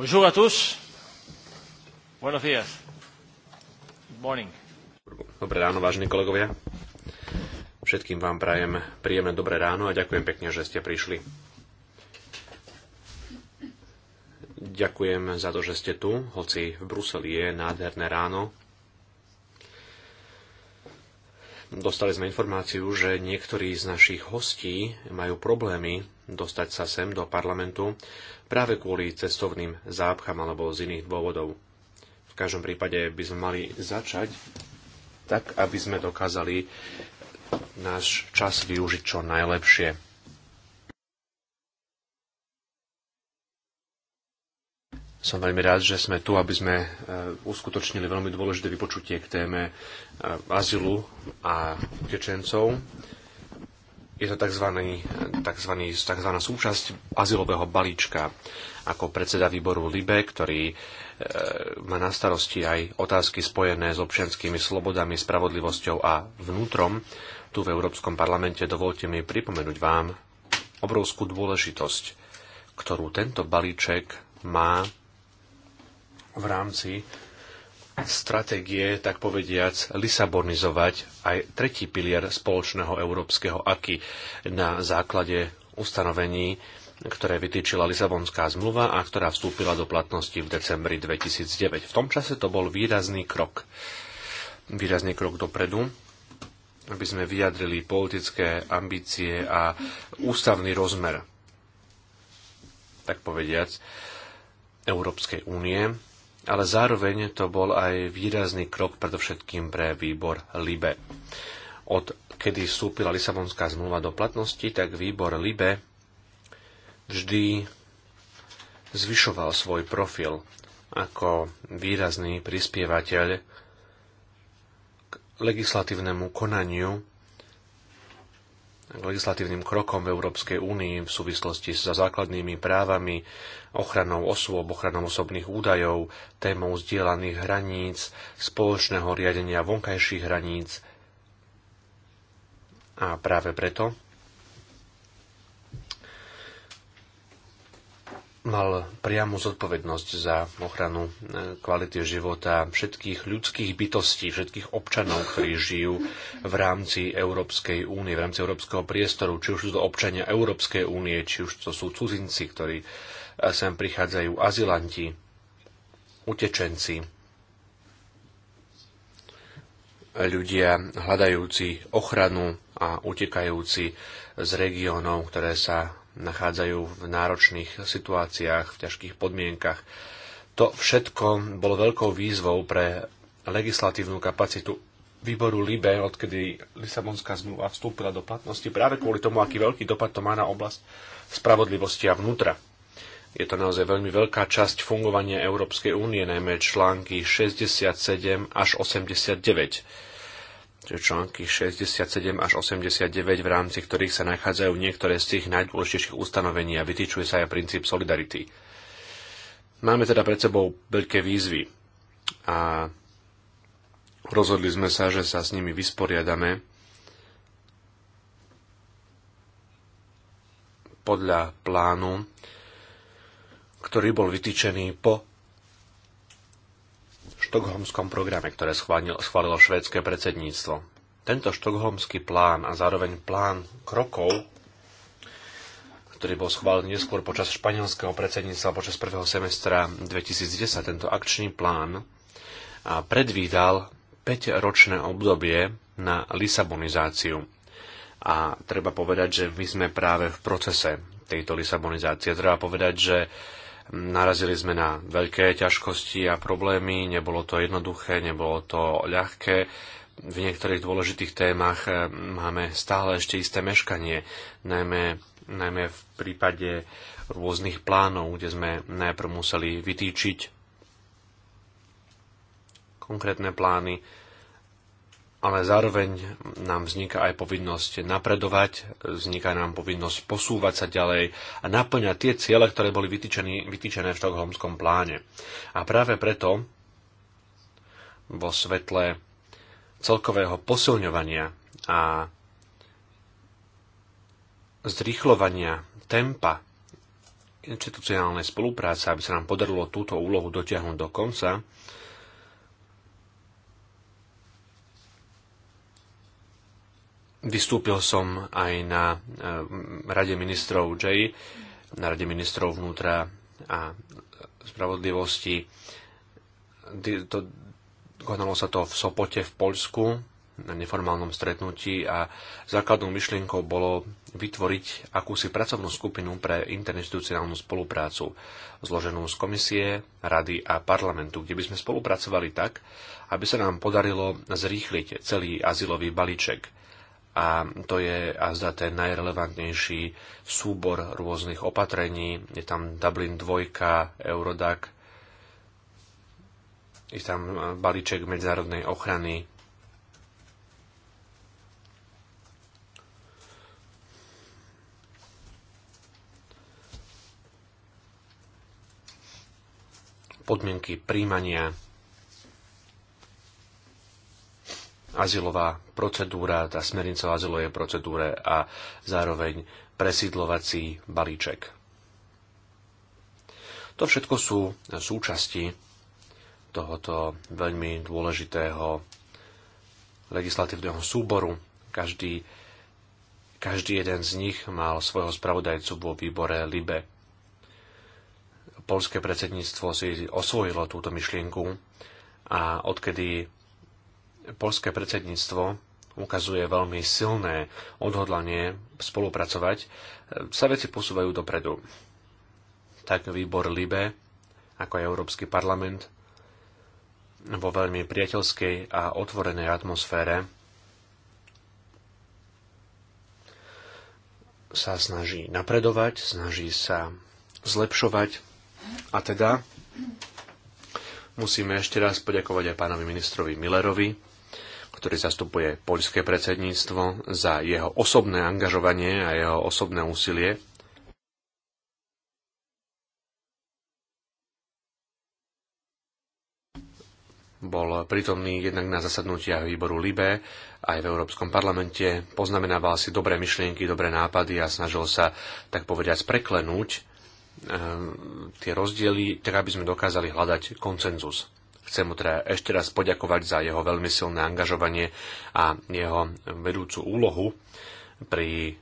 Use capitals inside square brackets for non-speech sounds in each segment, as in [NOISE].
Bonjour à tous. Buenos días. Good morning. Dobré ráno, vážení kolegovia. Všetkým vám prajem príjemné dobré ráno a ďakujem pekne, že ste prišli. Ďakujem za to, že ste tu, hoci v Bruseli je nádherné ráno dostali sme informáciu, že niektorí z našich hostí majú problémy dostať sa sem do parlamentu práve kvôli cestovným zápcham alebo z iných dôvodov. V každom prípade by sme mali začať tak, aby sme dokázali náš čas využiť čo najlepšie. Som veľmi rád, že sme tu, aby sme eh, uskutočnili veľmi dôležité vypočutie k téme eh, azylu a utečencov. Je to tzv. tzv. tzv. súčasť azylového balíčka. Ako predseda výboru LIBE, ktorý eh, má na starosti aj otázky spojené s občianskými slobodami, spravodlivosťou a vnútrom, tu v Európskom parlamente dovolte mi pripomenúť vám obrovskú dôležitosť, ktorú tento balíček má v rámci stratégie, tak povediac, lisabonizovať aj tretí pilier spoločného európskeho aky na základe ustanovení, ktoré vytýčila Lisabonská zmluva a ktorá vstúpila do platnosti v decembri 2009. V tom čase to bol výrazný krok. Výrazný krok dopredu, aby sme vyjadrili politické ambície a ústavný rozmer, tak povediac, Európskej únie ale zároveň to bol aj výrazný krok predovšetkým pre výbor LIBE. Od kedy vstúpila Lisabonská zmluva do platnosti, tak výbor LIBE vždy zvyšoval svoj profil ako výrazný prispievateľ k legislatívnemu konaniu legislatívnym krokom v Európskej únii v súvislosti so základnými právami, ochranou osôb, ochranou osobných údajov, témou zdieľaných hraníc, spoločného riadenia vonkajších hraníc. A práve preto mal priamu zodpovednosť za ochranu e, kvality života všetkých ľudských bytostí, všetkých občanov, ktorí žijú v rámci Európskej únie, v rámci európskeho priestoru, či už sú to občania Európskej únie, či už to sú cudzinci, ktorí e, sem prichádzajú, azilanti, utečenci, ľudia hľadajúci ochranu a utekajúci z regiónov, ktoré sa nachádzajú v náročných situáciách, v ťažkých podmienkach. To všetko bolo veľkou výzvou pre legislatívnu kapacitu výboru LIBE, odkedy Lisabonská zmluva vstúpila do platnosti, práve kvôli tomu, aký veľký dopad to má na oblasť spravodlivosti a vnútra. Je to naozaj veľmi veľká časť fungovania Európskej únie, najmä články 67 až 89 že články 67 až 89, v rámci ktorých sa nachádzajú niektoré z tých najdôležitejších ustanovení a vytýčuje sa aj princíp solidarity. Máme teda pred sebou veľké výzvy a rozhodli sme sa, že sa s nimi vysporiadame podľa plánu, ktorý bol vytýčený po štokholmskom programe, ktoré schválilo, schválilo švédske predsedníctvo. Tento štokholmský plán a zároveň plán krokov, ktorý bol schválený neskôr počas španielského predsedníctva počas prvého semestra 2010, tento akčný plán a predvídal 5-ročné obdobie na lisabonizáciu. A treba povedať, že my sme práve v procese tejto lisabonizácie. Treba povedať, že Narazili sme na veľké ťažkosti a problémy, nebolo to jednoduché, nebolo to ľahké. V niektorých dôležitých témach eh, máme stále ešte isté meškanie, najmä, najmä v prípade rôznych plánov, kde sme najprv museli vytýčiť konkrétne plány, ale zároveň nám vzniká aj povinnosť napredovať, vzniká nám povinnosť posúvať sa ďalej a naplňať tie ciele, ktoré boli vytýčené v štokholmskom pláne. A práve preto vo svetle celkového posilňovania a zrýchlovania tempa institucionálnej spolupráce, aby sa nám podarilo túto úlohu dotiahnuť do konca, Vystúpil som aj na eh, Rade ministrov J, na Rade ministrov vnútra a spravodlivosti. To, konalo sa to v Sopote v Poľsku na neformálnom stretnutí a základnou myšlienkou bolo vytvoriť akúsi pracovnú skupinu pre interinstitucionálnu spoluprácu, zloženú z komisie, rady a parlamentu, kde by sme spolupracovali tak, aby sa nám podarilo zrýchliť celý azylový balíček a to je a zdá ten najrelevantnejší súbor rôznych opatrení. Je tam Dublin 2, Eurodac, je tam e, balíček medzinárodnej ochrany. podmienky príjmania azylová procedúra, tá smernica o azylovej procedúre a zároveň presídlovací balíček. To všetko sú súčasti tohoto veľmi dôležitého legislatívneho súboru. Každý, každý jeden z nich mal svojho spravodajcu vo výbore LIBE. Polské predsedníctvo si osvojilo túto myšlienku a odkedy polské predsedníctvo ukazuje veľmi silné odhodlanie spolupracovať, sa veci posúvajú dopredu. Tak výbor LIBE, ako aj Európsky parlament, vo veľmi priateľskej a otvorenej atmosfére sa snaží napredovať, snaží sa zlepšovať a teda musíme ešte raz poďakovať aj pánovi ministrovi Millerovi, ktorý zastupuje poľské predsedníctvo, za jeho osobné angažovanie a jeho osobné úsilie. Bol prítomný jednak na zasadnutiach výboru LIBE aj v Európskom parlamente, poznamenával si dobré myšlienky, dobré nápady a snažil sa, tak povediať, preklenúť ehm, tie rozdiely, tak aby sme dokázali hľadať koncenzus. Chcem mu teda ešte raz poďakovať za jeho veľmi silné angažovanie a jeho vedúcu úlohu pri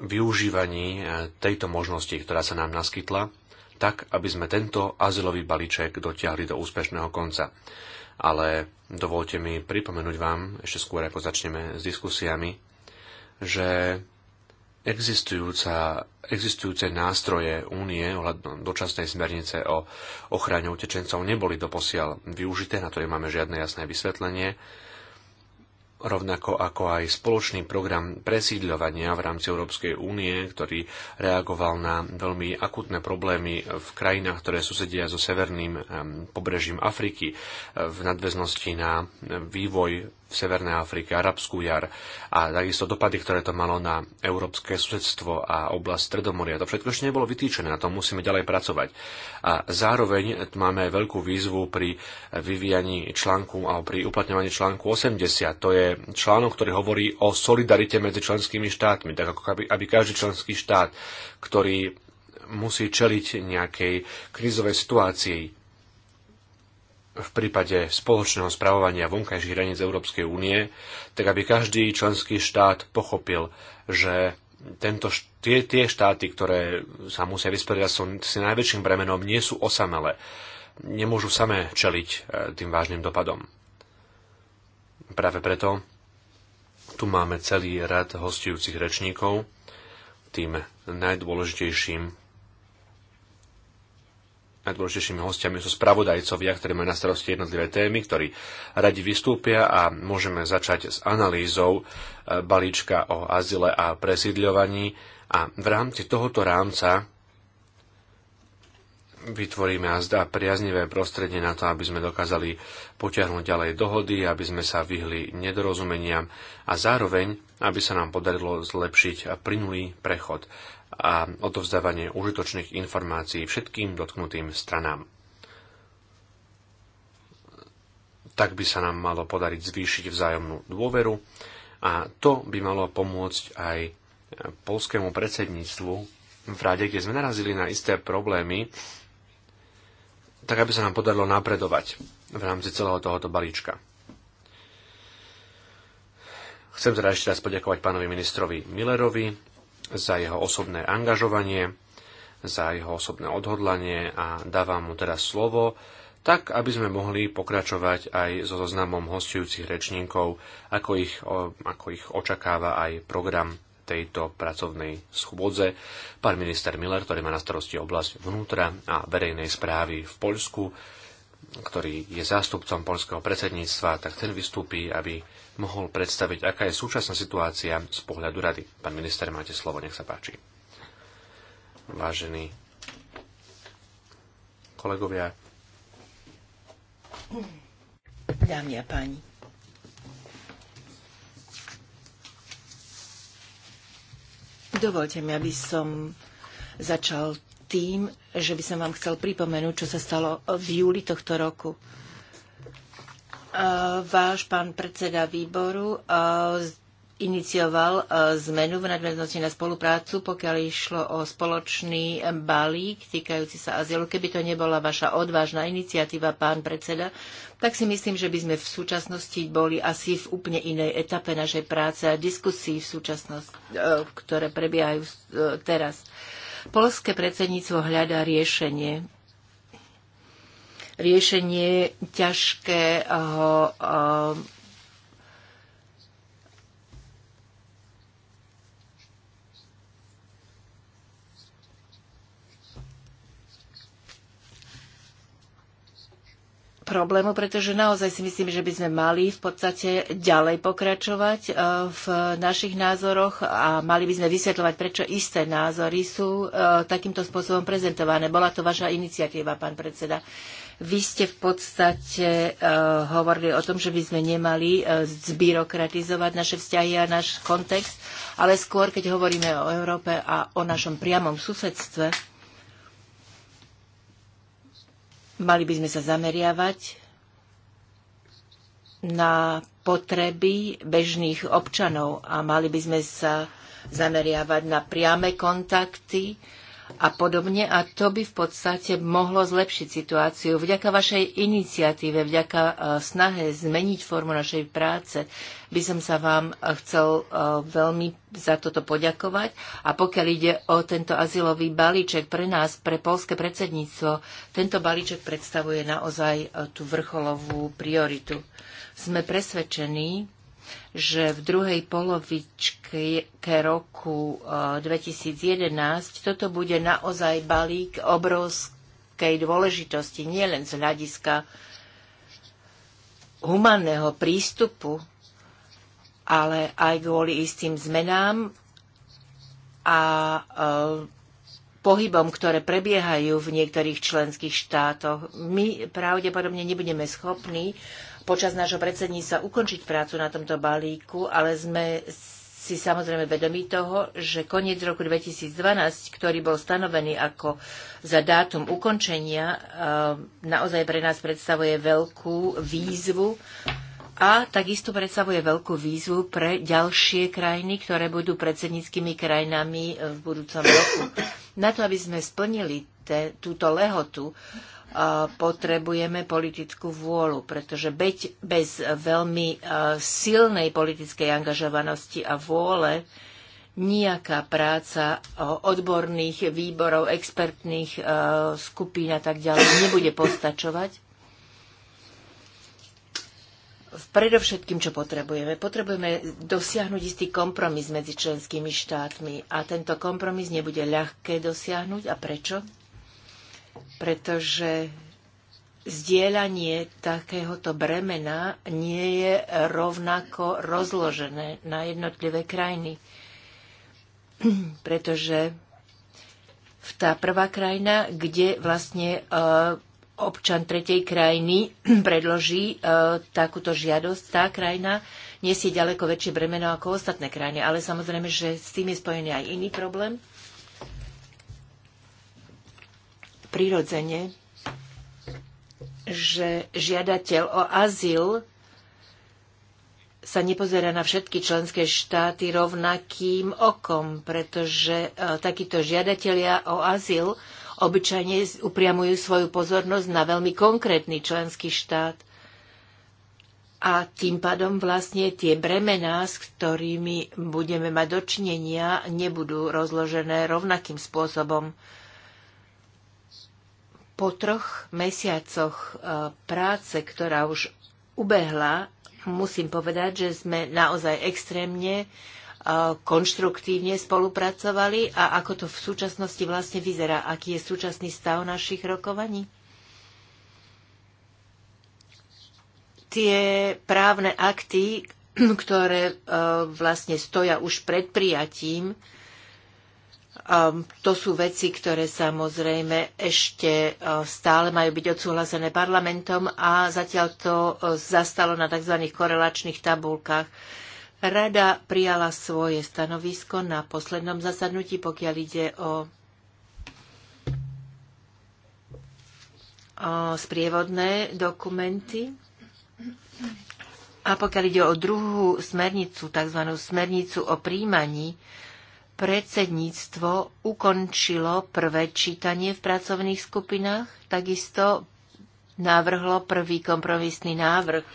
využívaní e, tejto možnosti, ktorá sa nám naskytla, tak, aby sme tento azylový balíček dotiahli do úspešného konca. Ale dovolte mi pripomenúť vám, ešte skôr ako začneme s diskusiami, že existujúca, existujúce nástroje únie ohľadom dočasnej smernice o ochrane utečencov neboli doposiaľ využité, na to nemáme žiadne jasné vysvetlenie, rovnako ako aj spoločný program presídľovania v rámci Európskej únie, ktorý reagoval na veľmi akutné problémy v krajinách, ktoré susedia so severným pobrežím Afriky v nadväznosti na vývoj v Severnej Afrike, Arabskú jar a takisto dopady, ktoré to malo na európske susedstvo a oblasť Stredomoria. To všetko ešte nebolo vytýčené, na tom musíme ďalej pracovať. A zároveň máme veľkú výzvu pri vyvíjaní článku alebo pri uplatňovaní článku 80. To je článok, ktorý hovorí o solidarite medzi členskými štátmi, tak ako aby, aby každý členský štát, ktorý musí čeliť nejakej krízovej situácii, v prípade spoločného spravovania vonkajších hraníc Európskej únie, tak aby každý členský štát pochopil, že tento, tie, tie štáty, ktoré sa musia vysporiadať s najväčším bremenom, nie sú osamele. Nemôžu samé čeliť e, tým vážnym dopadom. Práve preto tu máme celý rad hostujúcich rečníkov. Tým najdôležitejším Najdôležitejšími hostiami sú spravodajcovia, ktorí majú na starosti jednotlivé témy, ktorí radi vystúpia a môžeme začať s analýzou e, balíčka o azyle a presídľovaní. A v rámci tohoto rámca vytvoríme a zdá priaznivé prostredie na to, aby sme dokázali potiahnuť ďalej dohody, aby sme sa vyhli nedorozumeniam a zároveň, aby sa nám podarilo zlepšiť plynulý prechod a odovzdávanie užitočných informácií všetkým dotknutým stranám. Tak by sa nám malo podariť zvýšiť vzájomnú dôveru a to by malo pomôcť aj polskému predsedníctvu v rade, kde sme narazili na isté problémy, tak aby sa nám podarilo napredovať v rámci celého tohoto balíčka. Chcem teda ešte raz poďakovať pánovi ministrovi Millerovi za jeho osobné angažovanie, za jeho osobné odhodlanie a dávam mu teraz slovo, tak aby sme mohli pokračovať aj so zoznamom hostujúcich rečníkov, ako ich, ako ich očakáva aj program tejto pracovnej schôdze. Pán minister Miller, ktorý má na starosti oblasť vnútra a verejnej správy v Poľsku, ktorý je zástupcom poľského predsedníctva, tak ten vystúpi, aby mohol predstaviť, aká je súčasná situácia z pohľadu rady. Pán minister, máte slovo, nech sa páči. Vážení kolegovia. Dámy a páni. Dovolte mi, aby som začal tým, že by som vám chcel pripomenúť, čo sa stalo v júli tohto roku váš pán predseda výboru inicioval zmenu v nadväznosti na spoluprácu, pokiaľ išlo o spoločný balík týkajúci sa azylu. Keby to nebola vaša odvážna iniciatíva, pán predseda, tak si myslím, že by sme v súčasnosti boli asi v úplne inej etape našej práce a diskusí v súčasnosti, e, ktoré prebiehajú e, teraz. Polské predsedníctvo hľadá riešenie riešenie ťažké. Eh, problému, pretože naozaj si myslím, že by sme mali v podstate ďalej pokračovať eh, v našich názoroch a mali by sme vysvetľovať, prečo isté názory sú eh, takýmto spôsobom prezentované. Bola to vaša iniciatíva, pán predseda. Vy ste v podstate uh, hovorili o tom, že by sme nemali uh, zbyrokratizovať naše vzťahy a náš kontext, ale skôr, keď hovoríme o Európe a o našom priamom susedstve, mali by sme sa zameriavať na potreby bežných občanov a mali by sme sa zameriavať na priame kontakty a podobne a to by v podstate mohlo zlepšiť situáciu. Vďaka vašej iniciatíve, vďaka e, snahe zmeniť formu našej práce by som sa vám e, chcel e, veľmi za toto poďakovať. A pokiaľ ide o tento azylový balíček pre nás, pre polské predsedníctvo, tento balíček predstavuje naozaj tú vrcholovú prioritu. Sme presvedčení, že v druhej polovičke roku 2011 eh, toto bude naozaj balík obrovskej dôležitosti, nielen z hľadiska humanného prístupu, ale aj kvôli istým zmenám a eh, pohybom, ktoré prebiehajú v niektorých členských štátoch. My pravdepodobne nebudeme schopní počas nášho predsedníctva ukončiť prácu na tomto balíku, ale sme si samozrejme vedomí toho, že koniec roku 2012, ktorý bol stanovený ako za dátum ukončenia, e, naozaj pre nás predstavuje veľkú výzvu a takisto predstavuje veľkú výzvu pre ďalšie krajiny, ktoré budú predsedníckými krajinami v budúcom roku. Na to, aby sme splnili te, túto lehotu, potrebujeme politickú vôľu, pretože beď bez veľmi e, silnej politickej angažovanosti a vôle nejaká práca e, odborných výborov, expertných e, skupín a tak ďalej nebude postačovať. Predovšetkým, čo potrebujeme? Potrebujeme dosiahnuť istý kompromis medzi členskými štátmi a tento kompromis nebude ľahké dosiahnuť. A prečo? pretože zdieľanie takéhoto bremena nie je rovnako rozložené na jednotlivé krajiny. [CLEARS THROAT] Pretože tá prvá krajina, kde vlastne e, občan tretej krajiny [CLEARS THROAT] predloží e, takúto žiadosť, tá krajina nesie ďaleko väčšie bremeno ako ostatné krajiny. Ale samozrejme, že s tým je spojený aj iný problém, prirodzene, že žiadateľ o azyl sa nepozerá na všetky členské štáty rovnakým okom, pretože e, takíto žiadatelia o azyl obyčajne upriamujú svoju pozornosť na veľmi konkrétny členský štát. A tým pádom vlastne tie bremená, s ktorými budeme mať dočinenia, nebudú rozložené rovnakým spôsobom. Po troch mesiacoch e, práce, ktorá už ubehla, musím povedať, že sme naozaj extrémne e, konštruktívne spolupracovali a ako to v súčasnosti vlastne vyzerá, aký je súčasný stav našich rokovaní? Tie právne akty, ktoré e, vlastne stoja už pred prijatím, Um, to sú veci, ktoré samozrejme ešte uh, stále majú byť odsúhlasené parlamentom a zatiaľ to uh, zastalo na tzv. korelačných tabulkách. Rada prijala svoje stanovisko na poslednom zasadnutí, pokiaľ ide o, sprievodné dokumenty. A pokiaľ ide o druhú smernicu, tzv. smernicu o príjmaní, predsedníctvo ukončilo prvé čítanie v pracovných skupinách, takisto navrhlo prvý kompromisný návrh,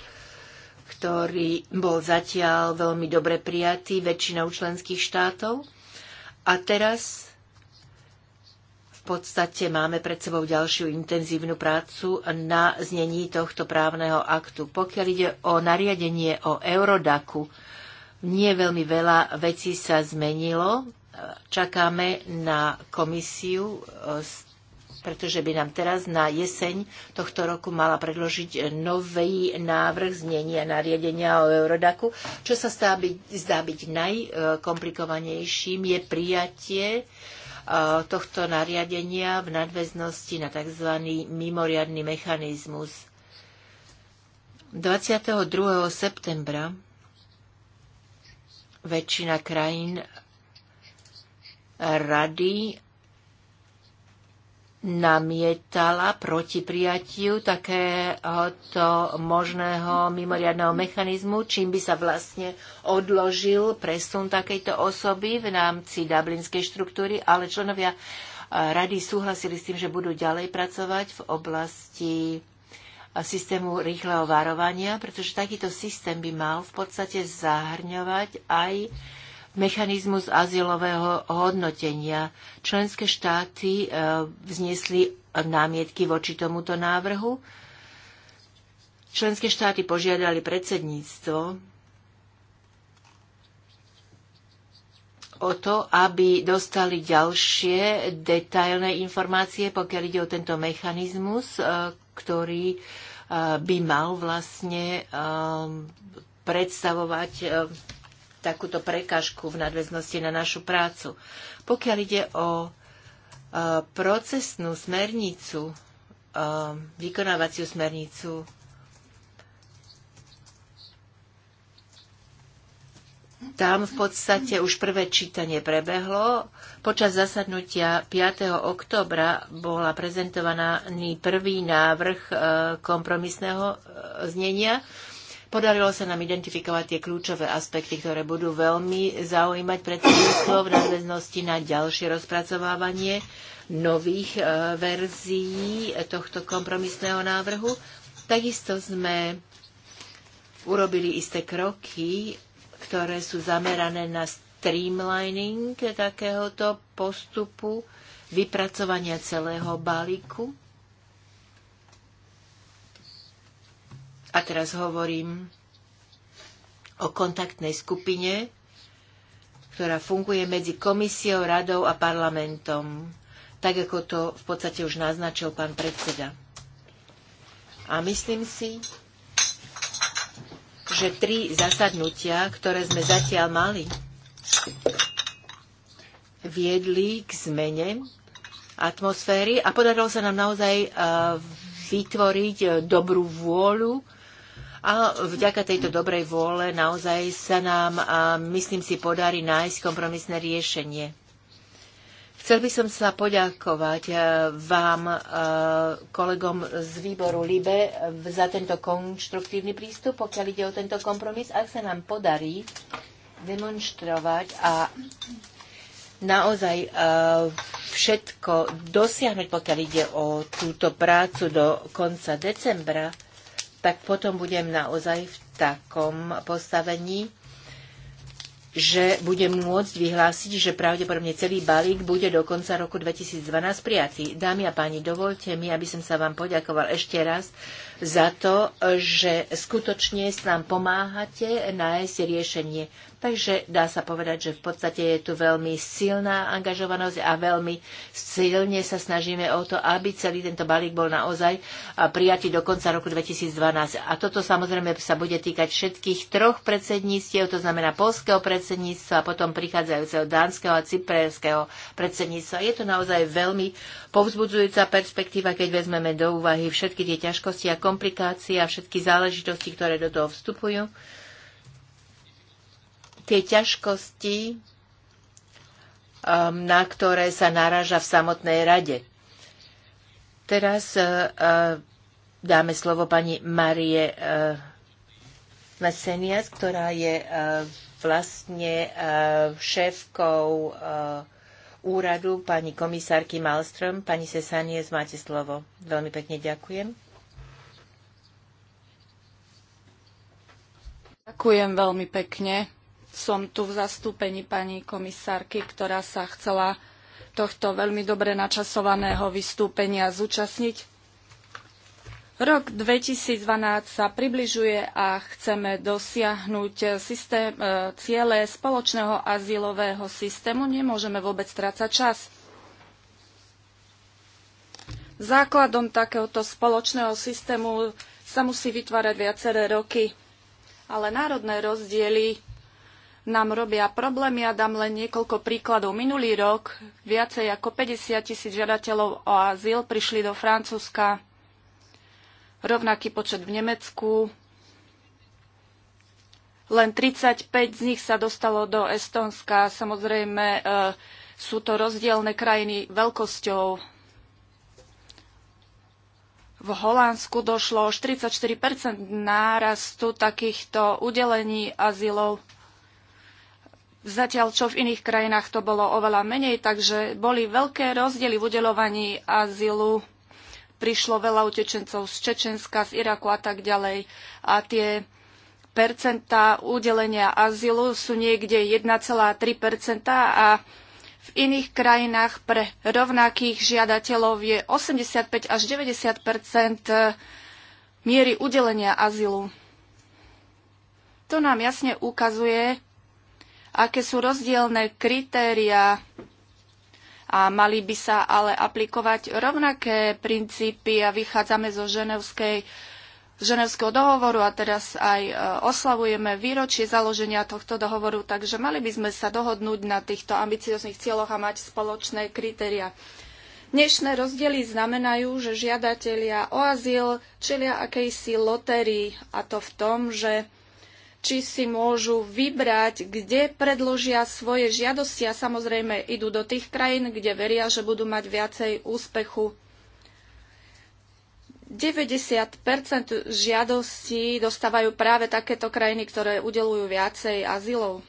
ktorý bol zatiaľ veľmi dobre prijatý väčšinou členských štátov. A teraz v podstate máme pred sebou ďalšiu intenzívnu prácu na znení tohto právneho aktu. Pokiaľ ide o nariadenie o Eurodaku, nie veľmi veľa vecí sa zmenilo. Čakáme na komisiu, eh, pretože by nám teraz na jeseň tohto roku mala predložiť nový návrh znenia nariadenia o Eurodaku. Čo sa zdá byť, zdá byť najkomplikovanejším je prijatie eh, tohto nariadenia v nadväznosti na tzv. mimoriadný mechanizmus. 22. septembra väčšina krajín rady namietala proti prijatiu takéhoto možného mimoriadného mechanizmu, čím by sa vlastne odložil presun takejto osoby v rámci dublinskej štruktúry, ale členovia rady súhlasili s tým, že budú ďalej pracovať v oblasti systému rýchleho varovania, pretože takýto systém by mal v podstate zahrňovať aj mechanizmus azylového hodnotenia. Členské štáty e, vznesli námietky voči tomuto návrhu. Členské štáty požiadali predsedníctvo o to, aby dostali ďalšie detailné informácie, pokiaľ ide o tento mechanizmus, e, ktorý eh, by mal vlastne eh, predstavovať eh, takúto prekažku v nadväznosti na našu prácu. Pokiaľ ide o procesnú smernicu, vykonávaciu smernicu Tam v podstate už prvé čítanie prebehlo. Počas zasadnutia 5. oktobra bola prezentovaný prvý návrh e, kompromisného e, znenia. Podarilo sa nám identifikovať tie kľúčové aspekty, ktoré budú veľmi zaujímať predsedníctvo v nadväznosti na ďalšie rozpracovávanie nových e, verzií tohto kompromisného návrhu. Takisto sme urobili isté kroky ktoré sú zamerané na streamlining takéhoto postupu vypracovania celého balíku. A teraz hovorím o kontaktnej skupine, ktorá funguje medzi komisiou, radou a parlamentom, tak ako to v podstate už naznačil pán predseda. A myslím si, že tri zasadnutia, ktoré sme zatiaľ mali, viedli k zmene atmosféry a podarilo sa nám naozaj eh, vytvoriť eh, dobrú vôľu a vďaka tejto dobrej vôle naozaj sa nám, myslím si, podarí nájsť kompromisné riešenie. Chcel by som sa poďakovať eh, vám, eh, kolegom z výboru LIBE, za tento konštruktívny prístup, pokiaľ ide o tento kompromis. Ak sa nám podarí demonstrovať a naozaj eh, všetko dosiahnuť, pokiaľ ide o túto prácu do konca decembra, tak potom budem naozaj v takom postavení, že bude môcť vyhlásiť, že pravdepodobne celý balík bude do konca roku 2012 prijatý. Dámy a páni, dovolte mi, aby som sa vám poďakoval ešte raz za to, že skutočne s nám pomáhate nájsť riešenie. Takže dá sa povedať, že v podstate je tu veľmi silná angažovanosť a veľmi silne sa snažíme o to, aby celý tento balík bol naozaj prijatý do konca roku 2012. A toto samozrejme sa bude týkať všetkých troch predsedníctiev, to znamená polského predsedníctva, potom prichádzajúceho dánskeho a cyperského predsedníctva. Je to naozaj veľmi povzbudzujúca perspektíva, keď vezmeme do úvahy všetky tie ťažkosti a komplikácie a všetky záležitosti, ktoré do toho vstupujú. Tie ťažkosti, um, na ktoré sa naráža v samotnej rade. Teraz uh, uh, dáme slovo pani Marie uh, Mesenias, ktorá je vlastne šéfkou úradu pani komisárky Malström. Pani Sesanies, máte slovo. Veľmi pekne ďakujem. Ďakujem veľmi pekne. Som tu v zastúpení pani komisárky, ktorá sa chcela tohto veľmi dobre načasovaného vystúpenia zúčastniť. Rok 2012 sa približuje a chceme dosiahnuť eh, systém, e, ciele spoločného azylového systému. Nemôžeme vôbec strácať čas. Základom takéhoto spoločného systému sa musí vytvárať viaceré roky, ale národné rozdiely nám robia problémy. Ja dám len niekoľko príkladov. Minulý rok viacej ako 50 tisíc žiadateľov o azyl prišli do Francúzska rovnaký počet v Nemecku. Len 35 z nich sa dostalo do Estónska. Samozrejme, e, sú to rozdielne krajiny veľkosťou. V Holandsku došlo 44 nárastu takýchto udelení azylov. Zatiaľ čo v iných krajinách to bolo oveľa menej, takže boli veľké rozdiely v udelovaní azylu prišlo veľa utečencov z Čečenska, z Iraku a tak ďalej. A tie percentá udelenia azylu sú niekde 1,3 a v iných krajinách pre rovnakých žiadateľov je 85 až 90 miery udelenia azylu. To nám jasne ukazuje, aké sú rozdielne kritéria a mali by sa ale aplikovať rovnaké princípy a vychádzame zo ženevskej Ženevského dohovoru a teraz aj e, oslavujeme výročie založenia tohto dohovoru, takže mali by sme sa dohodnúť na týchto ambicioznych cieľoch a mať spoločné kritéria. Dnešné rozdiely znamenajú, že žiadatelia o azyl čelia akejsi lotérii a to v tom, že či si môžu vybrať, kde predložia svoje žiadosti a samozrejme idú do tých krajín, kde veria, že budú mať viacej úspechu. 90 žiadostí dostávajú práve takéto krajiny, ktoré udelujú viacej azylov.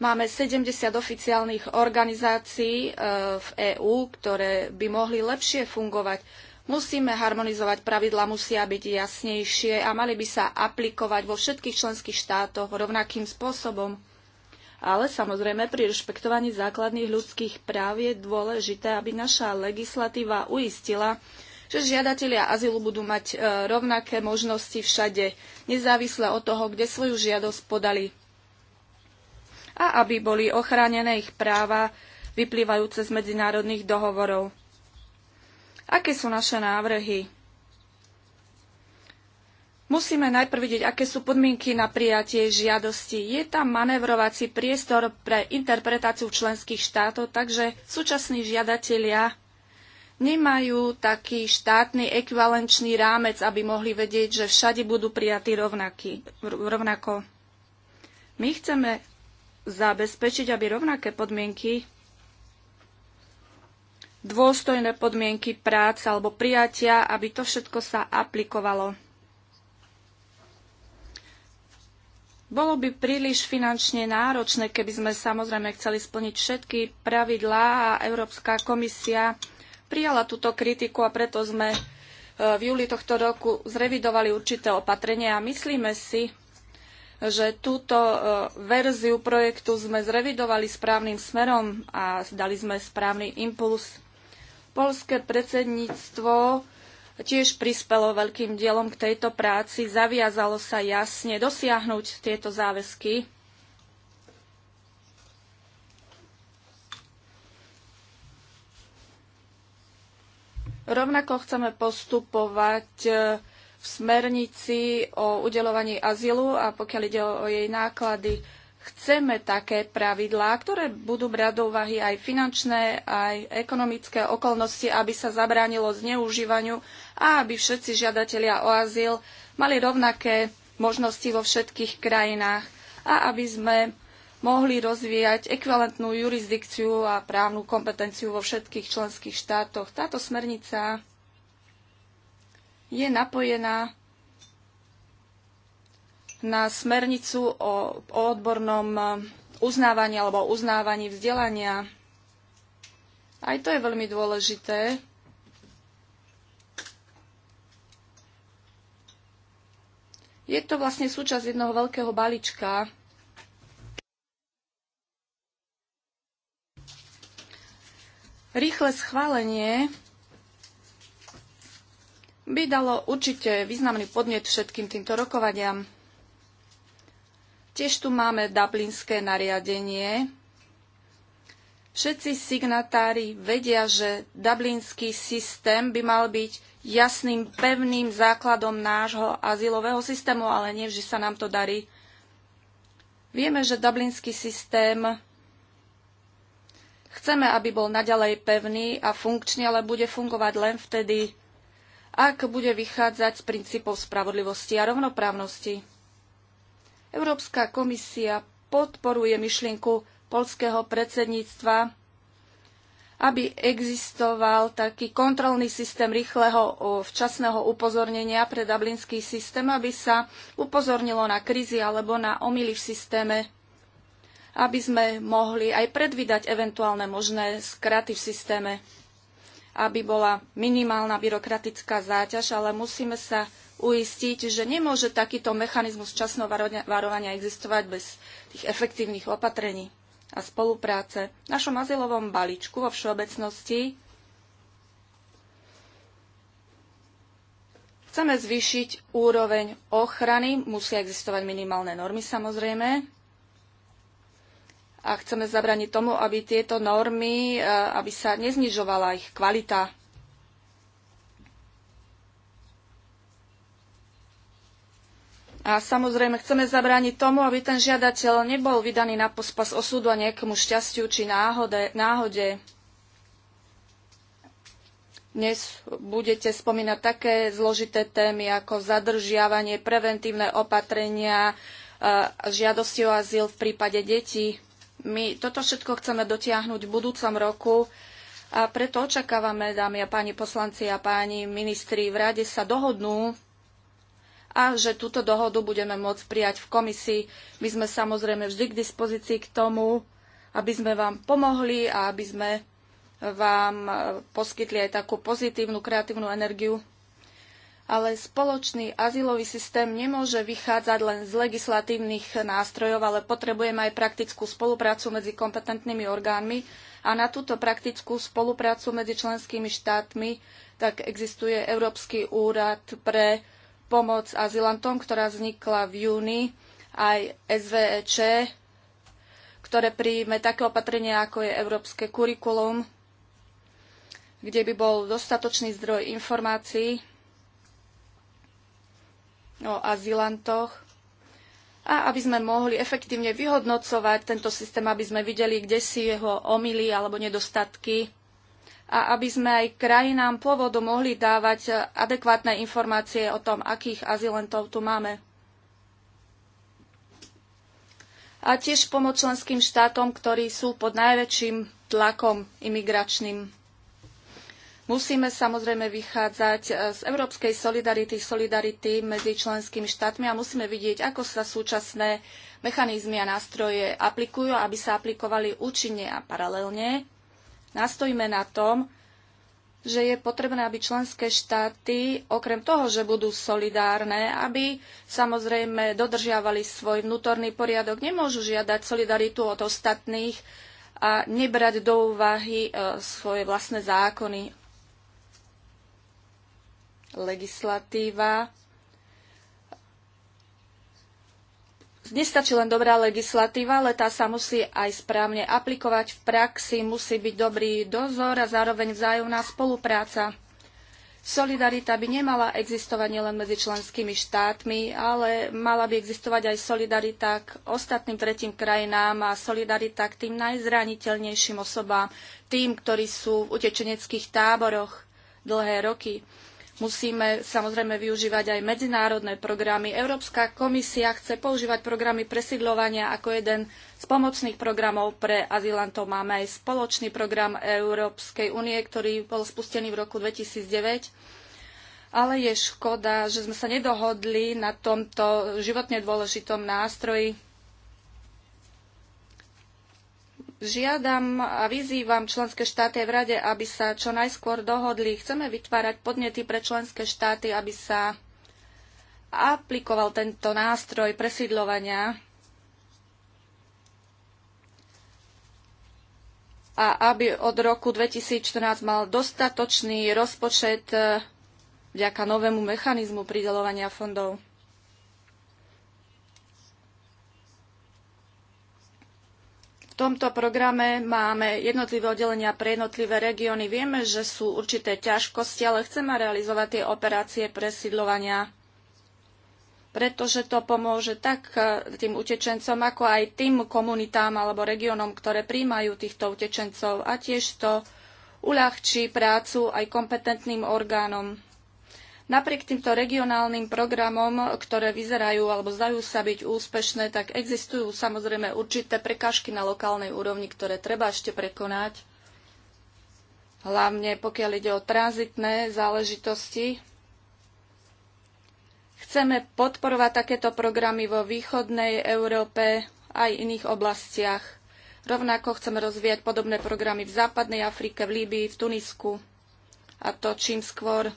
Máme 70 oficiálnych organizácií eh, v EÚ, ktoré by mohli lepšie fungovať. Musíme harmonizovať pravidla, musia byť jasnejšie a mali by sa aplikovať vo všetkých členských štátoch rovnakým spôsobom. Ale samozrejme pri rešpektovaní základných ľudských práv je dôležité, aby naša legislatíva uistila, že žiadatelia azylu budú mať e, rovnaké možnosti všade, nezávisle od toho, kde svoju žiadosť podali a aby boli ochránené ich práva vyplývajúce z medzinárodných dohovorov. Aké sú naše návrhy? Musíme najprv vidieť, aké sú podmienky na prijatie žiadosti. Je tam manevrovací priestor pre interpretáciu členských štátov, takže súčasní žiadatelia nemajú taký štátny ekvivalenčný rámec, aby mohli vedieť, že všade budú prijatí rovnaký, rovnako. My chceme zabezpečiť, aby rovnaké podmienky dôstojné podmienky práce alebo prijatia, aby to všetko sa aplikovalo. Bolo by príliš finančne náročné, keby sme samozrejme chceli splniť všetky pravidlá a Európska komisia prijala túto kritiku a preto sme e, v júli tohto roku zrevidovali určité opatrenia a myslíme si, že túto e, verziu projektu sme zrevidovali správnym smerom a dali sme správny impuls Polské predsedníctvo tiež prispelo veľkým dielom k tejto práci, zaviazalo sa jasne dosiahnuť tieto záväzky. Rovnako chceme postupovať eh, v smernici o udelovaní azylu a pokiaľ ide o jej náklady, chceme také pravidlá, ktoré budú brať do úvahy aj finančné, aj ekonomické okolnosti, aby sa zabránilo zneužívaniu a aby všetci žiadatelia o azyl mali rovnaké možnosti vo všetkých krajinách a aby sme mohli rozvíjať ekvivalentnú jurisdikciu a právnu kompetenciu vo všetkých členských štátoch. Táto smernica je napojená na smernicu o, o odbornom uznávaní alebo uznávaní vzdelania. Aj to je veľmi dôležité. Je to vlastne súčasť jednoho veľkého balíčka. Rýchle schválenie by dalo určite významný podnet všetkým týmto rokovaniam. Tiež tu máme dublinské nariadenie. Všetci signatári vedia, že dublinský systém by mal byť jasným, pevným základom nášho azylového systému, ale nevždy sa nám to darí. Vieme, že dublinský systém Chceme, aby bol naďalej pevný a funkčný, ale bude fungovať len vtedy, ak bude vychádzať z princípov spravodlivosti a rovnoprávnosti. Európska komisia podporuje myšlienku polského predsedníctva, aby existoval taký kontrolný systém rýchleho včasného upozornenia pre dublinský systém, aby sa upozornilo na krízy alebo na omily v systéme, aby sme mohli aj predvídať eventuálne možné skraty v systéme, aby bola minimálna byrokratická záťaž, ale musíme sa uistiť, že nemôže takýto mechanizmus časného varovania existovať bez tých efektívnych opatrení a spolupráce. V našom azylovom balíčku vo všeobecnosti chceme zvýšiť úroveň ochrany, musia existovať minimálne normy samozrejme, a chceme zabraniť tomu, aby tieto normy, eh, aby sa neznižovala ich kvalita A samozrejme chceme zabrániť tomu, aby ten žiadateľ nebol vydaný na pospas osudu a nejakému šťastiu či náhode. náhode. Dnes budete spomínať také zložité témy ako zadržiavanie, preventívne opatrenia, žiadosti o azyl v prípade detí. My toto všetko chceme dotiahnuť v budúcom roku a preto očakávame, dámy a páni poslanci a páni ministri v rade sa dohodnú a že túto dohodu budeme môcť prijať v komisii. My sme samozrejme vždy k dispozícii k tomu, aby sme vám pomohli a aby sme vám poskytli aj takú pozitívnu, kreatívnu energiu. Ale spoločný azylový systém nemôže vychádzať len z legislatívnych nástrojov, ale potrebujeme aj praktickú spoluprácu medzi kompetentnými orgánmi a na túto praktickú spoluprácu medzi členskými štátmi tak existuje Európsky úrad pre pomoc azylantom, ktorá vznikla v júni, aj SVEČ, ktoré príjme také opatrenia, ako je Európske kurikulum, kde by bol dostatočný zdroj informácií o azylantoch a aby sme mohli efektívne vyhodnocovať tento systém, aby sme videli, kde si jeho omily alebo nedostatky a aby sme aj krajinám pôvodu mohli dávať adekvátne informácie o tom, akých azylentov tu máme. A tiež pomoc členským štátom, ktorí sú pod najväčším tlakom imigračným. Musíme samozrejme vychádzať eh, z európskej solidarity, solidarity medzi členskými štátmi a musíme vidieť, ako sa súčasné mechanizmy a nástroje aplikujú, aby sa aplikovali účinne a paralelne nastojíme na tom, že je potrebné, aby členské štáty, okrem toho, že budú solidárne, aby samozrejme dodržiavali svoj vnútorný poriadok, nemôžu žiadať solidaritu od ostatných a nebrať do úvahy e, svoje vlastné zákony. Legislatíva Nestačí len dobrá legislatíva, ale tá sa musí aj správne aplikovať v praxi, musí byť dobrý dozor a zároveň vzájomná spolupráca. Solidarita by nemala existovať nielen medzi členskými štátmi, ale mala by existovať aj solidarita k ostatným tretím krajinám a solidarita k tým najzraniteľnejším osobám, tým, ktorí sú v utečeneckých táboroch dlhé roky. Musíme samozrejme využívať aj medzinárodné programy. Európska komisia chce používať programy presidľovania ako jeden z pomocných programov pre azylantov. Máme aj spoločný program Európskej únie, ktorý bol spustený v roku 2009. Ale je škoda, že sme sa nedohodli na tomto životne dôležitom nástroji Žiadam a vyzývam členské štáty v rade, aby sa čo najskôr dohodli. Chceme vytvárať podnety pre členské štáty, aby sa aplikoval tento nástroj presídľovania a aby od roku 2014 mal dostatočný rozpočet eh, vďaka novému mechanizmu pridelovania fondov. V tomto programe máme jednotlivé oddelenia pre jednotlivé regióny. Vieme, že sú určité ťažkosti, ale chceme realizovať tie operácie presídľovania, pretože to pomôže tak eh, tým utečencom, ako aj tým komunitám alebo regiónom, ktoré príjmajú týchto utečencov a tiež to uľahčí prácu aj kompetentným orgánom. Napriek týmto regionálnym programom, ktoré vyzerajú alebo zdajú sa byť úspešné, tak existujú samozrejme určité prekážky na lokálnej úrovni, ktoré treba ešte prekonať. Hlavne pokiaľ ide o tranzitné záležitosti. Chceme podporovať takéto programy vo východnej Európe aj iných oblastiach. Rovnako chceme rozvíjať podobné programy v západnej Afrike, v Líbii, v Tunisku. A to čím skôr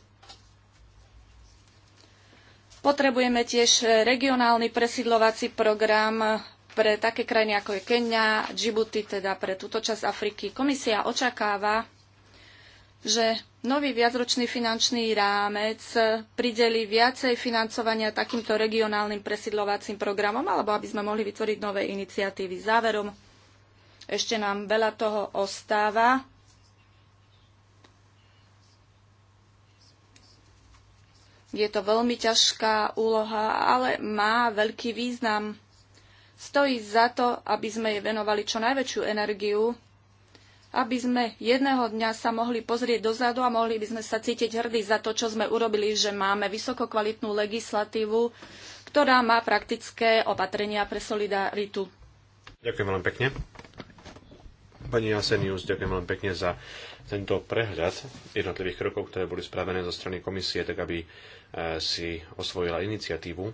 Potrebujeme tiež regionálny presídlovací program pre také krajiny ako je Kenia, Djibouti, teda pre túto časť Afriky. Komisia očakáva, že nový viacročný finančný rámec prideli viacej financovania takýmto regionálnym presidlovacím programom, alebo aby sme mohli vytvoriť nové iniciatívy. Záverom ešte nám veľa toho ostáva. Je to veľmi ťažká úloha, ale má veľký význam. Stojí za to, aby sme jej venovali čo najväčšiu energiu, aby sme jedného dňa sa mohli pozrieť dozadu a mohli by sme sa cítiť hrdí za to, čo sme urobili, že máme vysokokvalitnú legislatívu, ktorá má praktické opatrenia pre solidaritu. Ďakujem veľmi pekne. Pani Jasenius, ďakujem veľmi pekne za tento prehľad jednotlivých krokov, ktoré boli spravené zo strany komisie, tak aby e, si osvojila iniciatívu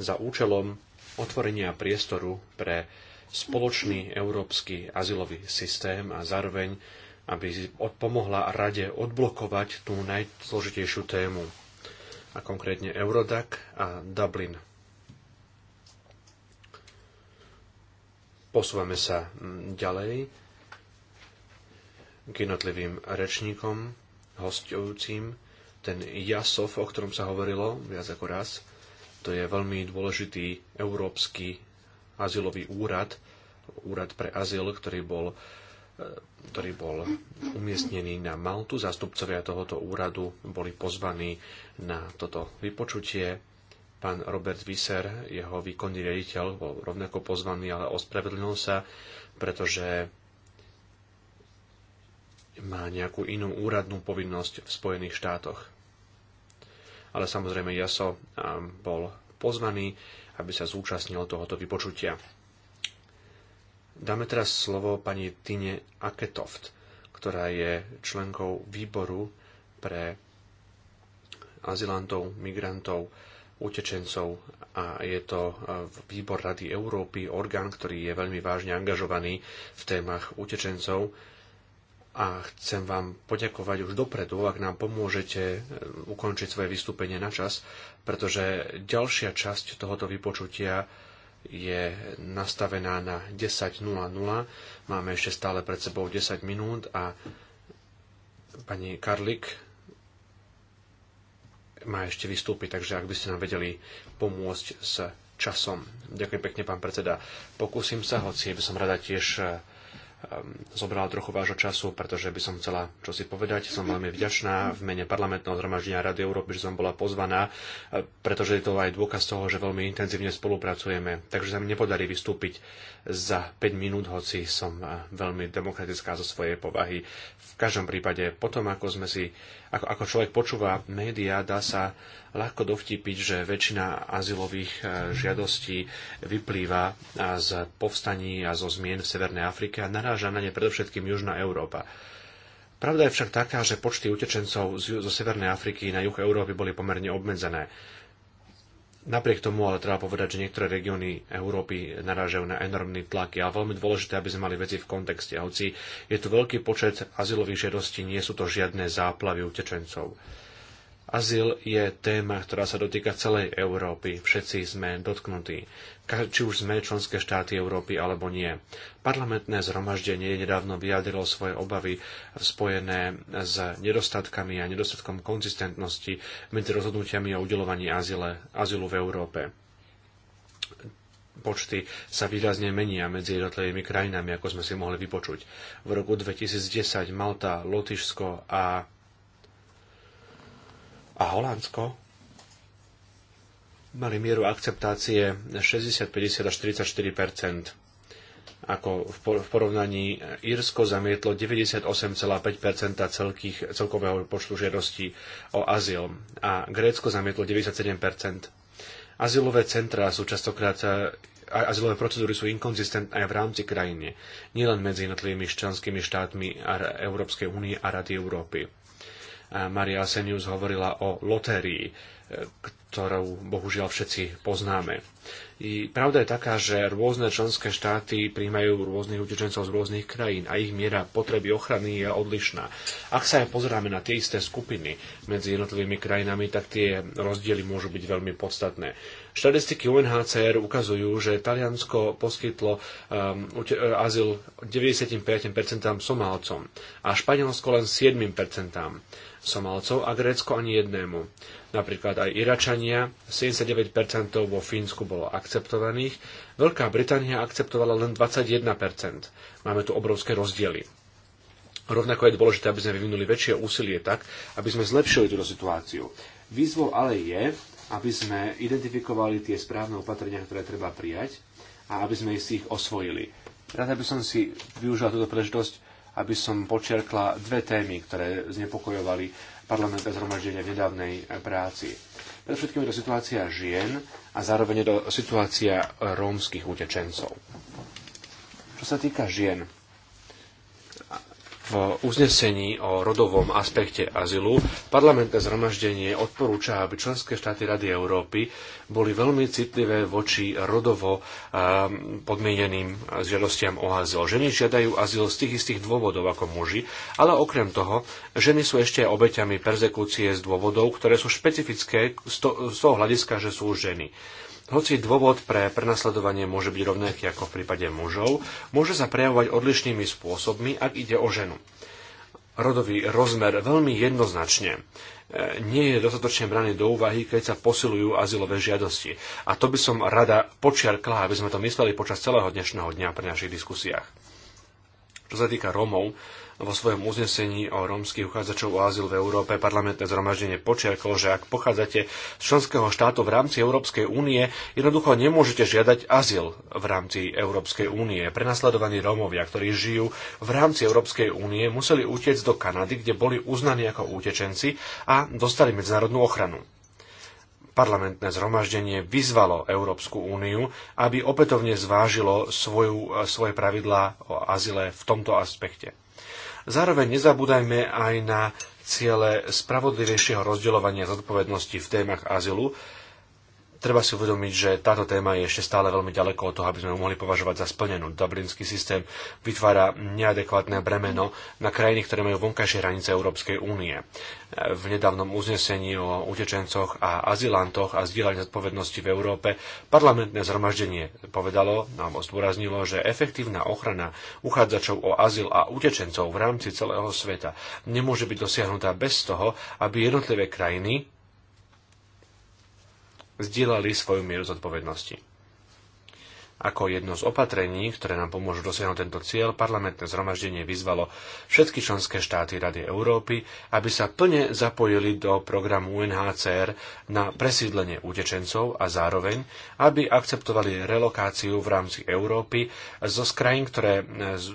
za účelom otvorenia priestoru pre spoločný európsky azylový systém a zároveň, aby pomohla Rade odblokovať tú najzložitejšiu tému, a konkrétne Eurodac a Dublin. Posúvame sa ďalej k jednotlivým rečníkom, hostujúcim. Ten jasov, o ktorom sa hovorilo viac ako raz, to je veľmi dôležitý európsky azylový úrad, úrad pre azyl, ktorý bol, e, ktorý bol umiestnený na Maltu. Zastupcovia tohoto úradu boli pozvaní na toto vypočutie. Pán Robert Visser, jeho výkonný riaditeľ, bol rovnako pozvaný, ale ospravedlnil sa, pretože má nejakú inú úradnú povinnosť v Spojených štátoch. Ale samozrejme Jaso bol pozvaný, aby sa zúčastnil tohoto vypočutia. Dáme teraz slovo pani Tine Aketoft, ktorá je členkou výboru pre azilantov, migrantov, utečencov a je to výbor Rady Európy, orgán, ktorý je veľmi vážne angažovaný v témach utečencov a chcem vám poďakovať už dopredu, ak nám pomôžete eh, ukončiť svoje vystúpenie na čas, pretože ďalšia časť tohoto vypočutia je nastavená na 10.00. Máme ešte stále pred sebou 10 minút a pani Karlik má ešte vystúpiť, takže ak by ste nám vedeli pomôcť s časom. Ďakujem pekne, pán predseda. Pokúsim sa, hoci by som rada tiež eh, Ehm, zobrala trochu vášho času, pretože by som chcela čo si povedať. Som veľmi vďačná v mene parlamentného zhromaždenia Rady Európy, že som bola pozvaná, e, pretože je to aj dôkaz toho, že veľmi intenzívne spolupracujeme. Takže sa mi nepodarí vystúpiť za 5 minút, hoci som e, veľmi demokratická zo svojej povahy. V každom prípade, potom ako sme si ako, ako človek počúva médiá, dá sa ľahko dovtipiť, že väčšina azylových e, žiadostí vyplýva e, z povstaní a zo zmien v Severnej Afrike a naráža na ne predovšetkým Južná Európa. Pravda je však taká, že počty utečencov zo Severnej Afriky na juh Európy boli pomerne obmedzené. Napriek tomu ale treba povedať, že niektoré regióny Európy narážajú na enormný tlak. a veľmi dôležité, aby sme mali veci v kontexte. Hoci je tu veľký počet azylových žiadostí, nie sú to žiadne záplavy utečencov. Azyl je téma, ktorá sa dotýka celej Európy. Všetci sme dotknutí či už sme členské štáty Európy alebo nie. Parlamentné zhromaždenie nedávno vyjadrilo svoje obavy spojené s nedostatkami a nedostatkom konzistentnosti medzi rozhodnutiami o udelovaní azyle, azylu v Európe počty sa výrazne menia medzi jednotlivými krajinami, ako sme si mohli vypočuť. V roku 2010 Malta, Lotyšsko a, a Holandsko mali mieru akceptácie 60, 50 až 44 ako v porovnaní e, Írsko zamietlo 98,5 celkých, celkového počtu žiadostí o azyl a Grécko zamietlo 97 Azylové centra sú častokrát azylové procedúry sú inkonzistentné aj v rámci krajiny, nielen medzi jednotlivými členskými štátmi Európskej únie a Rady Európy. Maria Senius hovorila o lotérii ktorú bohužiaľ všetci poznáme. I pravda je taká, že rôzne členské štáty príjmajú rôznych utečencov z rôznych krajín a ich miera potreby ochrany je odlišná. Ak sa aj pozeráme na tie isté skupiny medzi jednotlivými krajinami, tak tie rozdiely môžu byť veľmi podstatné. Štatistiky UNHCR ukazujú, že Taliansko poskytlo um, e, azyl 95% Somálcom a Španielsko len 7%. Somalcov a Grécko ani jednému. Napríklad aj Iračania, 79% vo Fínsku bolo akceptovaných, Veľká Británia akceptovala len 21%. Máme tu obrovské rozdiely. Rovnako je dôležité, aby sme vyvinuli väčšie úsilie tak, aby sme zlepšili túto situáciu. Výzvou ale je, aby sme identifikovali tie správne opatrenia, ktoré treba prijať a aby sme si ich osvojili. Rád by som si využila túto príležitosť aby som počerkla dve témy, ktoré znepokojovali a zhromaždenie v nedávnej práci. Predovšetkým je to situácia žien a zároveň je to situácia rómskych utečencov. Čo sa týka žien, v uznesení o rodovom aspekte azylu parlamentné zhromaždenie odporúča, aby členské štáty Rady Európy boli veľmi citlivé voči rodovo podmieneným žiadostiam o azyl. Ženy žiadajú azyl z tých istých dôvodov ako muži, ale okrem toho ženy sú ešte obeťami perzekúcie z dôvodov, ktoré sú špecifické z toho hľadiska, že sú ženy. Hoci dôvod pre prenasledovanie môže byť rovnaký ako v prípade mužov, môže sa prejavovať odlišnými spôsobmi, ak ide o ženu. Rodový rozmer veľmi jednoznačne e, nie je dostatočne braný do úvahy, keď sa posilujú azylové žiadosti. A to by som rada počiarkla, aby sme to mysleli počas celého dnešného dňa pri našich diskusiách. Čo sa týka Rómov, vo svojom uznesení o rómskych uchádzačov o azyl v Európe parlamentné zhromaždenie počiarklo, že ak pochádzate z členského štátu v rámci Európskej únie, jednoducho nemôžete žiadať azyl v rámci Európskej únie. Prenasledovaní Rómovia, ktorí žijú v rámci Európskej únie, museli utiecť do Kanady, kde boli uznaní ako útečenci a dostali medzinárodnú ochranu. Parlamentné zhromaždenie vyzvalo Európsku úniu, aby opätovne zvážilo svoju, svoje pravidlá o azile v tomto aspekte. Zároveň nezabúdajme aj na ciele spravodlivejšieho rozdeľovania zodpovednosti v témach azylu, treba si uvedomiť, že táto téma je ešte stále veľmi ďaleko od toho, aby sme ju mohli považovať za splnenú. Dublinský systém vytvára neadekvátne bremeno na krajiny, ktoré majú vonkajšie hranice Európskej únie. V nedávnom uznesení o utečencoch a azilantoch a zdieľaní zodpovednosti v Európe parlamentné zhromaždenie povedalo, nám zdôraznilo, že efektívna ochrana uchádzačov o azyl a utečencov v rámci celého sveta nemôže byť dosiahnutá bez toho, aby jednotlivé krajiny zdieľali svoju mieru zodpovednosti. Ako jedno z opatrení, ktoré nám pomôžu dosiahnuť tento cieľ, parlamentné zhromaždenie vyzvalo všetky členské štáty Rady Európy, aby sa plne zapojili do programu UNHCR na presídlenie utečencov a zároveň, aby akceptovali relokáciu v rámci Európy zo krajín, ktoré e,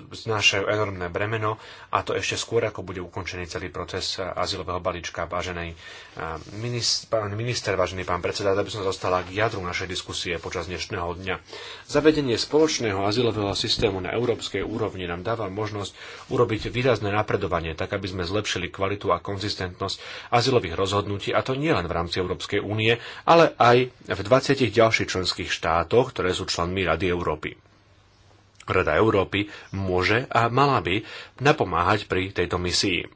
znášajú enormné bremeno a to ešte skôr, ako bude ukončený celý proces azylového balíčka. Vážený e, minister, pán minister, vážený pán predseda, aby som dostala k jadru našej diskusie počas dnešného dňa Zavedenie spoločného azylového systému na európskej úrovni nám dáva možnosť urobiť výrazné napredovanie, tak aby sme zlepšili kvalitu a konzistentnosť azylových rozhodnutí, a to nielen v rámci Európskej únie, ale aj v 20 ďalších členských štátoch, ktoré sú členmi Rady Európy. Rada Európy môže a mala by napomáhať pri tejto misii.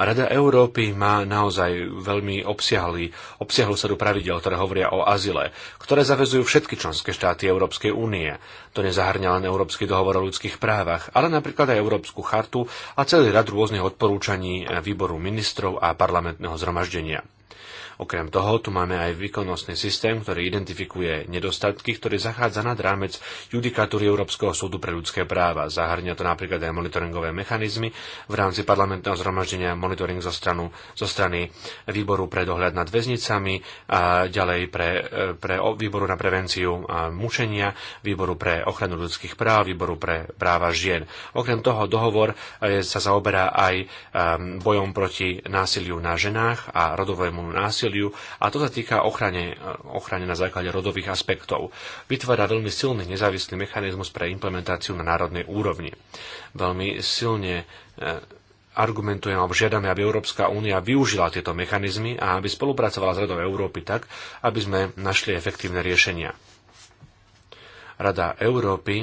Rada Európy má naozaj veľmi obsiahlý, obsiahlu sadu pravidel, ktoré hovoria o azile, ktoré zavezujú všetky členské štáty Európskej únie. To nezahrňa len Európsky dohovor o ľudských právach, ale napríklad aj Európsku chartu a celý rad rôznych odporúčaní výboru ministrov a parlamentného zhromaždenia. Okrem toho tu máme aj výkonnostný systém, ktorý identifikuje nedostatky, ktorý zachádza nad rámec judikatúry Európskeho súdu pre ľudské práva. Zahrňa to napríklad aj monitoringové mechanizmy v rámci parlamentného zhromaždenia monitoring zo, stranu, zo strany výboru pre dohľad nad väznicami a ďalej pre, e, pre výboru na prevenciu mučenia, výboru pre ochranu ľudských práv, výboru pre práva žien. Okrem toho dohovor e, sa zaoberá aj e, bojom proti násiliu na ženách a rodovému násiliu násiliu a to sa týka ochrane, ochrane na základe rodových aspektov. Vytvára veľmi silný nezávislý mechanizmus pre implementáciu na národnej úrovni. Veľmi silne eh, argumentujem alebo žiadame, aby Európska únia využila tieto mechanizmy a aby spolupracovala s Radou Európy tak, aby sme našli efektívne riešenia. Rada Európy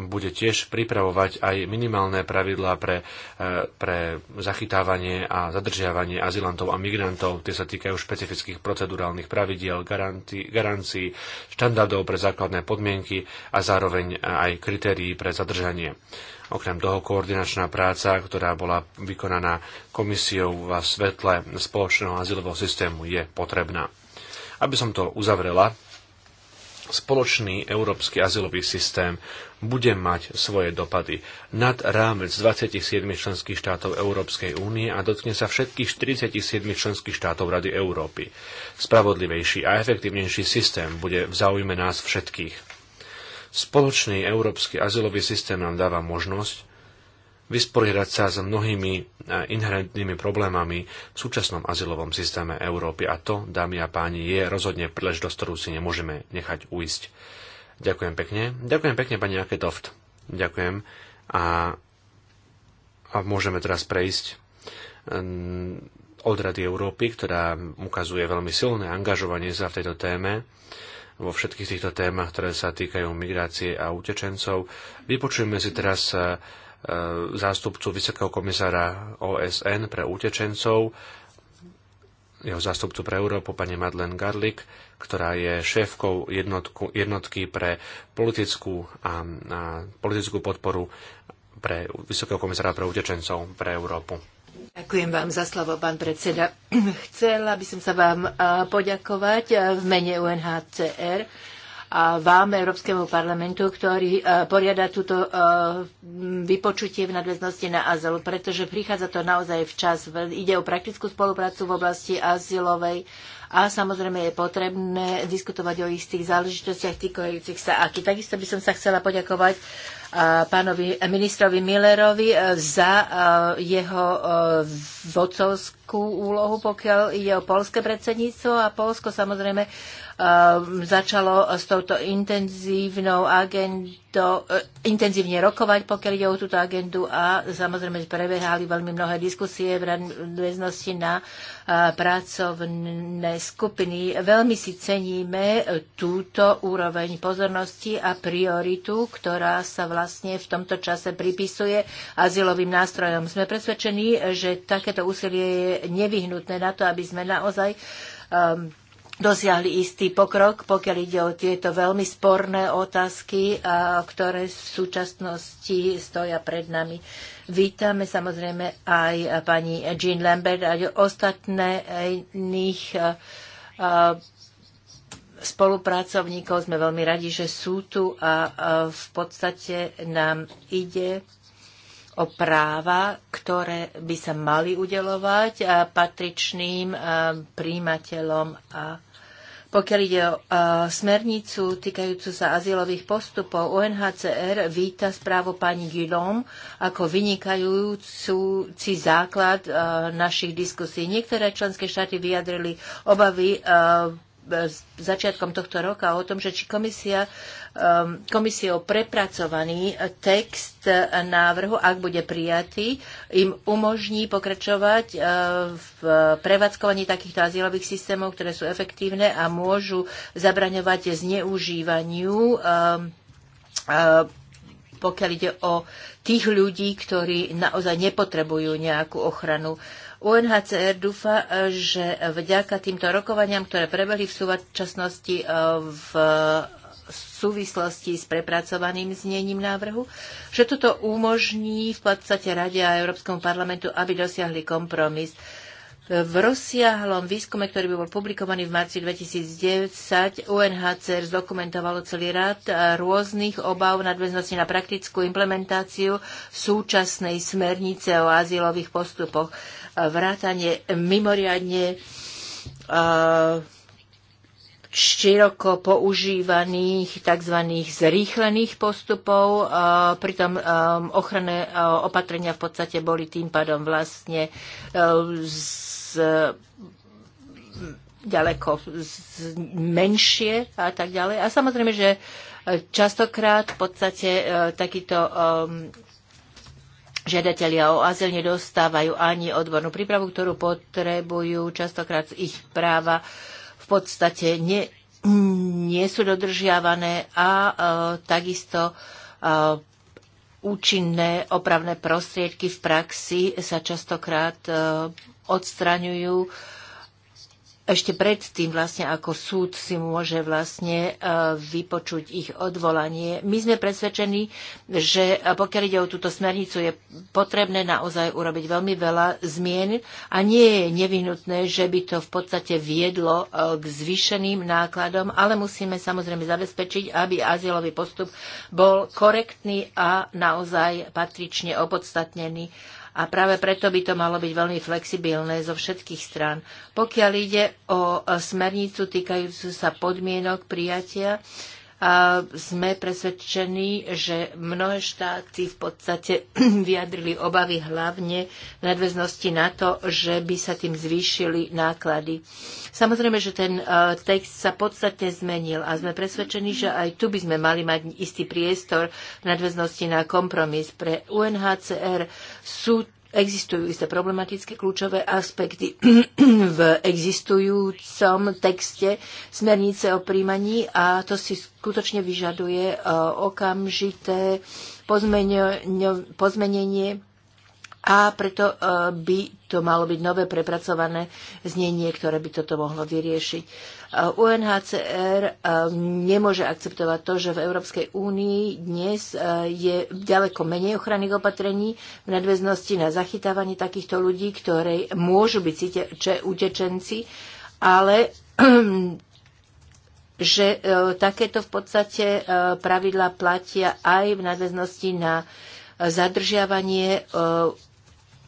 bude tiež pripravovať aj minimálne pravidlá pre, e, pre zachytávanie a zadržiavanie azylantov a migrantov. Tie sa týkajú špecifických procedurálnych pravidiel, garanti, garancií, štandardov pre základné podmienky a zároveň aj kritérií pre zadržanie. Okrem toho koordinačná práca, ktorá bola vykonaná komisiou v svetle spoločného azylového systému, je potrebná. Aby som to uzavrela, spoločný európsky azylový systém bude mať svoje dopady nad rámec 27 členských štátov Európskej únie a dotkne sa všetkých 47 členských štátov Rady Európy. Spravodlivejší a efektívnejší systém bude v záujme nás všetkých. Spoločný európsky azylový systém nám dáva možnosť vysporiadať sa s mnohými e, inherentnými problémami v súčasnom azylovom systéme Európy a to, dámy a páni, je rozhodne príležitosť, ktorú si nemôžeme nechať uísť. Ďakujem pekne. Ďakujem pekne, pani Aketoft. Ďakujem. A, a môžeme teraz prejsť ehm, od Rady Európy, ktorá ukazuje veľmi silné angažovanie sa v tejto téme vo všetkých týchto témach, ktoré sa týkajú migrácie a utečencov. Vypočujeme si teraz e, E, zástupcu Vysokého komisára OSN pre utečencov, jeho zástupcu pre Európu, pani Madeleine Garlick, ktorá je šéfkou jednotku, jednotky pre politickú, a, a politickú podporu pre Vysokého komisára pre utečencov pre Európu. Ďakujem vám za slovo, pán predseda. [CLEARS THROAT] Chcela by som sa vám poďakovať v mene UNHCR vám, Európskemu parlamentu, ktorý e, poriada túto e, vypočutie v nadväznosti na azyl, pretože prichádza to naozaj včas. Ide o praktickú spoluprácu v oblasti azylovej a samozrejme je potrebné diskutovať o istých záležitostiach týkajúcich sa aký. Takisto by som sa chcela poďakovať e, pánovi ministrovi Millerovi za jeho vodcovskú úlohu, pokiaľ ide o polské predsedníctvo a Polsko samozrejme Ehm, začalo s touto intenzívnou agendou, eh, intenzívne rokovať, pokiaľ ide o túto agendu a samozrejme prebehali veľmi mnohé diskusie v väznosti na eh, pracovné skupiny. Veľmi si ceníme eh, túto úroveň pozornosti a prioritu, ktorá sa vlastne v tomto čase pripisuje azylovým nástrojom. Sme presvedčení, že takéto úsilie je nevyhnutné na to, aby sme naozaj um, dosiahli istý pokrok, pokiaľ ide o tieto veľmi sporné otázky, ktoré v súčasnosti stoja pred nami. Vítame samozrejme aj pani Jean Lambert a ostatné iných spolupracovníkov. Sme veľmi radi, že sú tu a v podstate nám ide o práva, ktoré by sa mali udelovať patričným príjimateľom a pokiaľ ide o e, smernicu týkajúcu sa azylových postupov, UNHCR víta správu pani Guillaume ako vynikajúci základ e, našich diskusí. Niektoré členské štáty vyjadrili obavy e, začiatkom tohto roka o tom, že či komisia, um, komisiou prepracovaný text návrhu, ak bude prijatý, im umožní pokračovať uh, v prevádzkovaní takýchto azylových systémov, ktoré sú efektívne a môžu zabraňovať zneužívaniu um, uh, pokiaľ ide o tých ľudí, ktorí naozaj nepotrebujú nejakú ochranu. UNHCR dúfa, že vďaka týmto rokovaniam, ktoré prebehli v súčasnosti e, v súvislosti s prepracovaným znením návrhu, že toto umožní v podstate Rade a Európskom parlamentu, aby dosiahli kompromis. V rozsiahlom výskume, ktorý by bol publikovaný v marci 2010, UNHCR zdokumentovalo celý rad rôznych obav nadväznosti na praktickú implementáciu súčasnej smernice o azylových postupoch vrátanie mimoriadne široko používaných tzv. zrýchlených postupov. Pritom ochranné opatrenia v podstate boli tým pádom vlastne e, z, ďaleko menšie a tak ďalej. A samozrejme, že e, častokrát v podstate e, takýto žiadatelia o azyl nedostávajú ani odbornú prípravu, ktorú potrebujú. Častokrát ich práva v podstate nie, nie sú dodržiavané a e, takisto e, účinné opravné prostriedky v praxi sa častokrát e, odstraňujú ešte predtým, vlastne ako súd si môže vlastne e, vypočuť ich odvolanie. My sme presvedčení, že e, pokiaľ ide o túto smernicu, je potrebné naozaj urobiť veľmi veľa zmien a nie je nevyhnutné, že by to v podstate viedlo e, k zvýšeným nákladom, ale musíme samozrejme zabezpečiť, aby azylový postup bol korektný a naozaj patrične opodstatnený a práve preto by to malo byť veľmi flexibilné zo všetkých strán. Pokiaľ ide o smernicu týkajúcu sa podmienok prijatia, sme presvedčení, že mnohé štáty v podstate [CLEARS THROAT] vyjadrili obavy hlavne v nadväznosti na to, že by sa tým zvýšili náklady. Samozrejme, že ten e, text sa podstatne zmenil a sme presvedčení, že aj tu by sme mali mať istý priestor v nadväznosti na kompromis. Pre UNHCR sú Existujú isté problematické kľúčové aspekty [CLEARS THROAT] v existujúcom texte smernice o príjmaní a to si skutočne vyžaduje e, okamžité pozmenenie a preto e, by to malo byť nové prepracované znenie, ktoré by toto mohlo vyriešiť. E, UNHCR e, nemôže akceptovať to, že v Európskej únii dnes je ďaleko menej ochranných opatrení v nadväznosti na zachytávanie takýchto ľudí, ktorí môžu byť utečenci, ale [CLEARS THROAT] že takéto v podstate pravidla platia aj v nadväznosti na zadržiavanie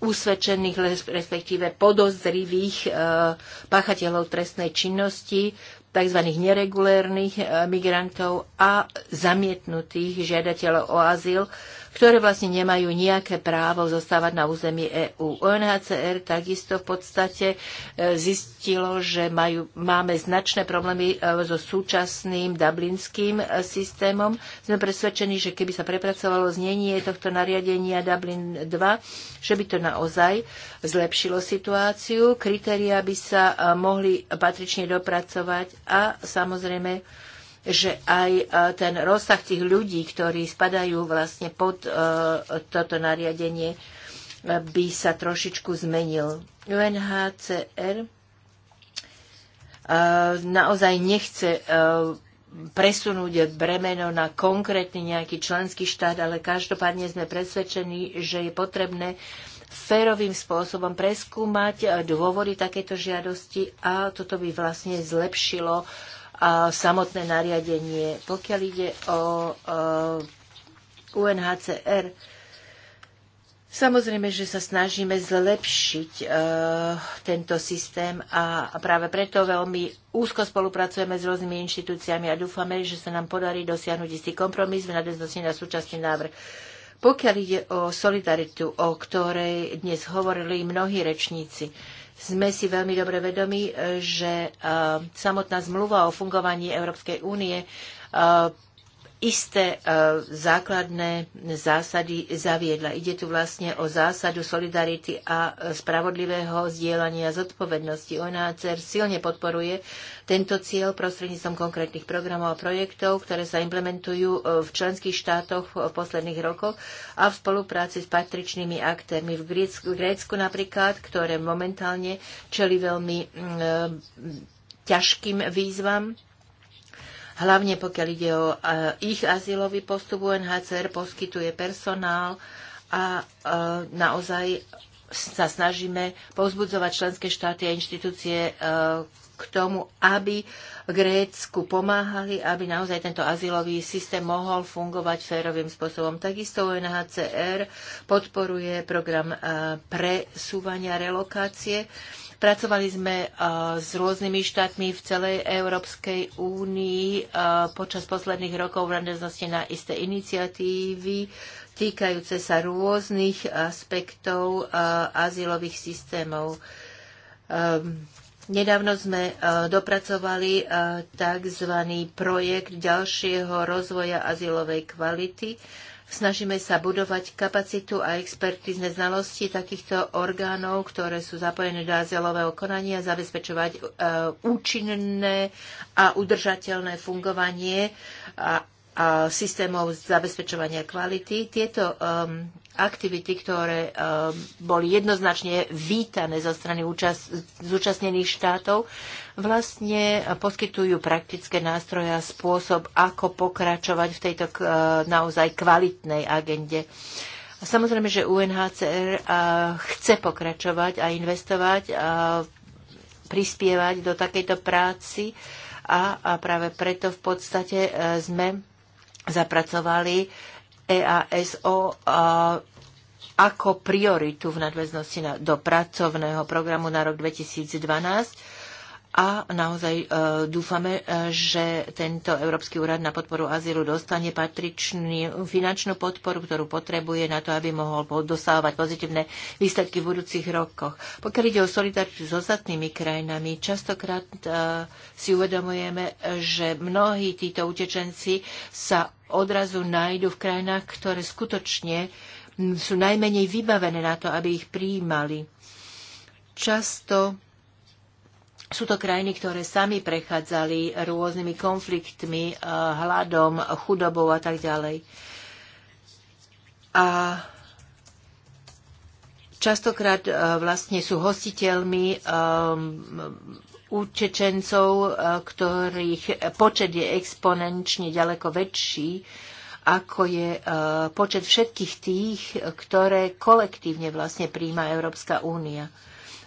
usvedčených, respektíve podozrivých e, páchateľov trestnej činnosti, tzv. neregulérnych e, migrantov a zamietnutých žiadateľov o azyl ktoré vlastne nemajú nejaké právo zostávať na území EÚ. UNHCR takisto v podstate e, zistilo, že majú, máme značné problémy e, so súčasným dublinským e, systémom. Sme presvedčení, že keby sa prepracovalo znenie tohto nariadenia Dublin 2, že by to naozaj zlepšilo situáciu. Kritéria by sa mohli patrične dopracovať a samozrejme že aj e, ten rozsah tých ľudí, ktorí spadajú vlastne pod e, toto nariadenie, e, by sa trošičku zmenil. UNHCR naozaj nechce presunúť bremeno na konkrétny nejaký členský štát, ale každopádne sme presvedčení, že je potrebné férovým spôsobom preskúmať dôvody takéto žiadosti a toto by vlastne zlepšilo uh, a samotné nariadenie. Pokiaľ ide o UNHCR, Samozrejme, že sa snažíme zlepšiť e, tento systém a práve preto veľmi úzko spolupracujeme s rôznymi inštitúciami a dúfame, že sa nám podarí dosiahnuť istý kompromis v nadväznosti na súčasný návrh. Pokiaľ ide o solidaritu, o ktorej dnes hovorili mnohí rečníci, e, sme si veľmi dobre vedomi, eh, že eh, samotná zmluva o fungovaní Európskej únie eh, isté e, základné zásady zaviedla. Ide tu vlastne o zásadu solidarity a e, spravodlivého zdieľania zodpovednosti. ONACR silne podporuje tento cieľ prostredníctvom konkrétnych programov a projektov, ktoré sa implementujú e, v členských štátoch v posledných rokoch a v spolupráci s patričnými aktérmi v Grécku, napríklad, ktoré momentálne čeli veľmi ťažkým výzvam hlavne pokiaľ ide o e, ich azylový postup. UNHCR poskytuje personál a e, naozaj sa snažíme povzbudzovať členské štáty a inštitúcie e, k tomu, aby Grécku pomáhali, aby naozaj tento azylový systém mohol fungovať férovým spôsobom. Takisto UNHCR podporuje program presúvania relokácie. relokácie Pracovali sme e, s rôznymi štátmi v celej Európskej únii e, počas posledných rokov v nadväznosti na isté iniciatívy týkajúce sa rôznych aspektov e, azylových systémov. Nedávno sme dopracovali tzv. projekt ďalšieho rozvoja azylovej kvality Snažíme sa budovať kapacitu a expertizne znalosti takýchto orgánov, ktoré sú zapojené do azylového konania, zabezpečovať e, účinné a udržateľné fungovanie a systémov zabezpečovania kvality. Tieto um, aktivity, ktoré um, boli jednoznačne vítané zo strany účast, zúčastnených štátov, vlastne poskytujú praktické nástroje a spôsob, ako pokračovať v tejto uh, naozaj kvalitnej agende. Samozrejme, že UNHCR uh, chce pokračovať a investovať, uh, prispievať do takejto práci a, a práve preto v podstate uh, sme zapracovali EASO e, ako prioritu v nadväznosti do pracovného programu na rok 2012 a naozaj e, dúfame, e, že tento Európsky úrad na podporu azylu dostane patričnú finančnú podporu, ktorú potrebuje na to, aby mohol dosávať pozitívne výsledky v budúcich rokoch. Pokiaľ ide o solidaritu s ostatnými krajinami, častokrát e, si uvedomujeme, že mnohí títo utečenci sa odrazu nájdu v krajinách, ktoré skutočne sú najmenej vybavené na to, aby ich prijímali. Často sú to krajiny, ktoré sami prechádzali rôznymi konfliktmi, eh, hladom, chudobou a tak ďalej. A častokrát eh, vlastne sú hostiteľmi eh, utečencov, ktorých počet je exponenčne ďaleko väčší, ako je počet všetkých tých, ktoré kolektívne vlastne príjma Európska únia.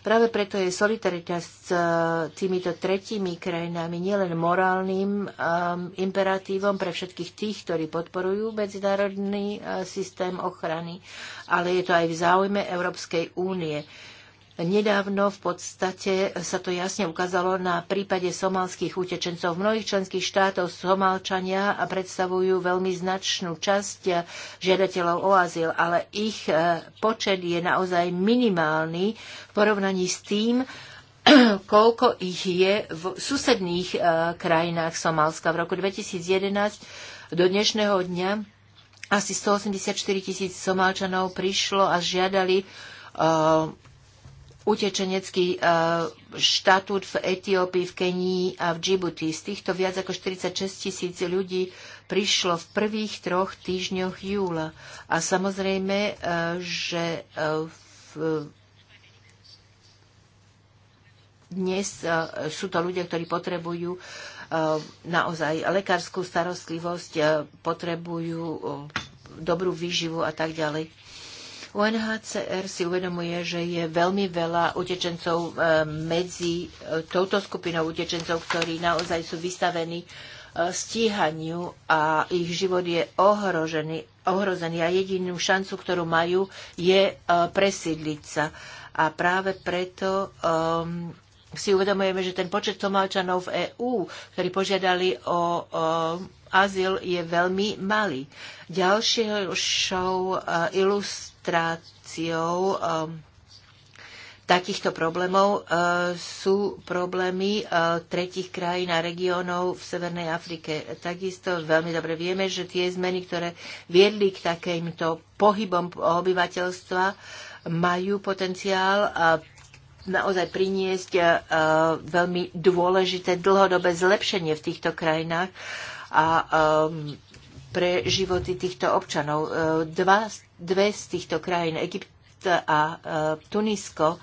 Práve preto je solidarita s e, týmito tretími krajinami nielen morálnym um, imperatívom pre všetkých tých, ktorí podporujú medzinárodný uh, systém ochrany, ale je to aj v záujme Európskej únie. Uh, Nedávno v podstate sa to jasne ukázalo na prípade somalských utečencov. V mnohých členských štátoch somalčania predstavujú veľmi značnú časť žiadateľov o azyl, ale ich eh, počet je naozaj minimálny v porovnaní s tým, [CLEARS THROAT] koľko ich je v susedných eh, krajinách Somálska. V roku 2011 do dnešného dňa asi 184 tisíc Somálčanov prišlo a žiadali eh, utečenecký e, štatút v Etiópii, v Kenii a v Džibuti. Z týchto viac ako 46 tisíc ľudí prišlo v prvých troch týždňoch júla. A samozrejme, e, že e, v dnes sú to ľudia, ktorí potrebujú naozaj lekárskú starostlivosť, potrebujú dobrú výživu a tak ďalej. UNHCR si uvedomuje, že je veľmi veľa utečencov eh, medzi eh, touto skupinou utečencov, ktorí naozaj sú vystavení eh, stíhaniu a ich život je ohrožený, ohrozený a jedinú šancu, ktorú majú, je presídliť sa. A práve preto um, si uvedomujeme, že ten počet Somálčanov v EÚ, ktorí požiadali o, o azyl, je veľmi malý. Ďalšou e, ilustráciou e, takýchto problémov e, sú problémy tretich krajín a regiónov v Severnej Afrike. Takisto veľmi dobre vieme, že tie zmeny, ktoré viedli k takýmto pohybom obyvateľstva, majú potenciál naozaj priniesť e, veľmi dôležité dlhodobé zlepšenie v týchto krajinách a e, pre životy týchto občanov. E, dva, dve z týchto krajín, Egypt a Tunisko,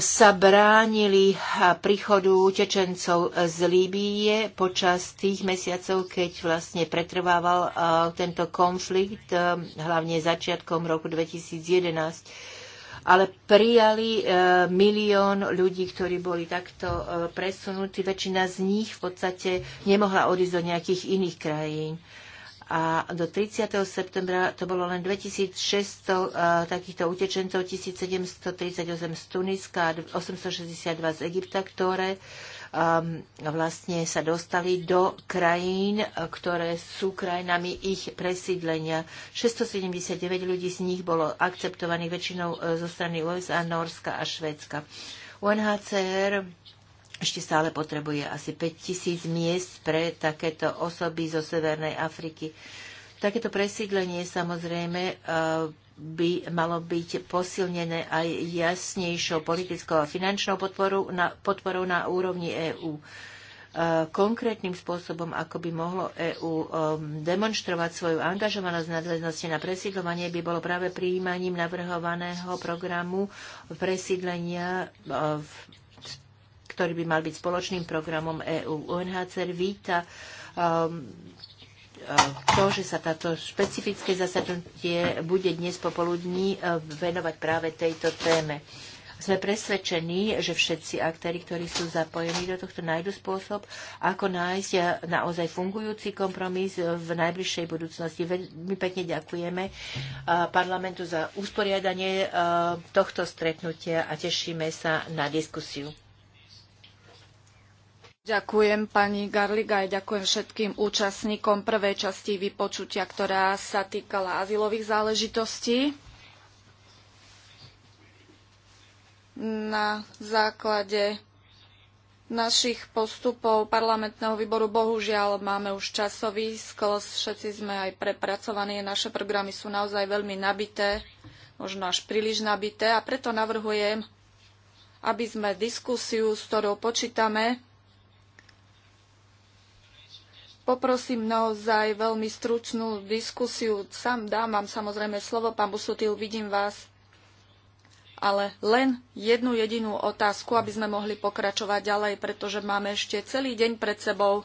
sa bránili príchodu utečencov z Líbie počas tých mesiacov, keď vlastne pretrvával tento konflikt, hlavne začiatkom roku 2011 ale prijali e, milión ľudí, ktorí boli takto e, presunutí. Väčšina z nich v podstate nemohla odísť do nejakých iných krajín. A do 30. septembra to bolo len 2600 e, takýchto utečencov, 1738 z Tuniska a 862 z Egypta, ktoré Ehm, vlastne sa dostali do krajín, ktoré sú krajinami ich presídlenia. 679 ľudí z nich bolo akceptovaných väčšinou e, zo strany USA, Norska a Švedska. UNHCR ešte stále potrebuje asi 5000 miest pre takéto osoby zo Severnej Afriky. Takéto presídlenie samozrejme e, by malo byť posilnené aj jasnejšou politickou a finančnou podporou na, podporou na úrovni EÚ. E, konkrétnym spôsobom, ako by mohlo EÚ e, demonstrovať svoju angažovanosť v nadväznosti na presídlovanie, by bolo práve prijímaním navrhovaného programu presídlenia e, ktorý by mal byť spoločným programom EÚ. UNHCR víta to, že sa táto špecifické zasadnutie bude dnes popoludní e, venovať práve tejto téme. Sme presvedčení, že všetci aktéry, ktorí sú zapojení do tohto, nájdu spôsob, ako nájsť e, naozaj fungujúci kompromis e, v najbližšej budúcnosti. Veľmi pekne ďakujeme parlamentu za usporiadanie tohto stretnutia a tešíme sa na diskusiu. Ďakujem pani Garliga a ďakujem všetkým účastníkom prvej časti vypočutia, ktorá sa týkala azylových záležitostí. Na základe našich postupov parlamentného výboru bohužiaľ máme už časový sklos, všetci sme aj prepracovaní, naše programy sú naozaj veľmi nabité, možno až príliš nabité a preto navrhujem, aby sme diskusiu, s ktorou počítame, Poprosím naozaj veľmi stručnú diskusiu. Sam dám vám samozrejme slovo, pán Busutil, vidím vás. Ale len jednu jedinú otázku, aby sme mohli pokračovať ďalej, pretože máme ešte celý deň pred sebou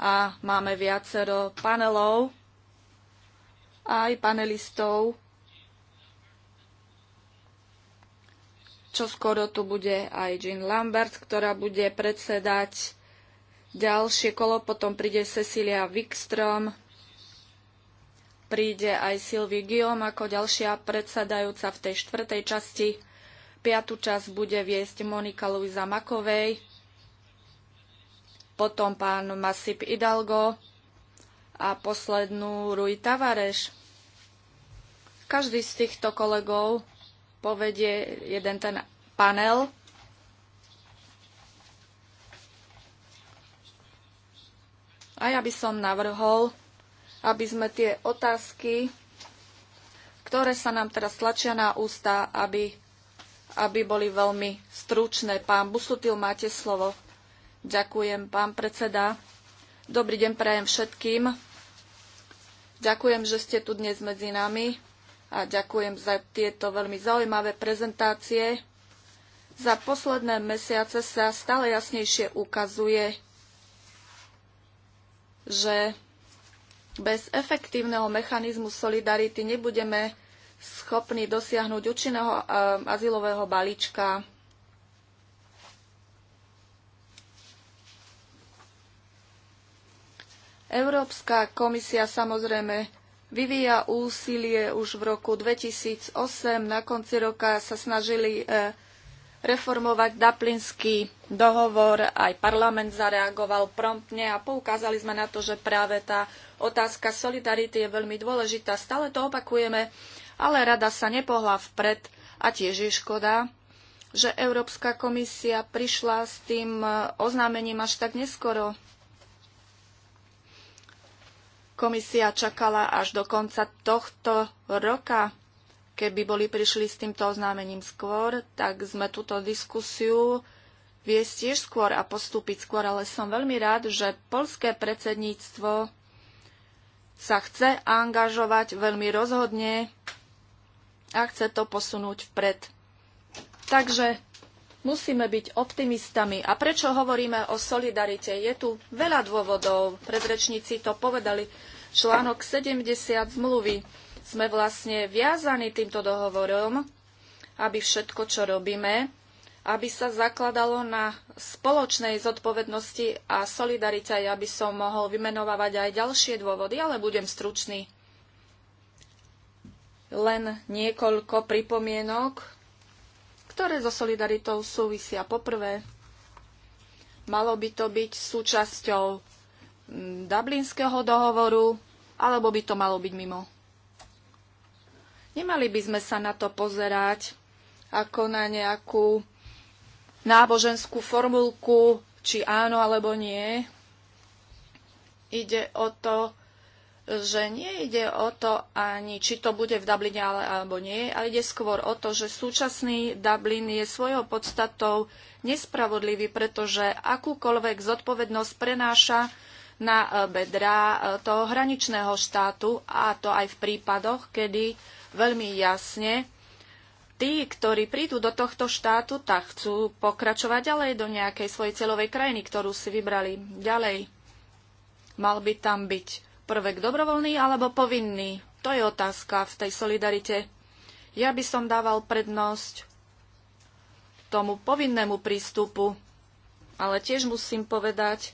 a máme viacero panelov aj panelistov. Čo skoro tu bude aj Jean Lambert, ktorá bude predsedať Ďalšie kolo potom príde Cecilia Wikström, príde aj Sylvie Guillaume ako ďalšia predsadajúca v tej štvrtej časti. Piatú časť bude viesť Monika Luisa Makovej, potom pán Masip Hidalgo a poslednú Rui Tavareš. Každý z týchto kolegov povedie jeden ten panel A ja by som navrhol, aby sme tie otázky, ktoré sa nám teraz tlačia na ústa, aby, aby boli veľmi stručné. Pán Busutil, máte slovo. Ďakujem, pán predseda. Dobrý deň prajem všetkým. Ďakujem, že ste tu dnes medzi nami a ďakujem za tieto veľmi zaujímavé prezentácie. Za posledné mesiace sa stále jasnejšie ukazuje, že bez efektívneho mechanizmu solidarity nebudeme schopní dosiahnuť účinného eh, azylového balíčka. Európska komisia samozrejme vyvíja úsilie už v roku 2008. Na konci roka sa snažili eh, reformovať Dublinský dohovor. Aj parlament zareagoval promptne a poukázali sme na to, že práve tá otázka solidarity je veľmi dôležitá. Stále to opakujeme, ale rada sa nepohla vpred a tiež je škoda, že Európska komisia prišla s tým e, oznámením až tak neskoro. Komisia čakala až do konca tohto roka keby boli prišli s týmto oznámením skôr, tak sme túto diskusiu viesť tiež skôr a postúpiť skôr, ale som veľmi rád, že polské predsedníctvo sa chce angažovať veľmi rozhodne a chce to posunúť vpred. Takže musíme byť optimistami. A prečo hovoríme o solidarite? Je tu veľa dôvodov. Predrečníci to povedali. Článok 70 zmluvy sme vlastne viazaní týmto dohovorom, aby všetko, čo robíme, aby sa zakladalo na spoločnej zodpovednosti a solidarite, aby som mohol vymenovávať aj ďalšie dôvody, ale budem stručný. Len niekoľko pripomienok, ktoré so solidaritou súvisia. Poprvé, malo by to byť súčasťou mm, Dublinského dohovoru, alebo by to malo byť mimo. Nemali by sme sa na to pozerať ako na nejakú náboženskú formulku, či áno alebo nie. Ide o to, že nie ide o to ani, či to bude v Dubline alebo nie, ale ide skôr o to, že súčasný Dublin je svojou podstatou nespravodlivý, pretože akúkoľvek zodpovednosť prenáša na e, bedra e, toho hraničného štátu, a to aj v prípadoch, kedy veľmi jasne, tí, ktorí prídu do tohto štátu, tak chcú pokračovať ďalej do nejakej svojej celovej krajiny, ktorú si vybrali ďalej. Mal by tam byť prvek dobrovoľný alebo povinný. To je otázka v tej solidarite. Ja by som dával prednosť tomu povinnému prístupu, ale tiež musím povedať,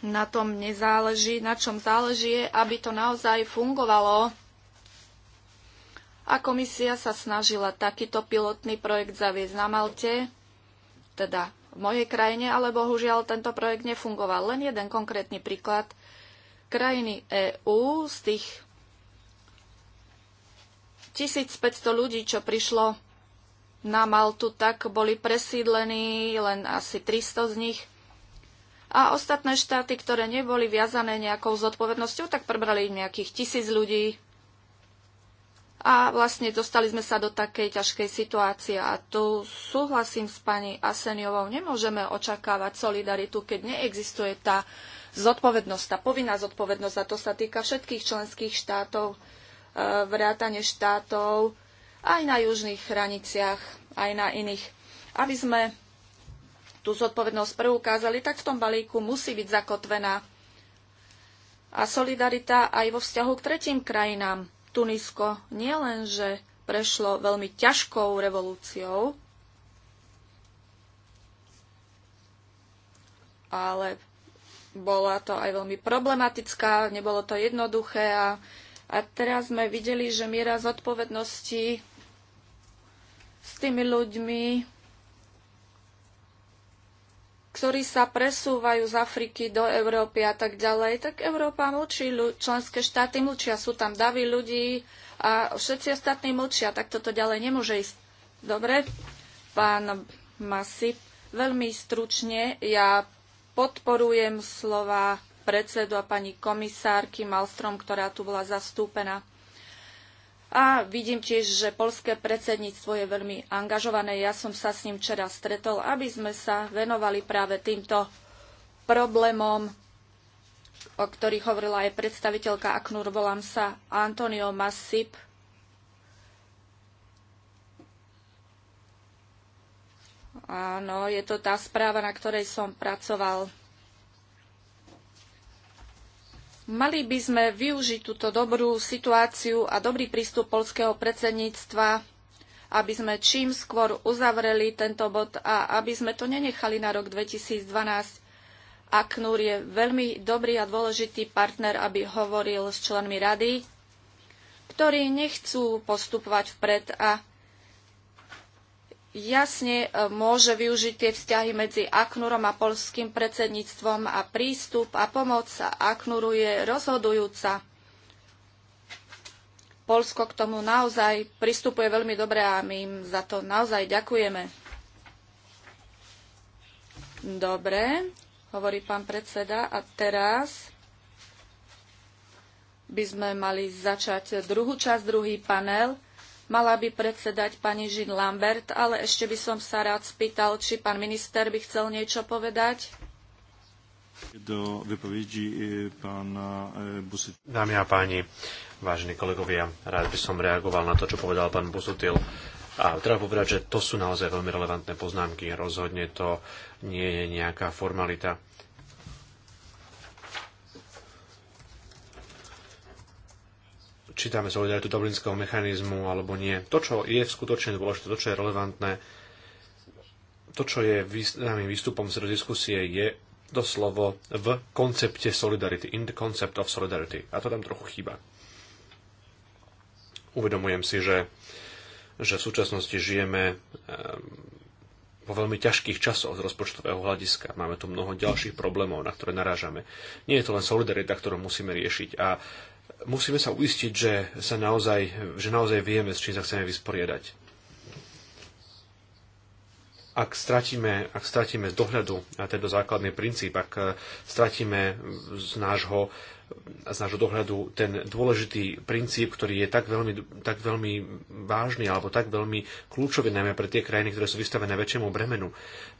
na tom nezáleží, na čom záleží, aby to naozaj fungovalo a komisia sa snažila takýto pilotný projekt zaviesť na Malte, teda v mojej krajine, ale bohužiaľ tento projekt nefungoval. Len jeden konkrétny príklad. Krajiny EÚ z tých 1500 ľudí, čo prišlo na Maltu, tak boli presídlení len asi 300 z nich. A ostatné štáty, ktoré neboli viazané nejakou zodpovednosťou, tak prebrali nejakých tisíc ľudí a vlastne dostali sme sa do takej ťažkej situácie a tu súhlasím s pani Aseniovou, nemôžeme očakávať solidaritu, keď neexistuje tá zodpovednosť, tá povinná zodpovednosť a to sa týka všetkých členských štátov, e, vrátane štátov, aj na južných hraniciach, aj na iných. Aby sme tú zodpovednosť preukázali, tak v tom balíku musí byť zakotvená a solidarita aj vo vzťahu k tretím krajinám Tunisko nielenže prešlo veľmi ťažkou revolúciou, ale bola to aj veľmi problematická, nebolo to jednoduché a, a teraz sme videli, že miera zodpovednosti s tými ľuďmi ktorí sa presúvajú z Afriky do Európy a tak ďalej, tak Európa mlčí, členské štáty mlčia, sú tam davy ľudí a všetci ostatní mlčia, tak toto ďalej nemôže ísť. Dobre, pán Masip, veľmi stručne, ja podporujem slova predsedu a pani komisárky Malstrom, ktorá tu bola zastúpená. A vidím tiež, že polské predsedníctvo je veľmi angažované. Ja som sa s ním včera stretol, aby sme sa venovali práve týmto problémom, o ktorých hovorila aj predstaviteľka Aknur, volám sa Antonio Masip. Áno, je to tá správa, na ktorej som pracoval. Mali by sme využiť túto dobrú situáciu a dobrý prístup polského predsedníctva, aby sme čím skôr uzavreli tento bod a aby sme to nenechali na rok 2012. ACNUR je veľmi dobrý a dôležitý partner, aby hovoril s členmi rady, ktorí nechcú postupovať vpred a jasne e, môže využiť tie vzťahy medzi AKNURom a polským predsedníctvom a prístup a pomoc AKNURu je rozhodujúca. Polsko k tomu naozaj pristupuje veľmi dobre a my im za to naozaj ďakujeme. Dobre, hovorí pán predseda. A teraz by sme mali začať druhú časť, druhý panel. Mala by predsedať pani Žin Lambert, ale ešte by som sa rád spýtal, či pán minister by chcel niečo povedať. Do vypovedí e, pána e, Busutil. Dámy a páni, vážení kolegovia, rád by som reagoval na to, čo povedal pán Busutil. A treba povedať, že to sú naozaj veľmi relevantné poznámky. Rozhodne to nie je nejaká formalita čítame solidaritu dublinského mechanizmu alebo nie. To, čo je skutočne dôležité, to, čo je relevantné, to, čo je významným výstupom z diskusie, je doslovo v koncepte solidarity, in the concept of solidarity. A to tam trochu chýba. Uvedomujem si, že, že v súčasnosti žijeme vo veľmi ťažkých časoch z rozpočtového hľadiska. Máme tu mnoho ďalších problémov, na ktoré narážame. Nie je to len solidarita, ktorú musíme riešiť a musíme sa uistiť, že, sa naozaj, že naozaj vieme, s čím sa chceme vysporiadať. Ak stratíme, ak stratíme z dohľadu na tento základný princíp, ak eh, stratíme z nášho, z nášho dohľadu ten dôležitý princíp, ktorý je tak veľmi, tak veľmi vážny alebo tak veľmi kľúčový najmä pre tie krajiny, ktoré sú vystavené väčšiemu bremenu,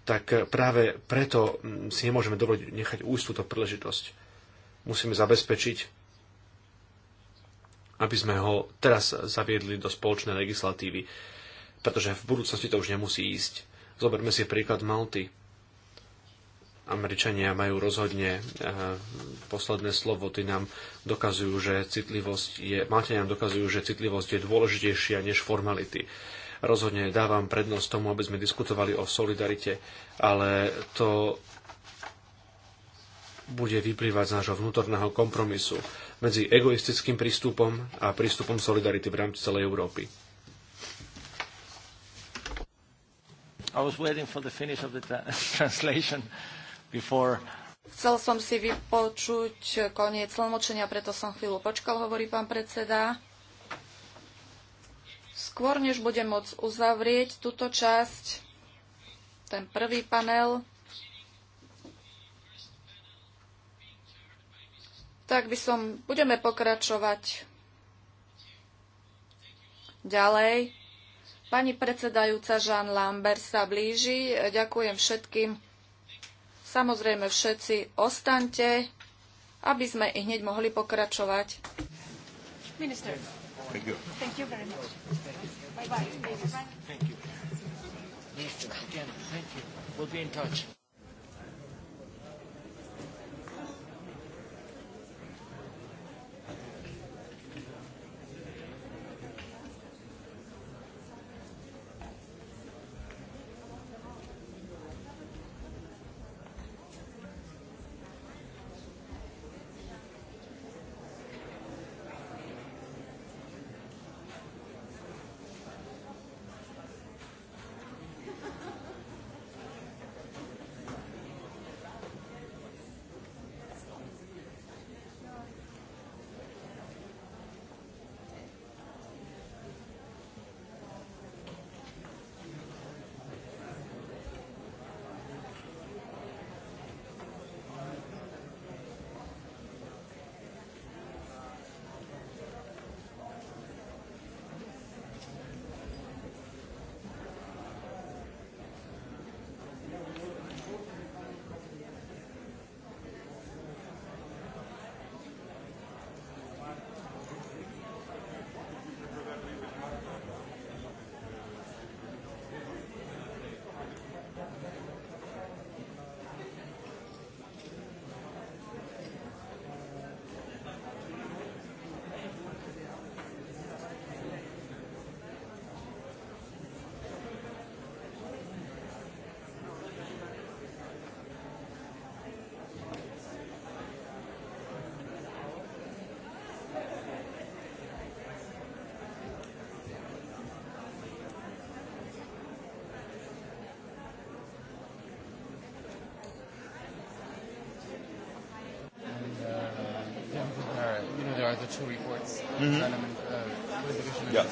tak eh, práve preto hm, si nemôžeme dovoliť nechať újsť túto príležitosť. Musíme zabezpečiť, aby sme ho teraz zaviedli do spoločnej legislatívy, pretože v budúcnosti to už nemusí ísť. Zoberme si príklad Malty. Američania majú rozhodne eh, posledné slovo, ty nám dokazujú, že citlivosť je, Malte nám dokazujú, že citlivosť je dôležitejšia než formality. Rozhodne dávam prednosť tomu, aby sme diskutovali o solidarite, ale to bude vyplývať z nášho vnútorného kompromisu medzi egoistickým prístupom a prístupom solidarity v rámci celej Európy. I was waiting for the finish of the [LAUGHS] translation before Chcel som si vypočuť koniec tlmočenia, preto som chvíľu počkal, hovorí pán predseda. Skôr, než budem môcť uzavrieť túto časť, ten prvý panel, tak by som, budeme pokračovať ďalej. Pani predsedajúca Jean Lambert sa blíži. Ďakujem všetkým. Samozrejme všetci ostaňte, aby sme i hneď mohli pokračovať. Minister. Thank you. Thank you very much. Bye bye. Thank you. Minister, again, thank you. We'll be in touch. two reports, mm-hmm. and, uh, yeah.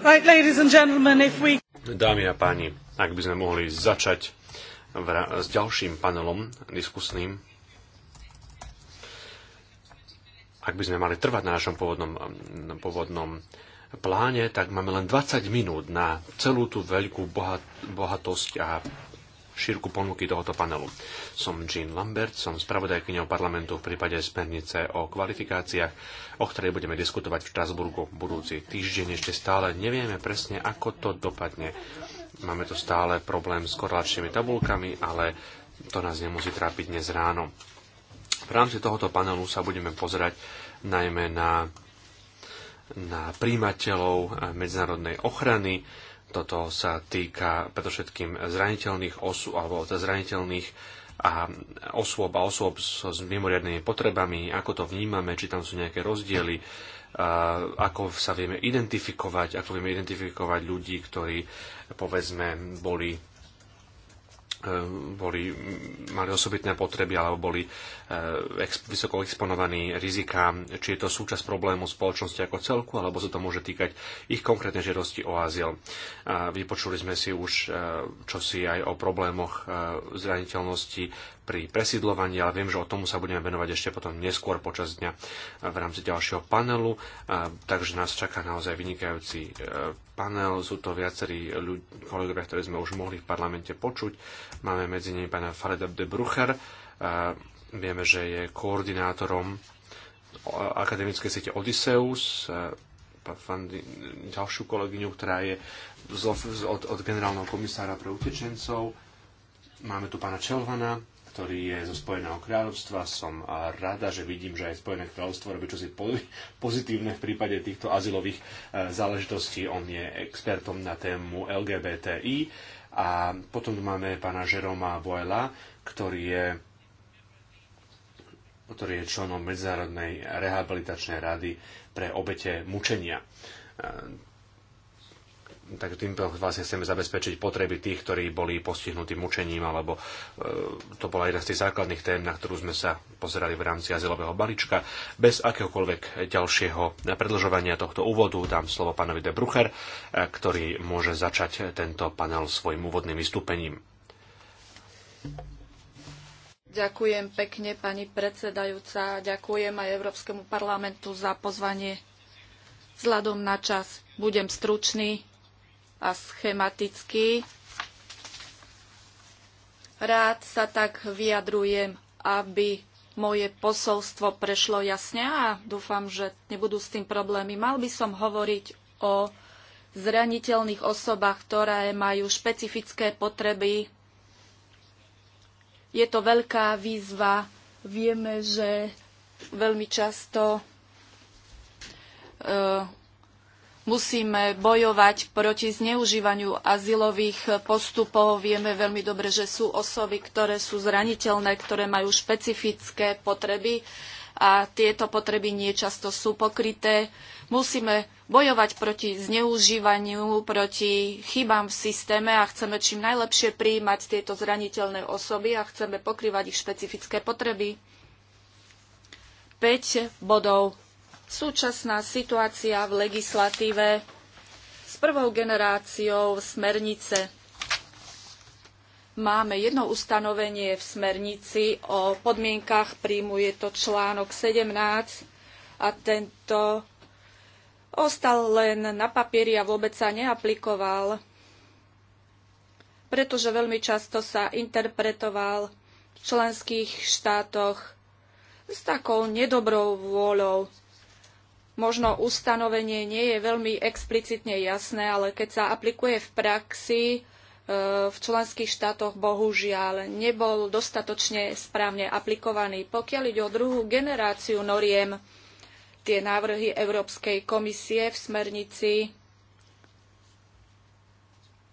Right, ladies and gentlemen, if we... Dámy a páni, ak by sme mohli začať s ďalším panelom diskusným, ak by sme mali trvať na našom pôvodnom, pôvodnom pláne, tak máme len 20 minút na celú tú veľkú bohat, bohatosť a šírku ponuky tohoto panelu. Som Jean Lambert, som spravodajkyňou parlamentu v prípade smernice o kvalifikáciách, o ktorej budeme diskutovať v Štrasburgu budúci týždeň. Ešte stále nevieme presne, ako to dopadne. Máme tu stále problém s korlačnými tabulkami, ale to nás nemusí trápiť dnes ráno. V rámci tohoto panelu sa budeme pozerať najmä na, na príjimateľov medzinárodnej ochrany, toto sa týka predovšetkým zraniteľných osôb alebo teda zraniteľných a osôb a osôb s, s mimoriadnými potrebami, ako to vnímame, či tam sú nejaké rozdiely, ako sa vieme identifikovať, ako vieme identifikovať ľudí, ktorí povedzme boli E, boli, mali osobitné potreby alebo boli e, ex, vysoko exponovaní rizikám, či je to súčasť problému spoločnosti ako celku, alebo sa to môže týkať ich konkrétnej žiadosti o azyl. A vypočuli sme si už e, čosi aj o problémoch zraniteľnosti pri presídlovaní, ale viem, že o tomu sa budeme venovať ešte potom neskôr počas dňa v rámci ďalšieho panelu, takže nás čaká naozaj vynikajúci panel, sú to viacerí ľudí, kolegovia, ktorí sme už mohli v parlamente počuť. Máme medzi nimi pána Fareda de Brucher, vieme, že je koordinátorom akademické siete Odysseus, ďalšiu kolegyňu, ktorá je od, od generálneho komisára pre utečencov. Máme tu pána Čelvana, ktorý je zo Spojeného kráľovstva. Som rada, že vidím, že aj Spojené kráľovstvo robí čosi pozitívne v prípade týchto azylových e, záležitostí. On je expertom na tému LGBTI. A potom tu máme pána Žeroma Boela, ktorý je ktorý je členom Medzinárodnej rehabilitačnej rady pre obete mučenia. E, tak týmto vlastne chceme zabezpečiť potreby tých, ktorí boli postihnutí mučením, alebo e, to bola jedna z tých základných tém, na ktorú sme sa pozerali v rámci azylového balíčka. Bez akéhokoľvek ďalšieho predlžovania tohto úvodu dám slovo pánovi de Brucher, e, ktorý môže začať tento panel svojim úvodným vystúpením. Ďakujem pekne, pani predsedajúca. Ďakujem aj Európskemu parlamentu za pozvanie. Vzhľadom na čas budem stručný a schematicky. Rád sa tak vyjadrujem, aby moje posolstvo prešlo jasne a dúfam, že nebudú s tým problémy. Mal by som hovoriť o zraniteľných osobách, ktoré majú špecifické potreby. Je to veľká výzva. Vieme, že veľmi často e, Musíme bojovať proti zneužívaniu azylových postupov. Vieme veľmi dobre, že sú osoby, ktoré sú zraniteľné, ktoré majú špecifické potreby a tieto potreby nie často sú pokryté. Musíme bojovať proti zneužívaniu, proti chybám v systéme a chceme čím najlepšie prijímať tieto zraniteľné osoby a chceme pokrývať ich špecifické potreby. 5 bodov súčasná situácia v legislatíve s prvou generáciou smernice. Máme jedno ustanovenie v smernici o podmienkach príjmu, je to článok 17 a tento ostal len na papieri a vôbec sa neaplikoval, pretože veľmi často sa interpretoval v členských štátoch s takou nedobrou vôľou Možno ustanovenie nie je veľmi explicitne jasné, ale keď sa aplikuje v praxi, e, v členských štátoch bohužiaľ nebol dostatočne správne aplikovaný. Pokiaľ ide o druhú generáciu noriem, tie návrhy Európskej komisie v smernici,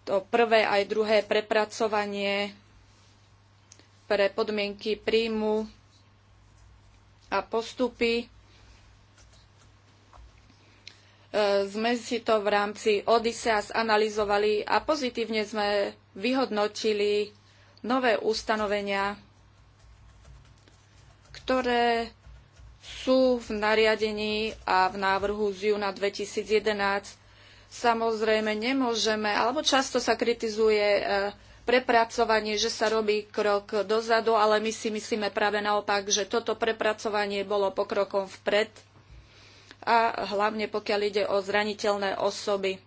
to prvé aj druhé prepracovanie pre podmienky príjmu a postupy E, sme si to v rámci Odisea zanalizovali a pozitívne sme vyhodnotili nové ustanovenia, ktoré sú v nariadení a v návrhu z júna 2011. Samozrejme nemôžeme, alebo často sa kritizuje e, prepracovanie, že sa robí krok dozadu, ale my si myslíme práve naopak, že toto prepracovanie bolo pokrokom vpred a hlavne pokiaľ ide o zraniteľné osoby.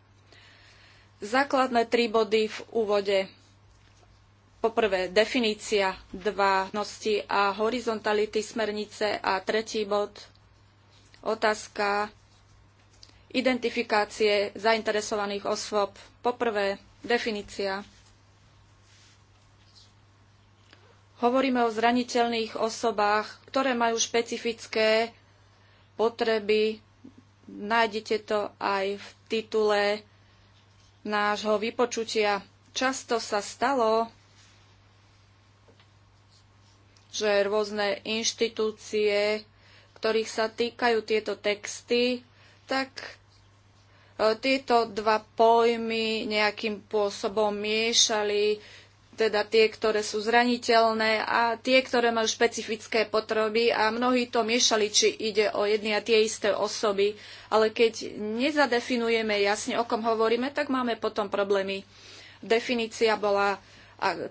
Základné tri body v úvode. Poprvé definícia, dva nosti a horizontality smernice a tretí bod otázka identifikácie zainteresovaných osôb. Poprvé definícia. Hovoríme o zraniteľných osobách, ktoré majú špecifické potreby. Nájdete to aj v titule nášho vypočutia. Často sa stalo, že rôzne inštitúcie, ktorých sa týkajú tieto texty, tak e, tieto dva pojmy nejakým spôsobom miešali, teda tie, ktoré sú zraniteľné a tie, ktoré majú špecifické potreby a mnohí to miešali, či ide o jedny a tie isté osoby. Ale keď nezadefinujeme jasne, o kom hovoríme, tak máme potom problémy. Definícia bola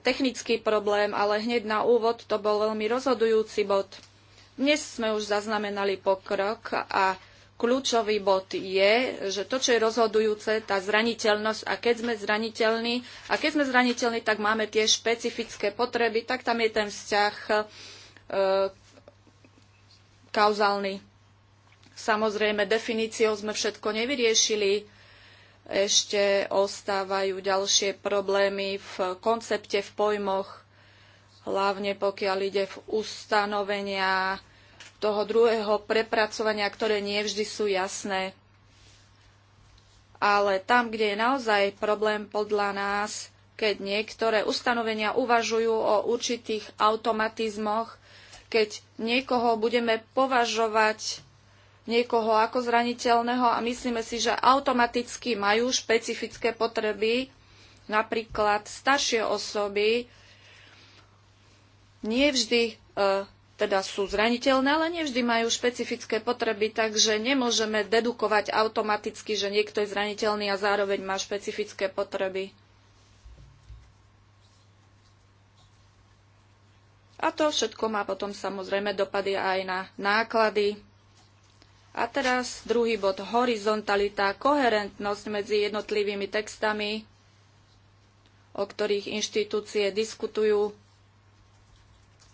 technický problém, ale hneď na úvod to bol veľmi rozhodujúci bod. Dnes sme už zaznamenali pokrok a Kľúčový bod je, že to, čo je rozhodujúce, tá zraniteľnosť a keď sme zraniteľní, a keď sme zraniteľní, tak máme tie špecifické potreby, tak tam je ten vzťah e, kauzálny. Samozrejme, definíciou sme všetko nevyriešili, ešte ostávajú ďalšie problémy v koncepte, v pojmoch, hlavne pokiaľ ide v ustanovenia toho druhého prepracovania, ktoré nie vždy sú jasné. Ale tam, kde je naozaj problém podľa nás, keď niektoré ustanovenia uvažujú o určitých automatizmoch, keď niekoho budeme považovať niekoho ako zraniteľného a myslíme si, že automaticky majú špecifické potreby, napríklad staršie osoby, nie vždy e, teda sú zraniteľné, ale nevždy majú špecifické potreby, takže nemôžeme dedukovať automaticky, že niekto je zraniteľný a zároveň má špecifické potreby. A to všetko má potom samozrejme dopady aj na náklady. A teraz druhý bod, horizontalita, koherentnosť medzi jednotlivými textami, o ktorých inštitúcie diskutujú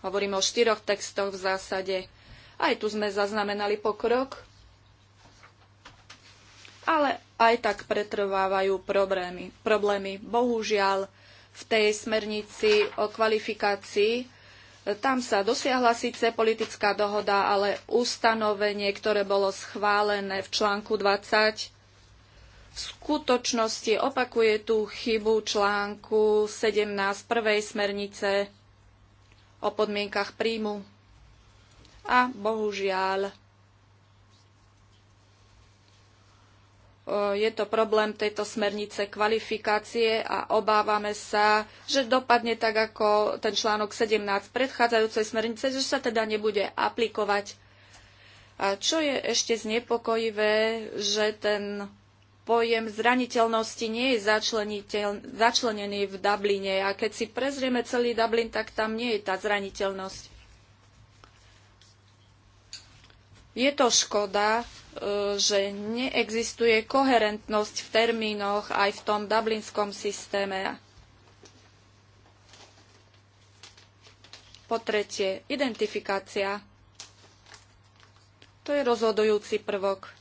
Hovoríme o štyroch textoch v zásade. Aj tu sme zaznamenali pokrok, ale aj tak pretrvávajú problémy. problémy. Bohužiaľ, v tej smernici o kvalifikácii e, tam sa dosiahla síce politická dohoda, ale ustanovenie, ktoré bolo schválené v článku 20, v skutočnosti opakuje tú chybu článku 17 prvej smernice o podmienkach príjmu. A bohužiaľ, eh, je to problém tejto smernice kvalifikácie a obávame sa, že dopadne tak ako ten článok 17 predchádzajúcej smernice, že sa teda nebude aplikovať. A čo je ešte znepokojivé, že ten pojem zraniteľnosti nie je začlenený v Dubline a keď si prezrieme celý Dublin, tak tam nie je tá zraniteľnosť. Je to škoda, e, že neexistuje koherentnosť v termínoch aj v tom dublinskom systéme. Po tretie, identifikácia. To je rozhodujúci prvok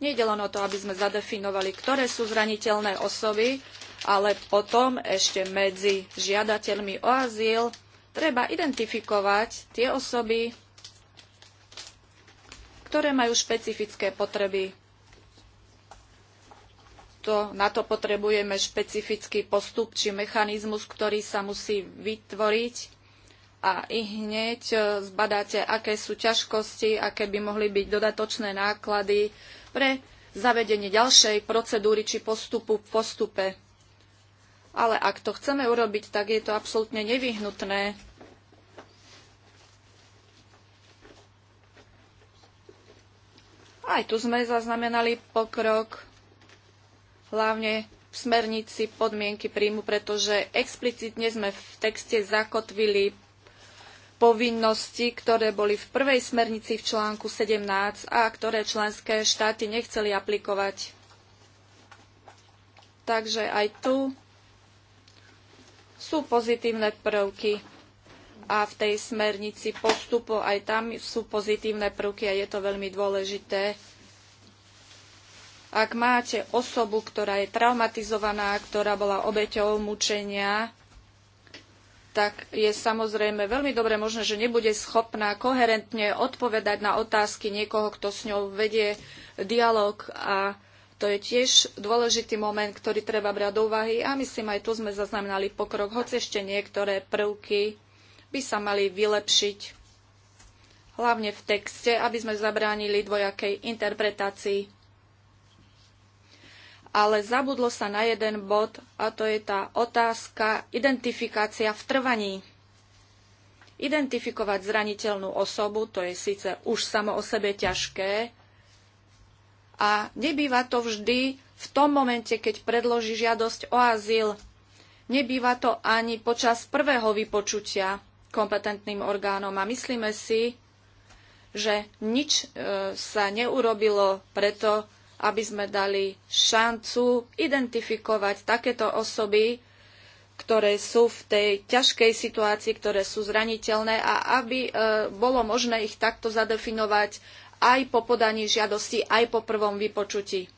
Nejde len o to, aby sme zadefinovali, ktoré sú zraniteľné osoby, ale potom ešte medzi žiadateľmi o azyl treba identifikovať tie osoby, ktoré majú špecifické potreby. To, na to potrebujeme špecifický postup či mechanizmus, ktorý sa musí vytvoriť a i hneď e, zbadáte, aké sú ťažkosti, aké by mohli byť dodatočné náklady, pre zavedenie ďalšej procedúry či postupu v postupe. Ale ak to chceme urobiť, tak je to absolútne nevyhnutné. Aj tu sme zaznamenali pokrok, hlavne v smernici podmienky príjmu, pretože explicitne sme v texte zakotvili povinnosti, ktoré boli v prvej smernici v článku 17 a ktoré členské štáty nechceli aplikovať. Takže aj tu sú pozitívne prvky a v tej smernici postupov aj tam sú pozitívne prvky a je to veľmi dôležité. Ak máte osobu, ktorá je traumatizovaná, ktorá bola obeťou mučenia, tak je samozrejme veľmi dobre možné, že nebude schopná koherentne odpovedať na otázky niekoho, kto s ňou vedie dialog a to je tiež dôležitý moment, ktorý treba brať do úvahy a myslím, aj tu sme zaznamenali pokrok, hoci ešte niektoré prvky by sa mali vylepšiť, hlavne v texte, aby sme zabránili dvojakej interpretácii ale zabudlo sa na jeden bod a to je tá otázka identifikácia v trvaní. Identifikovať zraniteľnú osobu, to je síce už samo o sebe ťažké a nebýva to vždy v tom momente, keď predloží žiadosť o azyl. Nebýva to ani počas prvého vypočutia kompetentným orgánom a myslíme si, že nič e, sa neurobilo preto, aby sme dali šancu identifikovať takéto osoby, ktoré sú v tej ťažkej situácii, ktoré sú zraniteľné a aby e, bolo možné ich takto zadefinovať aj po podaní žiadosti, aj po prvom vypočutí.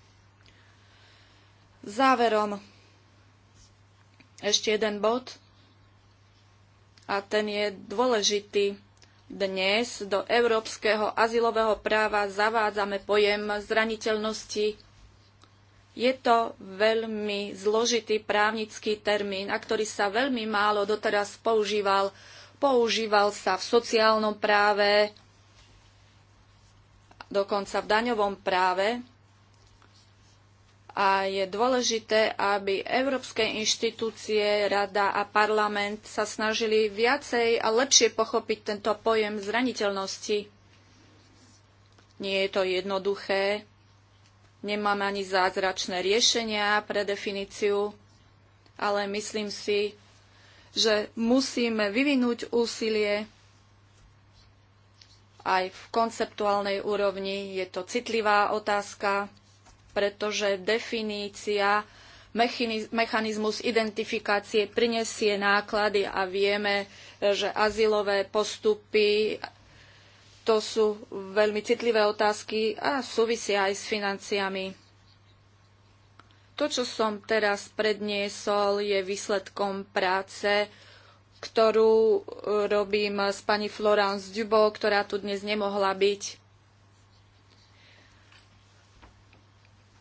Záverom ešte jeden bod a ten je dôležitý dnes do európskeho azylového práva zavádzame pojem zraniteľnosti. Je to veľmi zložitý právnický termín, a ktorý sa veľmi málo doteraz používal. Používal sa v sociálnom práve, dokonca v daňovom práve a je dôležité, aby európske inštitúcie, rada a parlament sa snažili viacej a lepšie pochopiť tento pojem zraniteľnosti. Nie je to jednoduché, nemáme ani zázračné riešenia pre definíciu, ale myslím si, že musíme vyvinúť úsilie aj v konceptuálnej úrovni. Je to citlivá otázka pretože definícia mechanizmus identifikácie prinesie náklady a vieme, že azylové postupy to sú veľmi citlivé otázky a súvisia aj s financiami. To, čo som teraz predniesol, je výsledkom práce, ktorú robím s pani Florence Dubo, ktorá tu dnes nemohla byť.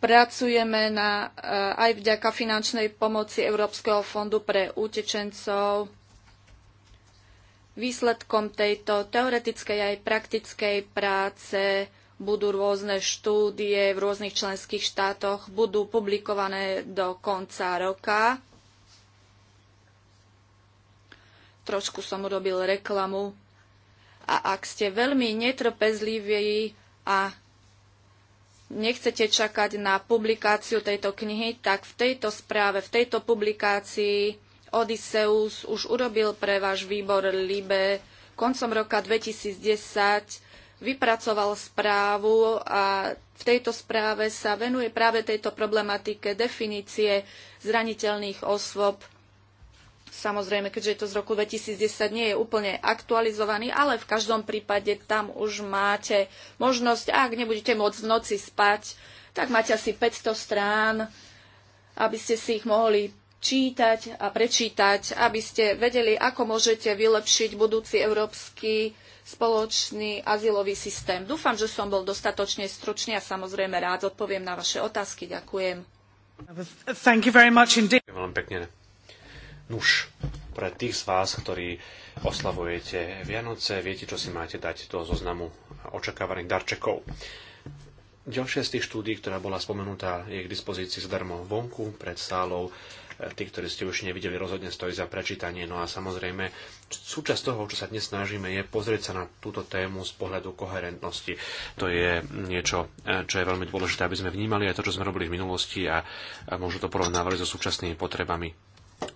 Pracujeme na, eh, aj vďaka finančnej pomoci Európskeho fondu pre utečencov. Výsledkom tejto teoretickej aj praktickej práce budú rôzne štúdie v rôznych členských štátoch, budú publikované do konca roka. Trošku som urobil reklamu. A ak ste veľmi netrpezliví a nechcete čakať na publikáciu tejto knihy, tak v tejto správe, v tejto publikácii Odysseus už urobil pre váš výbor Libe koncom roka 2010 vypracoval správu a v tejto správe sa venuje práve tejto problematike definície zraniteľných osôb Samozrejme, keďže je to z roku 2010, nie je úplne aktualizovaný, ale v každom prípade tam už máte možnosť, ak nebudete môcť v noci spať, tak máte asi 500 strán, aby ste si ich mohli čítať a prečítať, aby ste vedeli, ako môžete vylepšiť budúci európsky spoločný azylový systém. Dúfam, že som bol dostatočne stručný a samozrejme rád odpoviem na vaše otázky. Ďakujem. Thank you very much indeed. Veľmi pekne. Nuž, pre tých z vás, ktorí oslavujete Vianoce, viete, čo si máte dať do zoznamu očakávaných darčekov. Ďalšia z tých štúdí, ktorá bola spomenutá, je k dispozícii zadarmo vonku, pred sálou. E, tí, ktorí ste už nevideli, rozhodne stojí za prečítanie. No a samozrejme, súčasť toho, čo sa dnes snažíme, je pozrieť sa na túto tému z pohľadu koherentnosti. To je niečo, e, čo je veľmi dôležité, aby sme vnímali aj to, čo sme robili v minulosti a možno to porovnávali so súčasnými potrebami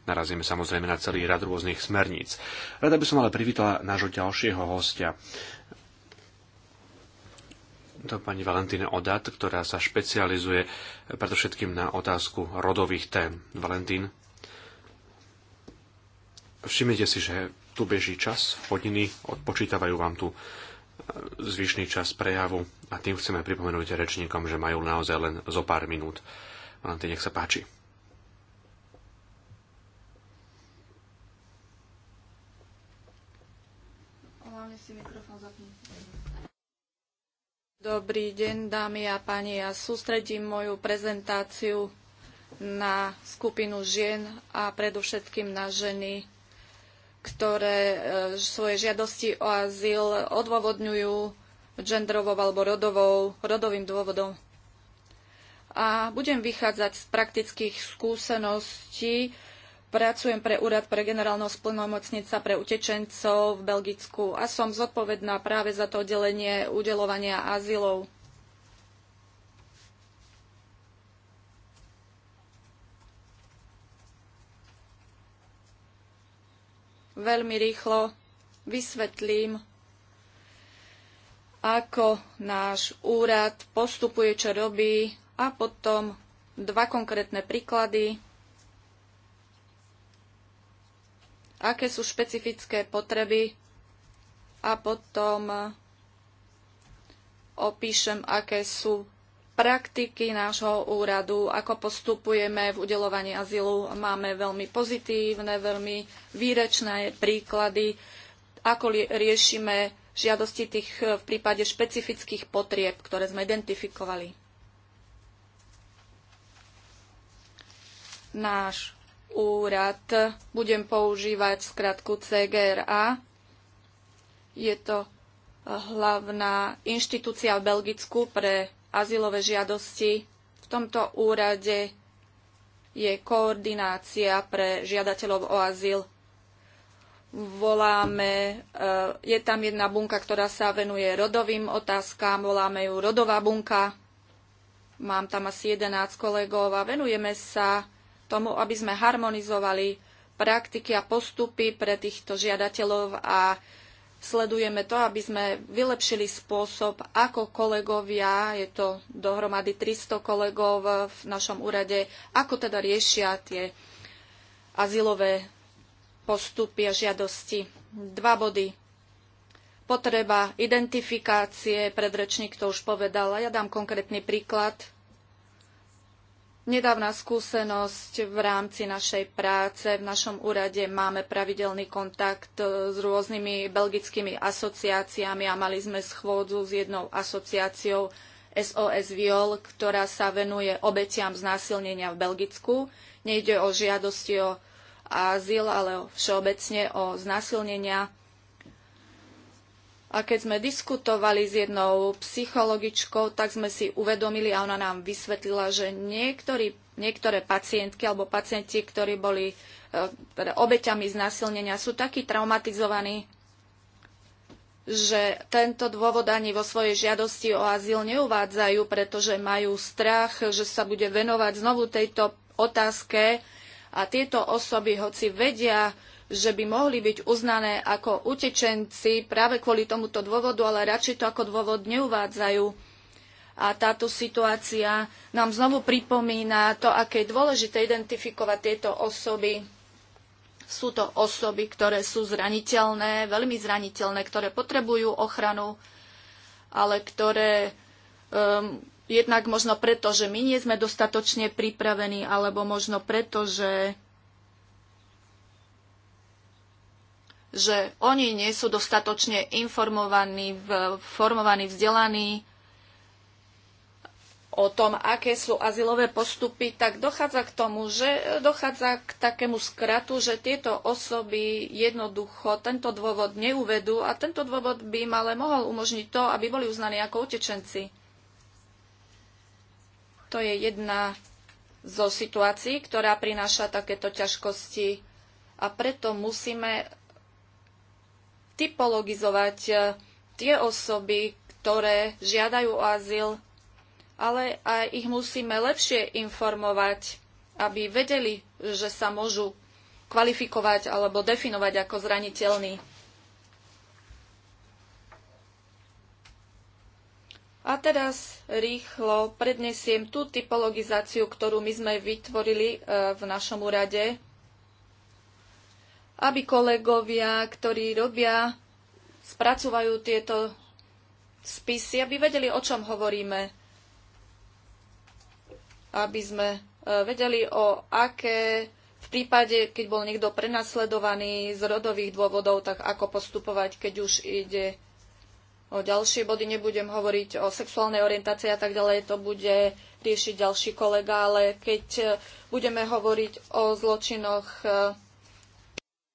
Narazíme samozrejme na celý rad rôznych smerníc. Rada by som ale privítala nášho ďalšieho hostia. To pani Valentína Odat, ktorá sa špecializuje predovšetkým na otázku rodových tém. Valentín, všimnite si, že tu beží čas, hodiny, odpočítavajú vám tu eh, zvyšný čas prejavu a tým chceme pripomenúť rečníkom, že majú naozaj len zo pár minút. Valentín, nech sa páči. Dobrý deň, dámy a páni. Ja sústredím moju prezentáciu na skupinu žien a predovšetkým na ženy, ktoré e, svoje žiadosti o azyl odôvodňujú genderovou alebo rodovou, rodovým dôvodom. A budem vychádzať z praktických skúseností Pracujem pre úrad pre generálneho splnomocnica pre utečencov v Belgicku a som zodpovedná práve za to oddelenie udelovania azylov. Veľmi rýchlo vysvetlím, ako náš úrad postupuje, čo robí a potom dva konkrétne príklady aké sú špecifické potreby a potom opíšem, aké sú praktiky nášho úradu, ako postupujeme v udelovaní azylu. Máme veľmi pozitívne, veľmi výrečné príklady, ako riešime žiadosti tých eh, v prípade špecifických potrieb, ktoré sme identifikovali. Náš úrad. Budem používať skratku CGRA. Je to hlavná inštitúcia v Belgicku pre azylové žiadosti. V tomto úrade je koordinácia pre žiadateľov o azyl. Voláme, eh, je tam jedna bunka, ktorá sa venuje rodovým otázkám, voláme ju rodová bunka. Mám tam asi 11 kolegov a venujeme sa tomu, aby sme harmonizovali praktiky a postupy pre týchto žiadateľov a sledujeme to, aby sme vylepšili spôsob, ako kolegovia, je to dohromady 300 kolegov v našom úrade, ako teda riešia tie azylové postupy a žiadosti. Dva body. Potreba identifikácie, predrečník to už povedal, ja dám konkrétny príklad Nedávna skúsenosť v rámci našej práce v našom úrade máme pravidelný kontakt e, s rôznymi belgickými asociáciami a mali sme schôdzu s jednou asociáciou SOS Viol, ktorá sa venuje obetiam znásilnenia v Belgicku. Nejde o žiadosti o azyl, ale všeobecne o znásilnenia a keď sme diskutovali s jednou psychologičkou, tak sme si uvedomili a ona nám vysvetlila, že niektorí, niektoré pacientky alebo pacienti, ktorí boli e, teda obeťami znásilnenia, sú takí traumatizovaní, že tento dôvod ani vo svojej žiadosti o azyl neuvádzajú, pretože majú strach, že sa bude venovať znovu tejto otázke. A tieto osoby, hoci vedia, že by mohli byť uznané ako utečenci práve kvôli tomuto dôvodu, ale radšej to ako dôvod neuvádzajú. A táto situácia nám znovu pripomína to, aké je dôležité identifikovať tieto osoby. Sú to osoby, ktoré sú zraniteľné, veľmi zraniteľné, ktoré potrebujú ochranu, ale ktoré um, jednak možno preto, že my nie sme dostatočne pripravení, alebo možno preto, že že oni nie sú dostatočne informovaní, formovaní, vzdelaní o tom, aké sú azylové postupy, tak dochádza k tomu, že dochádza k takému skratu, že tieto osoby jednoducho tento dôvod neuvedú a tento dôvod by im ale mohol umožniť to, aby boli uznaní ako utečenci. To je jedna zo situácií, ktorá prináša takéto ťažkosti a preto musíme typologizovať eh, tie osoby, ktoré žiadajú o azyl, ale aj ich musíme lepšie informovať, aby vedeli, že sa môžu kvalifikovať alebo definovať ako zraniteľní. A teraz rýchlo prednesiem tú typologizáciu, ktorú my sme vytvorili eh, v našom úrade aby kolegovia, ktorí robia, spracúvajú tieto spisy, aby vedeli, o čom hovoríme. Aby sme e, vedeli, o aké v prípade, keď bol niekto prenasledovaný z rodových dôvodov, tak ako postupovať, keď už ide o ďalšie body. Nebudem hovoriť o sexuálnej orientácii a tak ďalej, to bude riešiť ďalší kolega, ale keď e, budeme hovoriť o zločinoch e,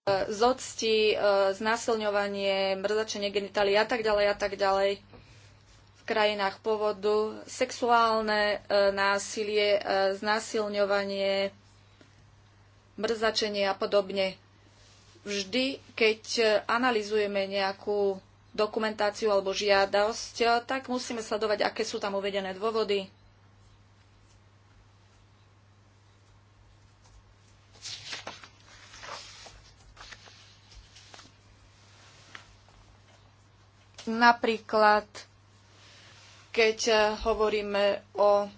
z octi, e, znásilňovanie, mrzačenie genitálií a tak ďalej a tak ďalej v krajinách pôvodu, sexuálne e, násilie, e, znásilňovanie, mrzačenie a podobne. Vždy, keď analizujeme nejakú dokumentáciu alebo žiadosť, tak musíme sledovať, aké sú tam uvedené dôvody, Napríklad, keď eh, hovoríme o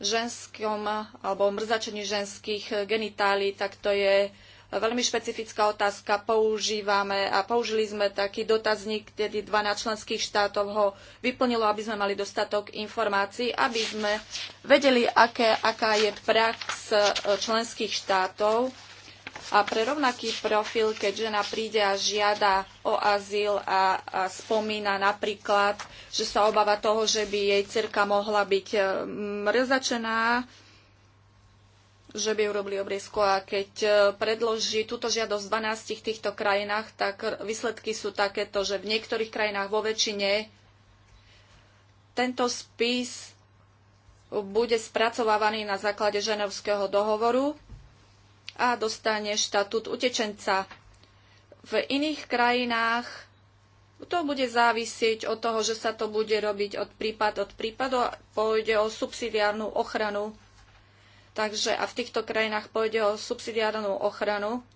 ženskom alebo o mrzačení ženských genitálií, tak to je veľmi špecifická otázka. Používame a použili sme taký dotazník, kedy 12 členských štátov ho vyplnilo, aby sme mali dostatok informácií, aby sme vedeli, aké, aká je prax eh, členských štátov a pre rovnaký profil, keď žena príde a žiada o azyl a, a spomína napríklad, že sa obáva toho, že by jej cerka mohla byť e, mrzačená, že by urobili obriezku a keď e, predloží túto žiadosť v 12 týchto krajinách, tak výsledky sú takéto, že v niektorých krajinách vo väčšine tento spis bude spracovávaný na základe ženevského dohovoru a dostane štatút utečenca. V iných krajinách to bude závisieť od toho, že sa to bude robiť od prípad od prípadu. a Pôjde o subsidiárnu ochranu. Takže a v týchto krajinách pôjde o subsidiárnu ochranu,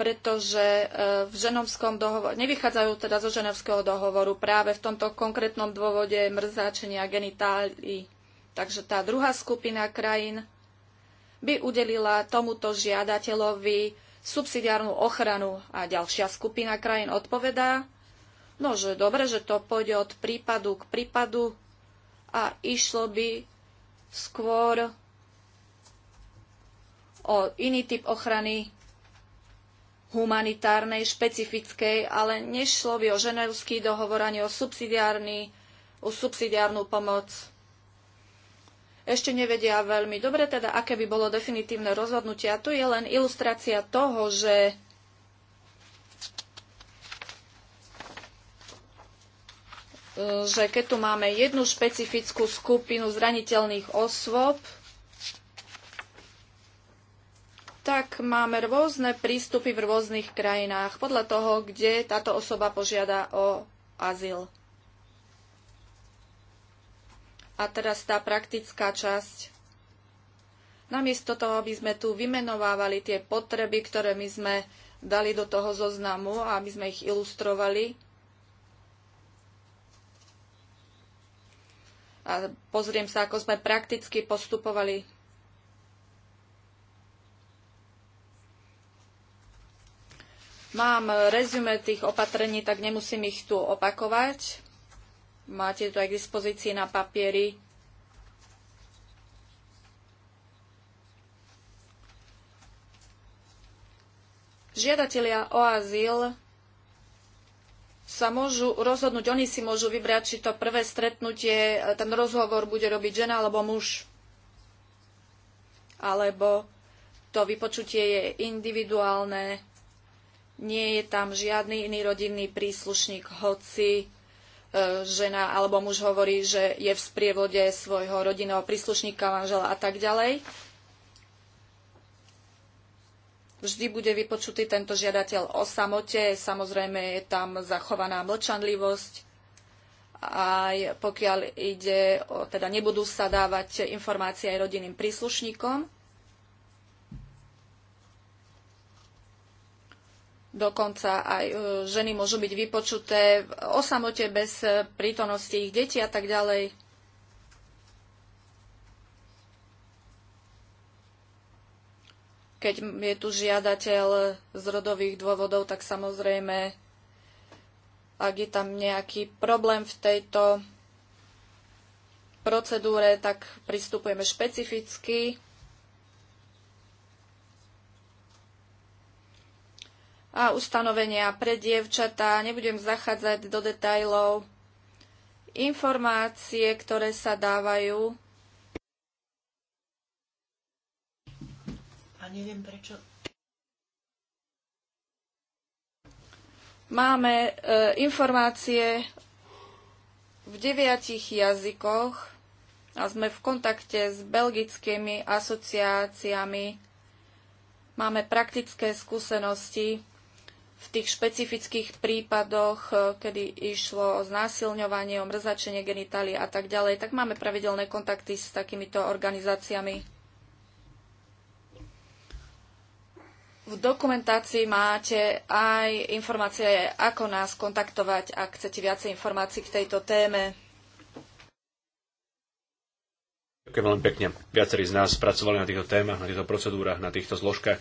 pretože e, v ženovskom dohovoru, nevychádzajú teda zo ženovského dohovoru práve v tomto konkrétnom dôvode mrzáčenia genitálií. Takže tá druhá skupina krajín by udelila tomuto žiadateľovi subsidiárnu ochranu. A ďalšia skupina krajín odpovedá, no že dobre, že to pôjde od prípadu k prípadu a išlo by skôr o iný typ ochrany humanitárnej, špecifickej, ale nešlo by o ženevský dohovor ani o, subsidiárny, o subsidiárnu pomoc ešte nevedia veľmi dobre, teda aké by bolo definitívne rozhodnutie. A tu je len ilustrácia toho, že že keď tu máme jednu špecifickú skupinu zraniteľných osôb, tak máme rôzne prístupy v rôznych krajinách podľa toho, kde táto osoba požiada o azyl. A teraz tá praktická časť. Namiesto toho, aby sme tu vymenovávali tie potreby, ktoré my sme dali do toho zoznamu a aby sme ich ilustrovali, a pozriem sa, ako sme prakticky postupovali. Mám rezume tých opatrení, tak nemusím ich tu opakovať. Máte to aj k dispozícii na papieri. Žiadatelia o azyl sa môžu rozhodnúť, oni si môžu vybrať, či to prvé stretnutie, ten rozhovor bude robiť žena alebo muž. Alebo to vypočutie je individuálne, nie je tam žiadny iný rodinný príslušník, hoci E, žena alebo muž hovorí, že je v sprievode svojho rodinného príslušníka, manžela a tak ďalej. Vždy bude vypočutý tento žiadateľ o samote, samozrejme je tam zachovaná mlčanlivosť, aj pokiaľ ide, o, teda nebudú sa dávať informácie aj rodinným príslušníkom. Dokonca aj e, ženy môžu byť vypočuté o samote bez e, prítomnosti ich detí a tak ďalej. Keď je tu žiadateľ z rodových dôvodov, tak samozrejme, ak je tam nejaký problém v tejto procedúre, tak pristupujeme špecificky a ustanovenia pre dievčatá. Nebudem zachádzať do detajlov. Informácie, ktoré sa dávajú. A neviem prečo. Máme e, informácie v deviatich jazykoch a sme v kontakte s belgickými asociáciami. Máme praktické skúsenosti v tých špecifických prípadoch, e, kedy išlo o znásilňovanie, o mrzačenie genitálií a tak ďalej, tak máme pravidelné kontakty s takýmito organizáciami. V dokumentácii máte aj informácie, ako nás kontaktovať, ak chcete viacej informácií k tejto téme. Ďakujem veľmi pekne. Viacerí z nás pracovali na týchto témach, na týchto procedúrach, na týchto zložkách.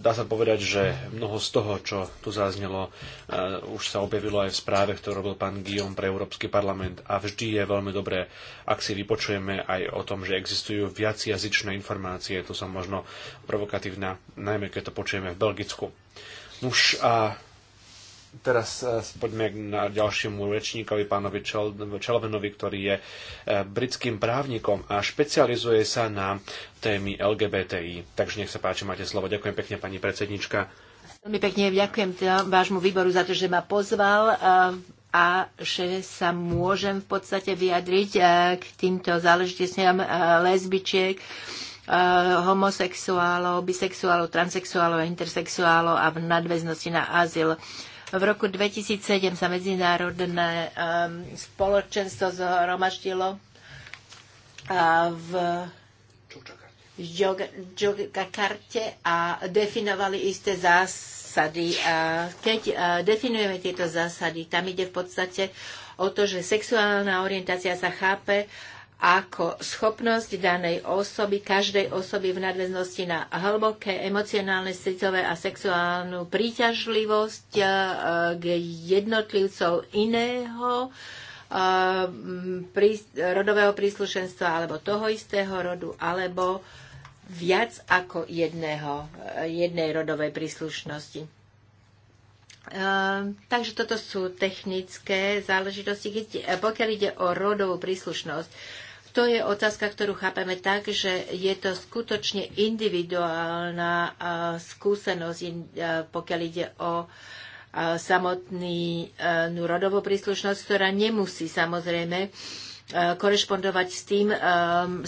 Dá sa povedať, že mnoho z toho, čo tu zaznelo, eh, už sa objavilo aj v správe, ktorú robil pán Guillaume pre Európsky parlament. A vždy je veľmi dobré, ak si vypočujeme aj o tom, že existujú viacjazyčné informácie. Tu som možno provokatívna, najmä keď to počujeme v Belgicku. Už a Teraz eh, poďme na ďalšiemu rečníkovi, pánovi Čelvenovi, ktorý je eh, britským právnikom a špecializuje sa na témy LGBTI. Takže nech sa páči, máte slovo. Ďakujem pekne, pani predsednička. Veľmi pekne ďakujem teda vášmu výboru za to, že ma pozval eh, a že sa môžem v podstate vyjadriť k týmto záležitostiam lesbičiek, homosexuálov, bisexuálov, transexuálov a intersexuálov a v nadväznosti na azyl. V roku 2007 sa medzinárodné um, spoločenstvo zhromaždilo uh, v Jogakarte a definovali isté zásady. A keď uh, definujeme tieto zásady, tam ide v podstate o to, že sexuálna orientácia sa chápe ako schopnosť danej osoby, každej osoby v nadväznosti na hlboké emocionálne, citové a sexuálnu príťažlivosť e, k jednotlivcov iného e, rodového príslušenstva alebo toho istého rodu alebo viac ako jedného, e, jednej rodovej príslušnosti takže toto sú technické záležitosti. Keď, pokiaľ ide o rodovú príslušnosť, to je otázka, ktorú chápeme tak, že je to skutočne individuálna skúsenosť, pokiaľ ide o samotný rodovú príslušnosť, ktorá nemusí samozrejme korešpondovať s tým um,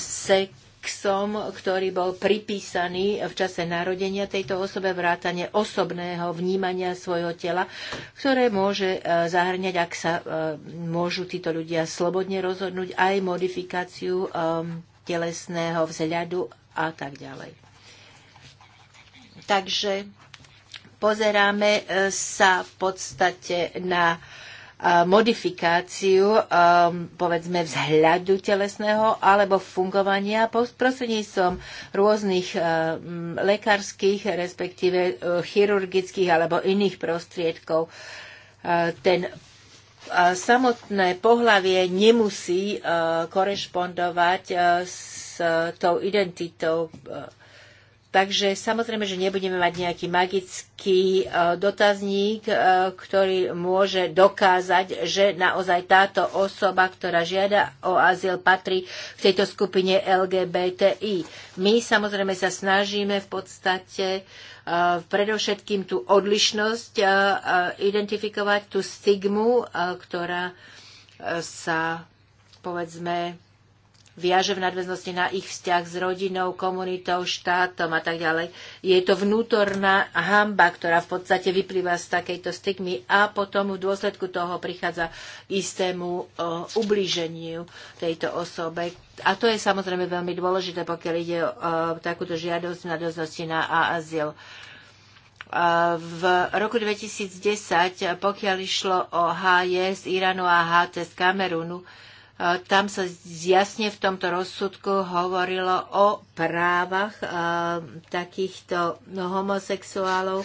axom, ktorý bol pripísaný v čase narodenia tejto osobe, vrátane osobného vnímania svojho tela, ktoré môže e, zahrňať, ak sa e, môžu títo ľudia slobodne rozhodnúť, aj modifikáciu e, telesného vzhľadu a tak ďalej. Takže pozeráme sa v podstate na modifikáciu, povedzme, vzhľadu telesného alebo fungovania prostredníctvom rôznych lekárskych, respektíve e, chirurgických alebo iných prostriedkov. Ten samotné pohlavie nemusí korešpondovať s tou identitou Takže samozrejme, že nebudeme mať nejaký magický e, dotazník, e, ktorý môže dokázať, že naozaj táto osoba, ktorá žiada o azyl, patrí v tejto skupine LGBTI. My samozrejme sa snažíme v podstate e, predovšetkým tú odlišnosť identifikovať, tú stigmu, ktorá sa povedzme viaže v nadväznosti na ich vzťah s rodinou, komunitou, štátom a tak ďalej. Je to vnútorná hamba, ktorá v podstate vyplýva z takejto stigmy a potom v dôsledku toho prichádza istému ublíženiu tejto osobe. A to je samozrejme veľmi dôležité, pokiaľ ide o takúto žiadosť v nadväznosti na a azyl. V roku 2010, pokiaľ išlo o HS z Iránu a HT z Kamerunu, tam sa jasne v tomto rozsudku hovorilo o právach eh, takýchto homosexuálov,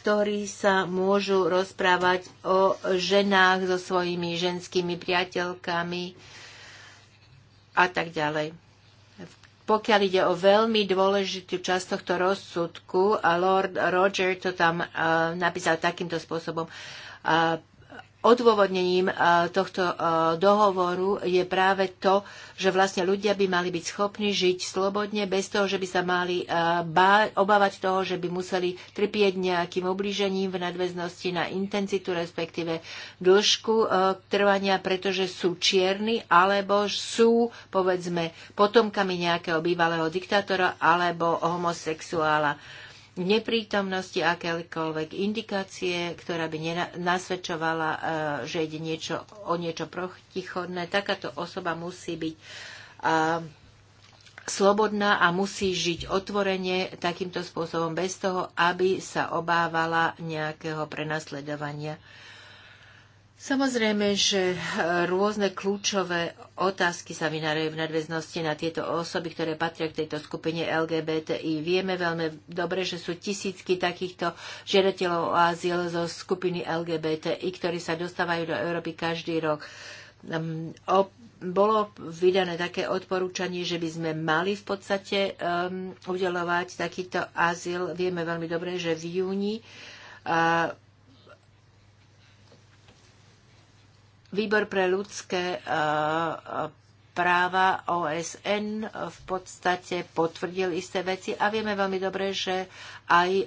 ktorí sa môžu rozprávať o ženách so svojimi ženskými priateľkami a tak ďalej. Pokiaľ ide o veľmi dôležitú časť tohto rozsudku, a Lord Roger to tam uh, napísal takýmto spôsobom. Uh, odôvodnením e, tohto e, dohovoru je práve to, že vlastne ľudia by mali byť schopní žiť slobodne, bez toho, že by sa mali e, obávať toho, že by museli trpieť nejakým oblížením v nadväznosti na intenzitu, respektíve dĺžku trvania, pretože sú čierni alebo sú, povedzme, potomkami nejakého bývalého diktátora alebo homosexuála neprítomnosti akékoľvek indikácie, ktorá by nasvedčovala, e, že ide niečo, o niečo protichodné. Takáto osoba musí byť a, e, slobodná a musí žiť otvorene takýmto spôsobom bez toho, aby sa obávala nejakého prenasledovania. Samozrejme, že e, rôzne kľúčové otázky sa vynárajú v nadväznosti na tieto osoby, ktoré patria k tejto skupine LGBTI. Vieme veľmi dobre, že sú tisícky takýchto žiadateľov o azyl zo skupiny LGBTI, ktorí sa dostávajú do Európy každý rok. O bolo vydané také odporúčanie, že by sme mali v podstate um, udelovať takýto azyl. Vieme veľmi dobre, že v júni uh, Výbor pre ľudské e, e, práva OSN v podstate potvrdil isté veci a vieme veľmi dobre, že aj e,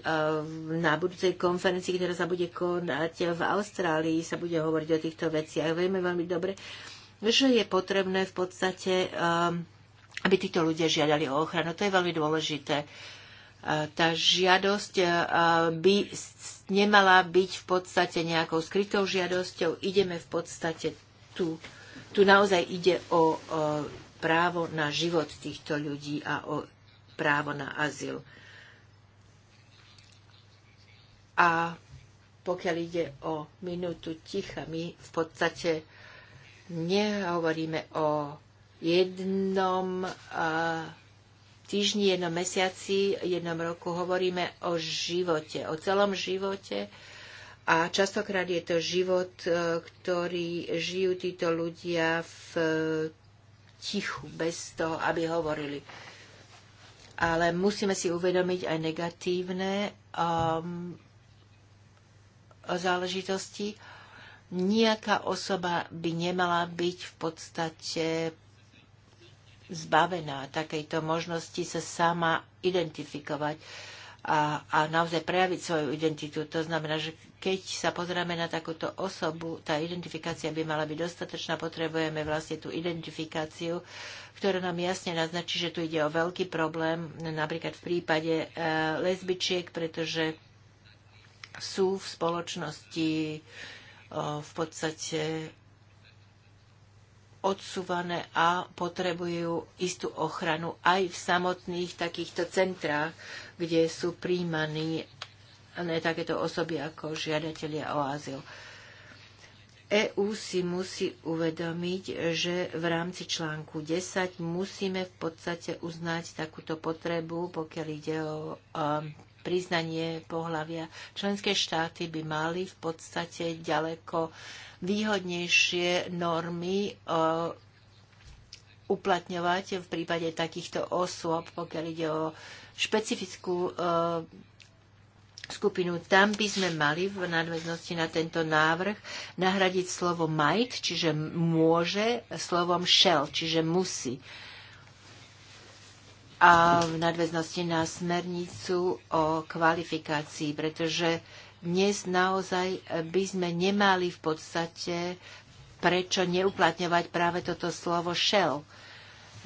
na budúcej konferencii, ktorá sa bude konať v Austrálii, sa bude hovoriť o týchto veciach. Vieme veľmi dobre, že je potrebné v podstate, aby títo ľudia žiadali o ochranu. To je veľmi dôležité. Tá žiadosť by nemala byť v podstate nejakou skrytou žiadosťou. Ideme v podstate tu. Tu naozaj ide o, o právo na život týchto ľudí a o právo na azyl. A pokiaľ ide o minútu ticha, my v podstate nehovoríme o jednom uh, týždni, jednom mesiaci, jednom roku hovoríme o živote, o celom živote. A častokrát je to život, e, ktorý žijú títo ľudia v e, tichu, bez toho, aby hovorili. Ale musíme si uvedomiť aj negatívne um, záležitosti. Nijaká osoba by nemala byť v podstate zbavená takejto možnosti sa sama identifikovať a, a naozaj prejaviť svoju identitu. To znamená, že keď sa pozrieme na takúto osobu, tá identifikácia by mala byť dostatočná, potrebujeme vlastne tú identifikáciu, ktorá nám jasne naznačí, že tu ide o veľký problém, napríklad v prípade e, lesbičiek, pretože sú v spoločnosti v podstate odsúvané a potrebujú istú ochranu aj v samotných takýchto centrách, kde sú príjmaní ne, takéto osoby ako žiadatelia o azyl. EÚ si musí uvedomiť, že v rámci článku 10 musíme v podstate uznať takúto potrebu, pokiaľ ide o um, priznanie pohľavia. Členské štáty by mali v podstate ďaleko výhodnejšie normy e, uplatňovať v prípade takýchto osôb, pokiaľ ide o špecifickú e, skupinu. Tam by sme mali v nadväznosti na tento návrh nahradiť slovo might, čiže môže, slovom shall, čiže musí. Uh, a v nadväznosti na smernicu o kvalifikácii, pretože dnes naozaj by sme nemali v podstate prečo neuplatňovať práve toto slovo shell.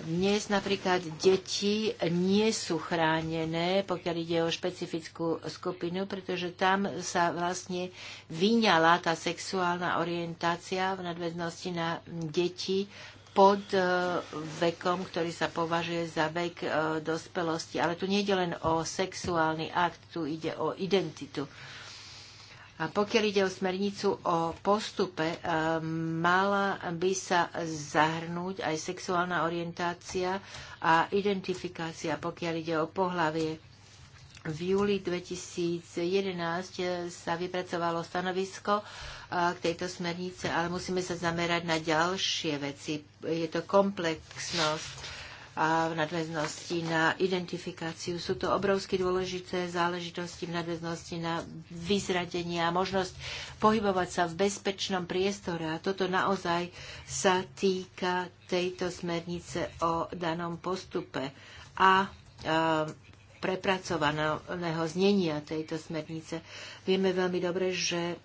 Dnes napríklad deti nie sú chránené, pokiaľ ide o špecifickú skupinu, pretože tam sa vlastne vyňala tá sexuálna orientácia v nadväznosti na deti pod e, vekom, ktorý sa považuje za vek e, dospelosti. Ale tu nie ide len o sexuálny akt, tu ide o identitu. A pokiaľ ide o smernicu o postupe, e, mala by sa zahrnúť aj sexuálna orientácia a identifikácia, pokiaľ ide o pohlavie. V júli 2011 sa vypracovalo stanovisko k tejto smernice, ale musíme sa zamerať na ďalšie veci. Je to komplexnosť a v nadväznosti na identifikáciu. Sú to obrovsky dôležité záležitosti v nadväznosti na vyzradenie a možnosť pohybovať sa v bezpečnom priestore. A toto naozaj sa týka tejto smernice o danom postupe. A, a prepracovaného znenia tejto smernice. Vieme veľmi dobre, že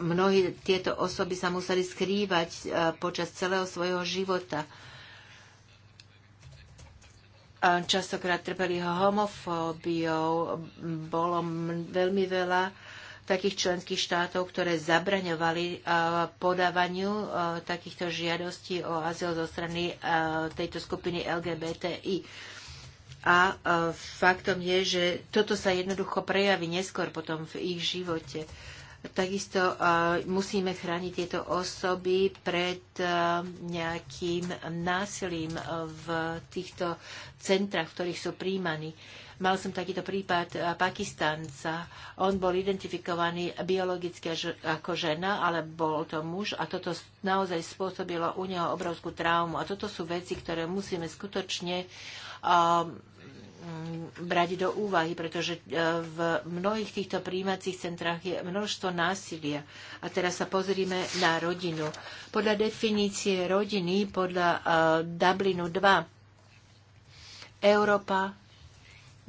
mnohí tieto osoby sa museli skrývať e, počas celého svojho života. Častokrát trpeli homofóbiou, bolo veľmi veľa takých členských štátov, ktoré zabraňovali e, podávaniu e, takýchto žiadostí o azyl zo strany tejto skupiny LGBTI. A e, faktom je, že toto sa jednoducho prejaví neskôr potom v ich živote. Takisto e, musíme chrániť tieto osoby pred e, nejakým násilím v týchto centrách, v ktorých sú príjmaní. Mal som takýto prípad Pakistanca. On bol identifikovaný biologicky ako žena, ale bol to muž a toto naozaj spôsobilo u neho obrovskú traumu. A toto sú veci, ktoré musíme skutočne um, Mm, brať do úvahy, pretože e, v mnohých týchto príjímacích centrách je množstvo násilia. A teraz sa pozrime na rodinu. Podľa definície rodiny, podľa e, Dublinu 2, Európa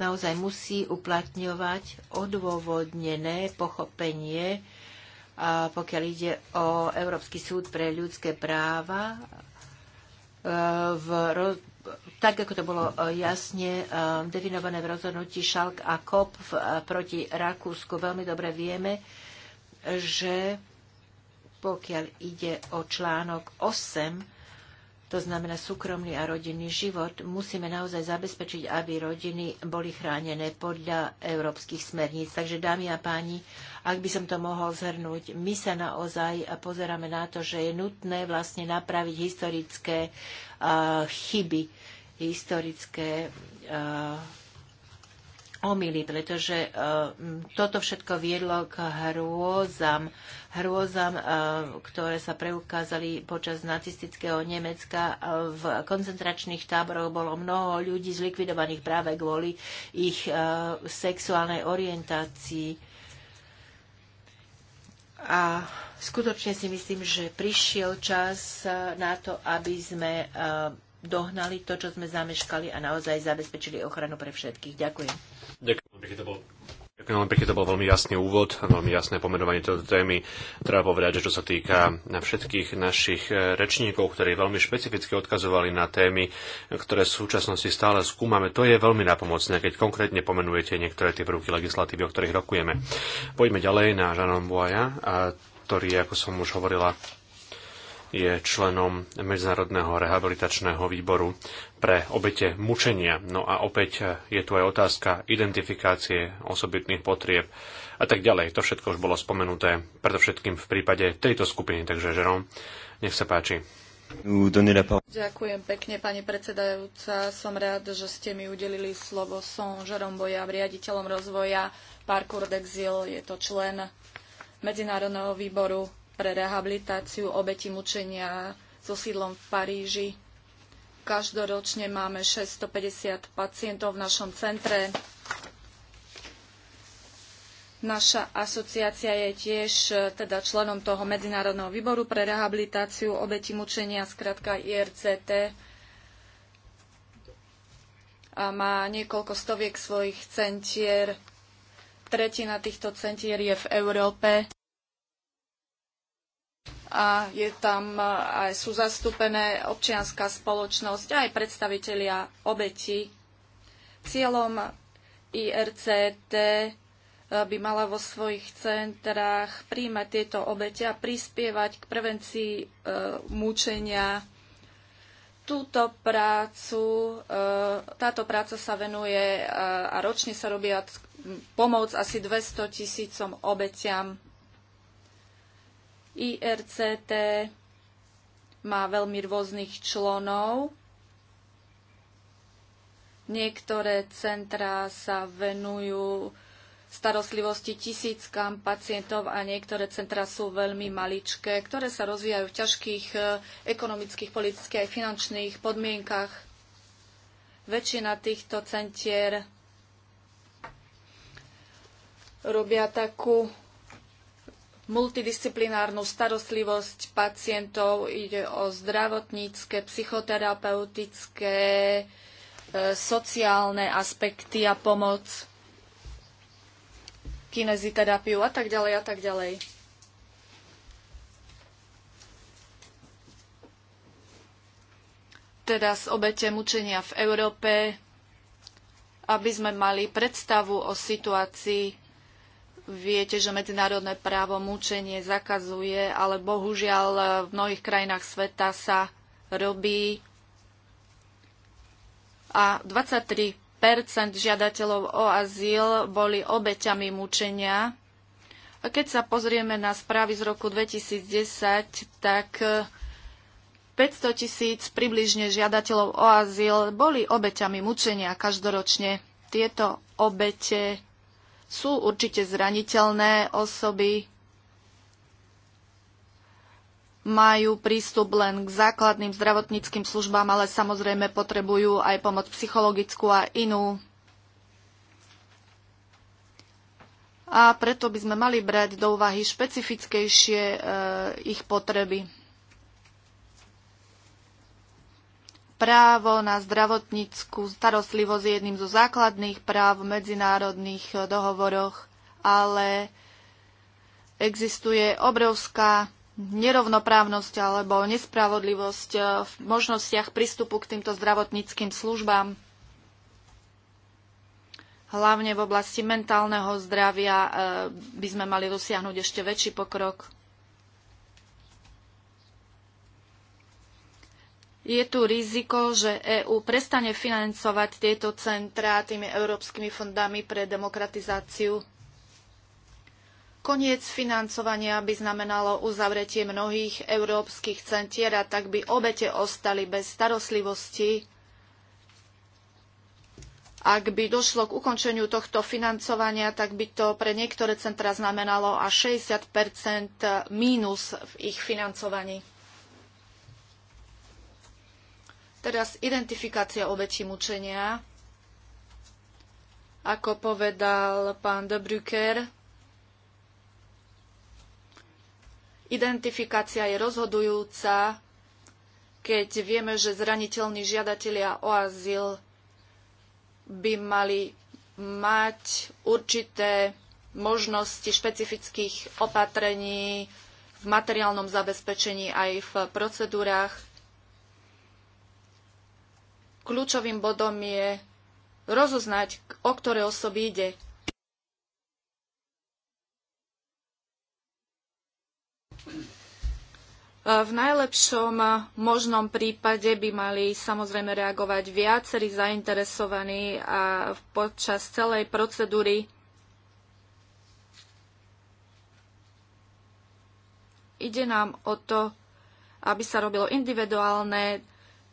naozaj musí uplatňovať odôvodnené pochopenie, e, pokiaľ ide o Európsky súd pre ľudské práva v tak ako to bolo e, jasne e, definované v rozhodnutí Šalk a Kop e, proti Rakúsku, veľmi dobre vieme, že pokiaľ ide o článok 8 to znamená súkromný a rodinný život, musíme naozaj zabezpečiť, aby rodiny boli chránené podľa európskych smerníc. Takže, dámy a páni, ak by som to mohol zhrnúť, my sa naozaj pozeráme na to, že je nutné vlastne napraviť historické uh, chyby, historické uh, omily, pretože e, toto všetko viedlo k hrôzam, hrôzam, e, ktoré sa preukázali počas nacistického Nemecka. E, v koncentračných táboroch bolo mnoho ľudí zlikvidovaných práve kvôli ich sexuálnej orientácii. A skutočne si myslím, že prišiel čas na to, aby sme dohnali to, čo sme zameškali a naozaj zabezpečili ochranu pre všetkých. Ďakujem. Ďakujem pekne, to bol Ďakujem veľmi pekne, to bol veľmi jasný úvod, veľmi jasné pomenovanie tejto témy. Treba povedať, že čo sa týka všetkých našich e, rečníkov, ktorí veľmi špecificky odkazovali na témy, ktoré v súčasnosti stále skúmame, to je veľmi napomocné, keď konkrétne pomenujete niektoré tie prvky legislatívy, o ktorých rokujeme. Poďme ďalej na Žanom Boja, ktorý, ako som už hovorila, je členom Medzinárodného rehabilitačného výboru pre obete mučenia. No a opäť e, je tu aj otázka identifikácie osobitných potrieb a tak ďalej. To všetko už bolo spomenuté, predovšetkým v prípade tejto skupiny. Takže, Žerom, no, nech sa páči. Ďakujem pekne, pani predsedajúca. Som rád, že ste mi udelili slovo. Som Žerom Boja, riaditeľom rozvoja Parkour Dexil. Je to člen Medzinárodného výboru pre rehabilitáciu obeti mučenia so sídlom v Paríži. Každoročne máme 650 pacientov v našom centre. Naša asociácia je tiež e, teda členom toho Medzinárodného výboru pre rehabilitáciu obeti mučenia, skratka IRCT. A má niekoľko stoviek svojich centier. Tretina týchto centier je v Európe a je tam, aj sú zastúpené občianská spoločnosť a aj predstavitelia obeti. Cieľom IRCT e, by mala vo svojich centrách príjmať tieto obete a prispievať k prevencii e, mučenia. Túto prácu, e, táto práca sa venuje e, a ročne sa robia pomoc asi 200 tisícom obetiam. IRCT má veľmi rôznych člonov. Niektoré centrá sa venujú starostlivosti tisíckam pacientov a niektoré centra sú veľmi maličké, ktoré sa rozvíjajú v ťažkých e, ekonomických, politických a finančných podmienkach. Väčšina týchto centier robia takú multidisciplinárnu starostlivosť pacientov, ide o zdravotnícke, psychoterapeutické, e, sociálne aspekty a pomoc, kineziterapiu a tak ďalej a tak ďalej. Teraz obete mučenia v Európe, aby sme mali predstavu o situácii Viete, že medzinárodné právo mučenie zakazuje, ale bohužiaľ e, v mnohých krajinách sveta sa robí a 23 žiadateľov o azyl boli obeťami mučenia. A keď sa pozrieme na správy z roku 2010, tak 500 e, tisíc približne žiadateľov o azyl boli obeťami mučenia každoročne. Tieto obete sú určite zraniteľné osoby, majú prístup len k základným zdravotníckým službám, ale samozrejme potrebujú aj pomoc psychologickú a inú. A preto by sme mali brať do úvahy špecifickejšie e, ich potreby. Právo na zdravotníckú starostlivosť je jedným zo základných práv v medzinárodných eh, dohovoroch, ale existuje obrovská nerovnoprávnosť alebo nespravodlivosť eh, v možnostiach prístupu k týmto zdravotníckým službám, hlavne v oblasti mentálneho zdravia eh, by sme mali dosiahnuť ešte väčší pokrok. je tu riziko, že EÚ prestane financovať tieto centrá tými európskymi fondami pre demokratizáciu. Koniec financovania by znamenalo uzavretie mnohých európskych centier a tak by obete ostali bez starostlivosti. Ak by došlo k ukončeniu tohto financovania, tak by to pre niektoré centra znamenalo až 60 mínus v ich financovaní. Teraz identifikácia obetí mučenia. Ako povedal pán de Brücker, identifikácia je rozhodujúca, keď vieme, že zraniteľní žiadatelia o azyl by mali mať určité možnosti špecifických opatrení v materiálnom zabezpečení aj v procedúrach Kľúčovým bodom je rozoznať, o ktoré osoby ide. V najlepšom možnom prípade by mali samozrejme reagovať viacerí zainteresovaní a počas celej procedúry ide nám o to, aby sa robilo individuálne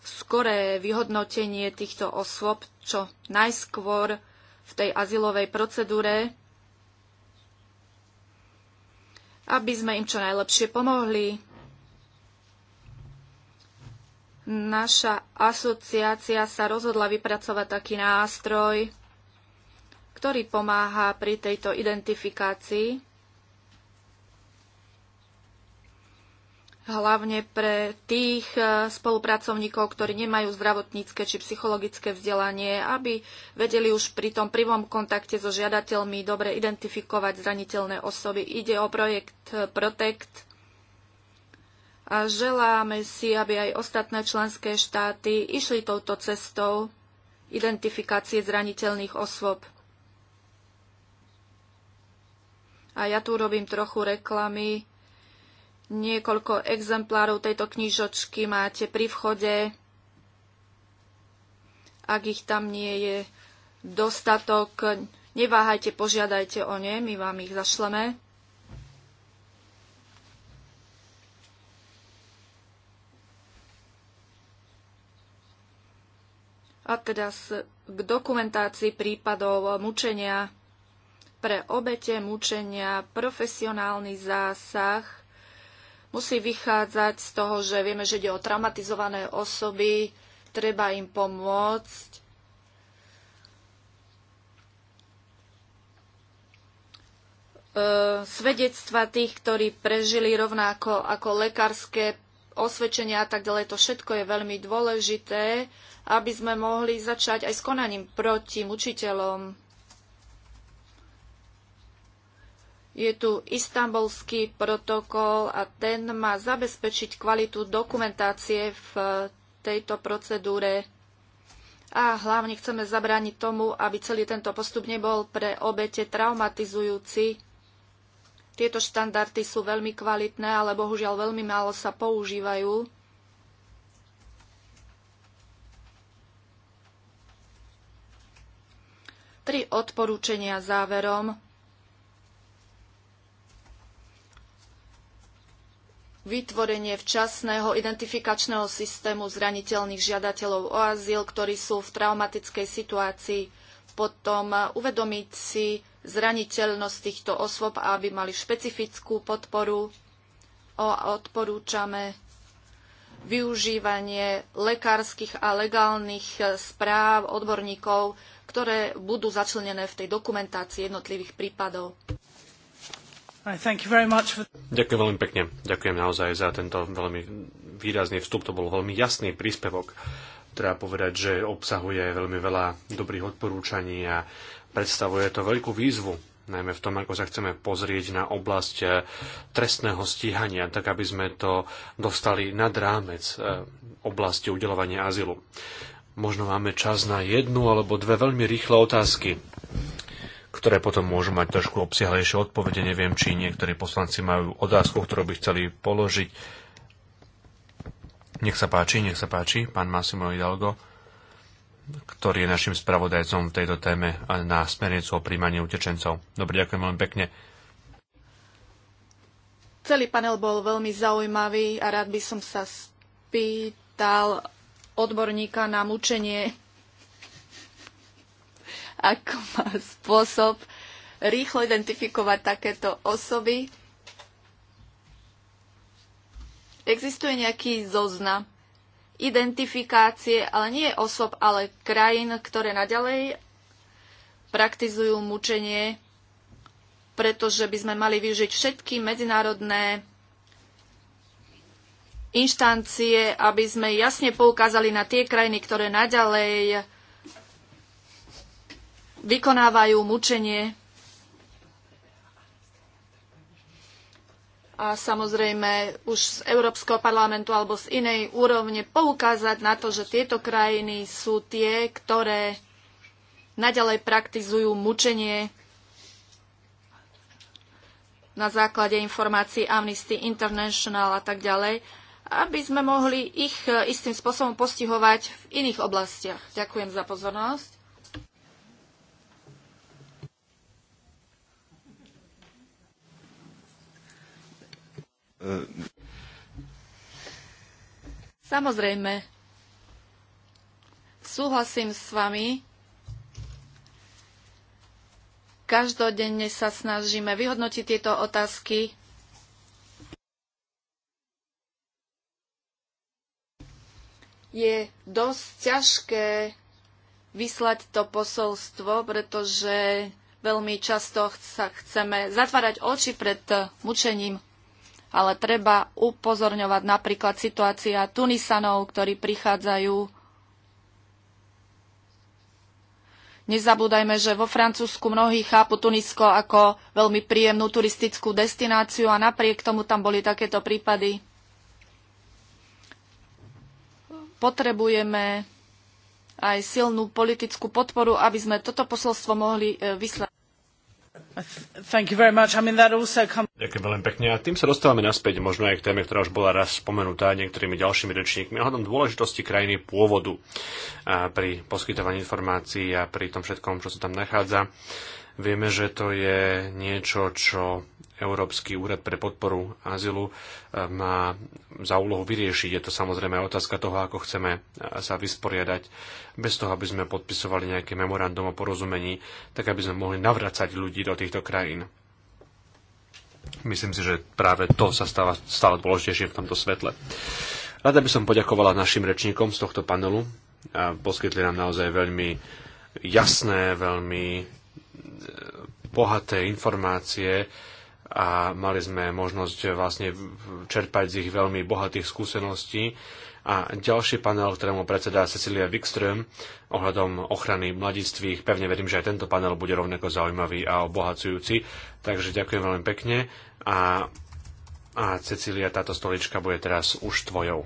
skoré vyhodnotenie týchto osôb čo najskôr v tej azylovej procedúre, aby sme im čo najlepšie pomohli. Naša asociácia sa rozhodla vypracovať taký nástroj, ktorý pomáha pri tejto identifikácii hlavne pre tých e, spolupracovníkov, ktorí nemajú zdravotnícke či psychologické vzdelanie, aby vedeli už pri tom prvom kontakte so žiadateľmi dobre identifikovať zraniteľné osoby. Ide o projekt e, Protect a želáme si, aby aj ostatné členské štáty išli touto cestou identifikácie zraniteľných osôb. A ja tu robím trochu reklamy Niekoľko exemplárov tejto knižočky máte pri vchode. Ak ich tam nie je dostatok, neváhajte, požiadajte o ne, my vám ich zašleme. A teda k dokumentácii prípadov mučenia pre obete mučenia, profesionálny zásah musí vychádzať z toho, že vieme, že ide o traumatizované osoby, treba im pomôcť. E, svedectva tých, ktorí prežili rovnako ako lekárske osvedčenia a tak ďalej, to všetko je veľmi dôležité, aby sme mohli začať aj s konaním proti učiteľom. Je tu istambulský protokol a ten má zabezpečiť kvalitu dokumentácie v e, tejto procedúre. A hlavne chceme zabrániť tomu, aby celý tento postup nebol pre obete traumatizujúci. Tieto štandardy sú veľmi kvalitné, ale bohužiaľ veľmi málo sa používajú. Tri odporúčania záverom vytvorenie včasného identifikačného systému zraniteľných žiadateľov o azyl, ktorí sú v traumatickej situácii, potom eh, uvedomiť si zraniteľnosť týchto osôb, aby mali špecifickú podporu. O, odporúčame využívanie lekárskych a legálnych eh, správ odborníkov, ktoré budú začlenené v tej dokumentácii jednotlivých prípadov. Ďakujem veľmi pekne. Ďakujem naozaj za tento veľmi výrazný vstup. To bol veľmi jasný príspevok. Treba povedať, že obsahuje veľmi veľa dobrých odporúčaní a predstavuje to veľkú výzvu najmä v tom, ako sa chceme pozrieť na oblasť eh, trestného stíhania, tak aby sme to dostali nad rámec eh, oblasti udelovania azylu. Možno máme čas na jednu alebo dve veľmi rýchle otázky ktoré potom môžu mať trošku obsiahlejšie odpovede. Neviem, či niektorí poslanci majú otázku, ktorú by chceli položiť. Nech sa páči, nech sa páči, pán Massimo Hidalgo, ktorý je našim spravodajcom v tejto téme na smernicu o príjmaní utečencov. Dobre, ďakujem veľmi pekne. Celý panel bol veľmi zaujímavý a rád by som sa spýtal odborníka na mučenie ako má spôsob rýchlo identifikovať takéto osoby. Existuje nejaký zoznam identifikácie, ale nie osob, ale krajín, ktoré naďalej praktizujú mučenie, pretože by sme mali využiť všetky medzinárodné inštancie, aby sme jasne poukázali na tie krajiny, ktoré naďalej vykonávajú mučenie a samozrejme už z Európskeho parlamentu alebo z inej úrovne poukázať na to, že tieto krajiny sú tie, ktoré naďalej praktizujú mučenie na základe informácií Amnesty International a tak ďalej, aby sme mohli ich eh, istým spôsobom postihovať v iných oblastiach. Ďakujem za pozornosť. E, samozrejme, súhlasím s vami. Každodenne sa snažíme vyhodnotiť tieto otázky. Je dosť ťažké vyslať to posolstvo, pretože veľmi často sa chceme zatvárať oči pred mučením ale treba upozorňovať napríklad situácia Tunisanov, ktorí prichádzajú. Nezabúdajme, že vo Francúzsku mnohí chápu Tunisko ako veľmi príjemnú turistickú destináciu a napriek tomu tam boli takéto prípady. Potrebujeme aj silnú politickú podporu, aby sme toto posolstvo mohli e, vyslať. Ďakujem veľmi pekne. A tým sa dostávame naspäť možno aj k téme, ktorá už bola raz spomenutá niektorými ďalšími rečníkmi ohľadom dôležitosti krajiny pôvodu a pri poskytovaní informácií a pri tom všetkom, čo sa tam nachádza. Vieme, že to je niečo, čo Európsky úrad pre podporu azylu e, má za úlohu vyriešiť. Je to samozrejme otázka toho, ako chceme e, sa vysporiadať bez toho, aby sme podpisovali nejaké memorandum o porozumení, tak aby sme mohli navracať ľudí do týchto krajín. Myslím si, že práve to sa stáva stále dôležitejšie v tomto svetle. Rada by som poďakovala našim rečníkom z tohto panelu. A poskytli nám naozaj veľmi jasné, veľmi bohaté informácie a mali sme možnosť vlastne čerpať z ich veľmi bohatých skúseností. A ďalší panel, ktorému predsedá Cecilia Wikström ohľadom ochrany mladistvých. Pevne verím, že aj tento panel bude rovnako zaujímavý a obohacujúci. Takže ďakujem veľmi pekne a, a Cecilia, táto stolička bude teraz už tvojou.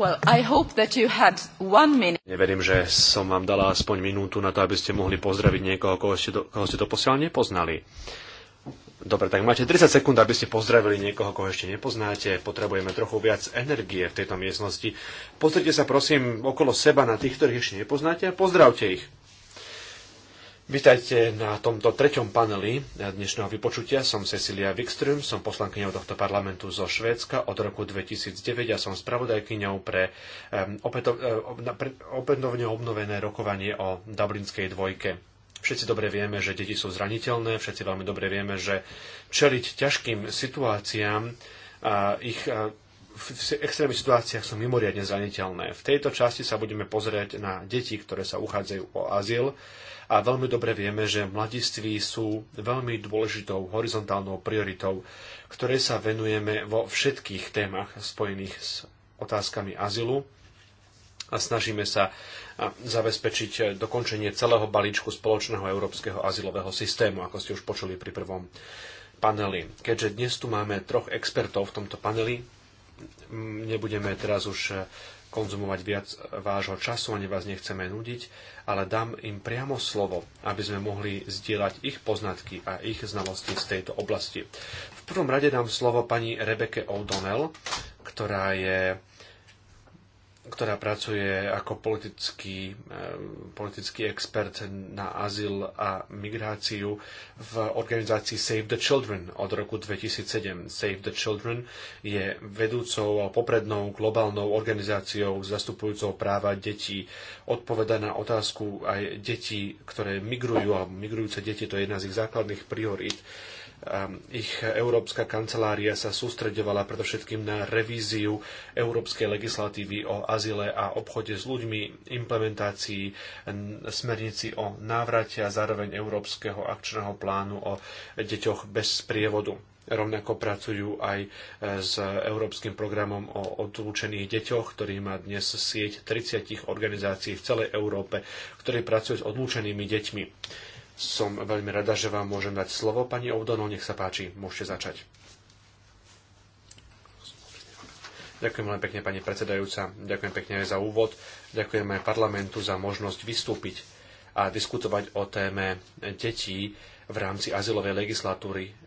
Well, I hope that you had one minute. Neverím, že som vám dala aspoň minútu na to, aby ste mohli pozdraviť niekoho, koho ste, do, koho ste posiaľ nepoznali. Dobre, tak máte 30 sekúnd, aby ste pozdravili niekoho, koho ešte nepoznáte. Potrebujeme trochu viac energie v tejto miestnosti. Pozrite sa prosím okolo seba na tých, ktorých ešte nepoznáte a pozdravte ich. Vítajte na tomto treťom paneli dnešného vypočutia. Som Cecilia Wikström, som poslankyňou tohto parlamentu zo Švédska od roku 2009 a som spravodajkyňou e, pre opätovne obnovené rokovanie o Dublinskej dvojke. Všetci dobre vieme, že deti sú zraniteľné, všetci veľmi dobre vieme, že čeliť ťažkým situáciám a ich v extrémnych situáciách sú mimoriadne zraniteľné. V tejto časti sa budeme pozrieť na deti, ktoré sa uchádzajú o azyl a veľmi dobre vieme, že mladiství sú veľmi dôležitou horizontálnou prioritou, ktorej sa venujeme vo všetkých témach spojených s otázkami azylu a snažíme sa zabezpečiť dokončenie celého balíčku spoločného európskeho azylového systému, ako ste už počuli pri prvom paneli. Keďže dnes tu máme troch expertov v tomto paneli, nebudeme teraz už eh, konzumovať viac vášho času, ani vás nechceme nudiť, ale dám im priamo slovo, aby sme mohli zdieľať ich poznatky a ich znalosti z tejto oblasti. V prvom rade dám slovo pani Rebeke O'Donnell, ktorá je ktorá pracuje ako politický, politický expert na azyl a migráciu v organizácii Save the Children od roku 2007. Save the Children je vedúcou a poprednou globálnou organizáciou zastupujúcou práva detí. Odpoveda na otázku aj detí, ktoré migrujú a migrujúce deti, to je jedna z ich základných priorít ich Európska kancelária sa sústreďovala predovšetkým na revíziu európskej legislatívy o azile a obchode s ľuďmi, implementácii smernici o návrate a zároveň Európskeho akčného plánu o deťoch bez sprievodu. rovnako pracujú aj e, s Európskym programom o odlúčených deťoch, ktorý má dnes sieť 30 organizácií v celej Európe, ktorí pracujú s odlúčenými deťmi. Som veľmi rada, že vám môžem dať slovo. Pani Ovdono, nech sa páči, môžete začať. Ďakujem veľmi pekne, pani predsedajúca. Ďakujem pekne aj za úvod. Ďakujem aj parlamentu za možnosť vystúpiť a diskutovať o téme detí v rámci azylovej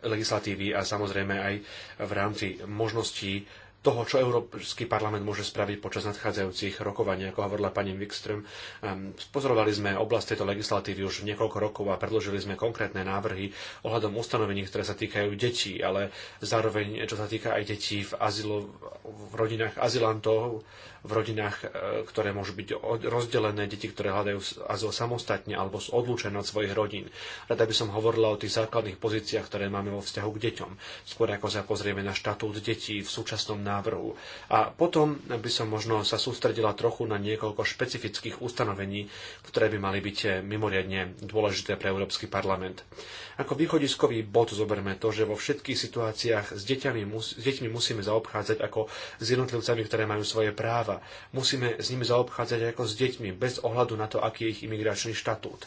legislatívy a samozrejme aj v rámci možností toho, čo Európsky parlament môže spraviť počas nadchádzajúcich rokovaní, ako hovorila pani Wikström. Ehm, pozorovali sme oblasť tejto legislatívy už niekoľko rokov a predložili sme konkrétne návrhy ohľadom ustanovení, ktoré sa týkajú detí, ale zároveň čo sa týka aj detí v, azylo, v rodinách azylantov, v rodinách, e, ktoré môžu byť rozdelené, deti, ktoré hľadajú azyl samostatne alebo sú odlúčené od svojich rodín. Rada by som hovorila o tých základných pozíciách, ktoré máme vo vzťahu k deťom, skôr ako sa pozrieme na štatút detí v súčasnom návrhu. A potom by som možno sa sústredila trochu na niekoľko špecifických ustanovení, ktoré by mali byť e, mimoriadne dôležité pre Európsky parlament. Ako východiskový bod zoberme to, že vo všetkých situáciách s deťmi, s deťmi musíme zaobchádzať ako s jednotlivcami, ktoré majú svoje práva práva. Musíme s nimi zaobchádzať ako s deťmi, bez ohľadu na to, aký je ich imigračný štatút.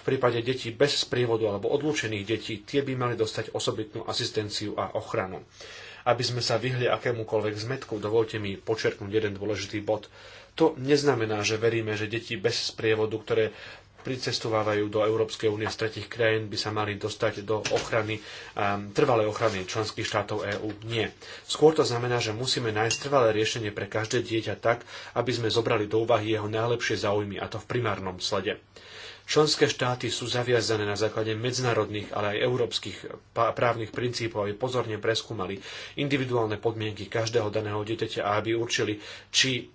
V prípade detí bez sprievodu alebo odlúčených detí, tie by mali dostať osobitnú asistenciu a ochranu. Aby sme sa vyhli akémukoľvek zmetku, dovolte mi počerknúť jeden dôležitý bod. To neznamená, že veríme, že deti bez sprievodu, ktoré pricestovávajú do Európskej únie z tretich krajín, by sa mali dostať do ochrany, um, trvalej ochrany členských štátov EÚ. Nie. Skôr to znamená, že musíme nájsť trvalé riešenie pre každé dieťa tak, aby sme zobrali do úvahy jeho najlepšie záujmy, a to v primárnom slede. Členské štáty sú zaviazané na základe medzinárodných, ale aj európskych právnych princípov, aby pozorne preskúmali individuálne podmienky každého daného dieťaťa a aby určili, či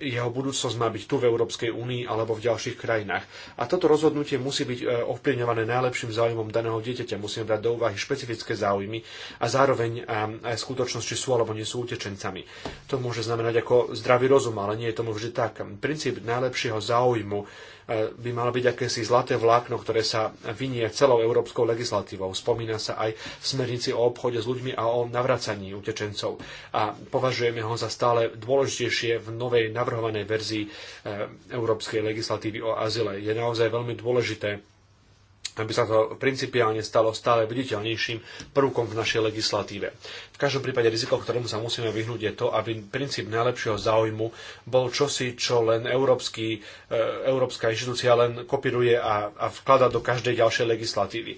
jeho budúcnosť má byť tu v Európskej únii alebo v ďalších krajinách. A toto rozhodnutie musí byť e, ovplyvňované najlepším záujmom daného dieťaťa. Musíme brať do úvahy špecifické záujmy a zároveň e, aj skutočnosť, či sú alebo nie sú utečencami. To môže znamenať ako zdravý rozum, ale nie je tomu vždy tak. Princíp najlepšieho záujmu E, by malo byť akési zlaté vlákno, ktoré sa vynie celou európskou legislatívou. Spomína sa aj v smernici o obchode s ľuďmi a o navracaní utečencov. A považujeme ho za stále dôležitejšie v novej navrhovanej verzii e, európskej legislatívy o azyle. Je naozaj veľmi dôležité aby sa to principiálne stalo stále viditeľnejším prvkom v našej legislatíve. V každom prípade riziko, ktorému sa musíme vyhnúť, je to, aby princíp najlepšieho záujmu bol čosi, čo len európsky, e, európska inštitúcia len kopíruje a, a vklada do každej ďalšej legislatívy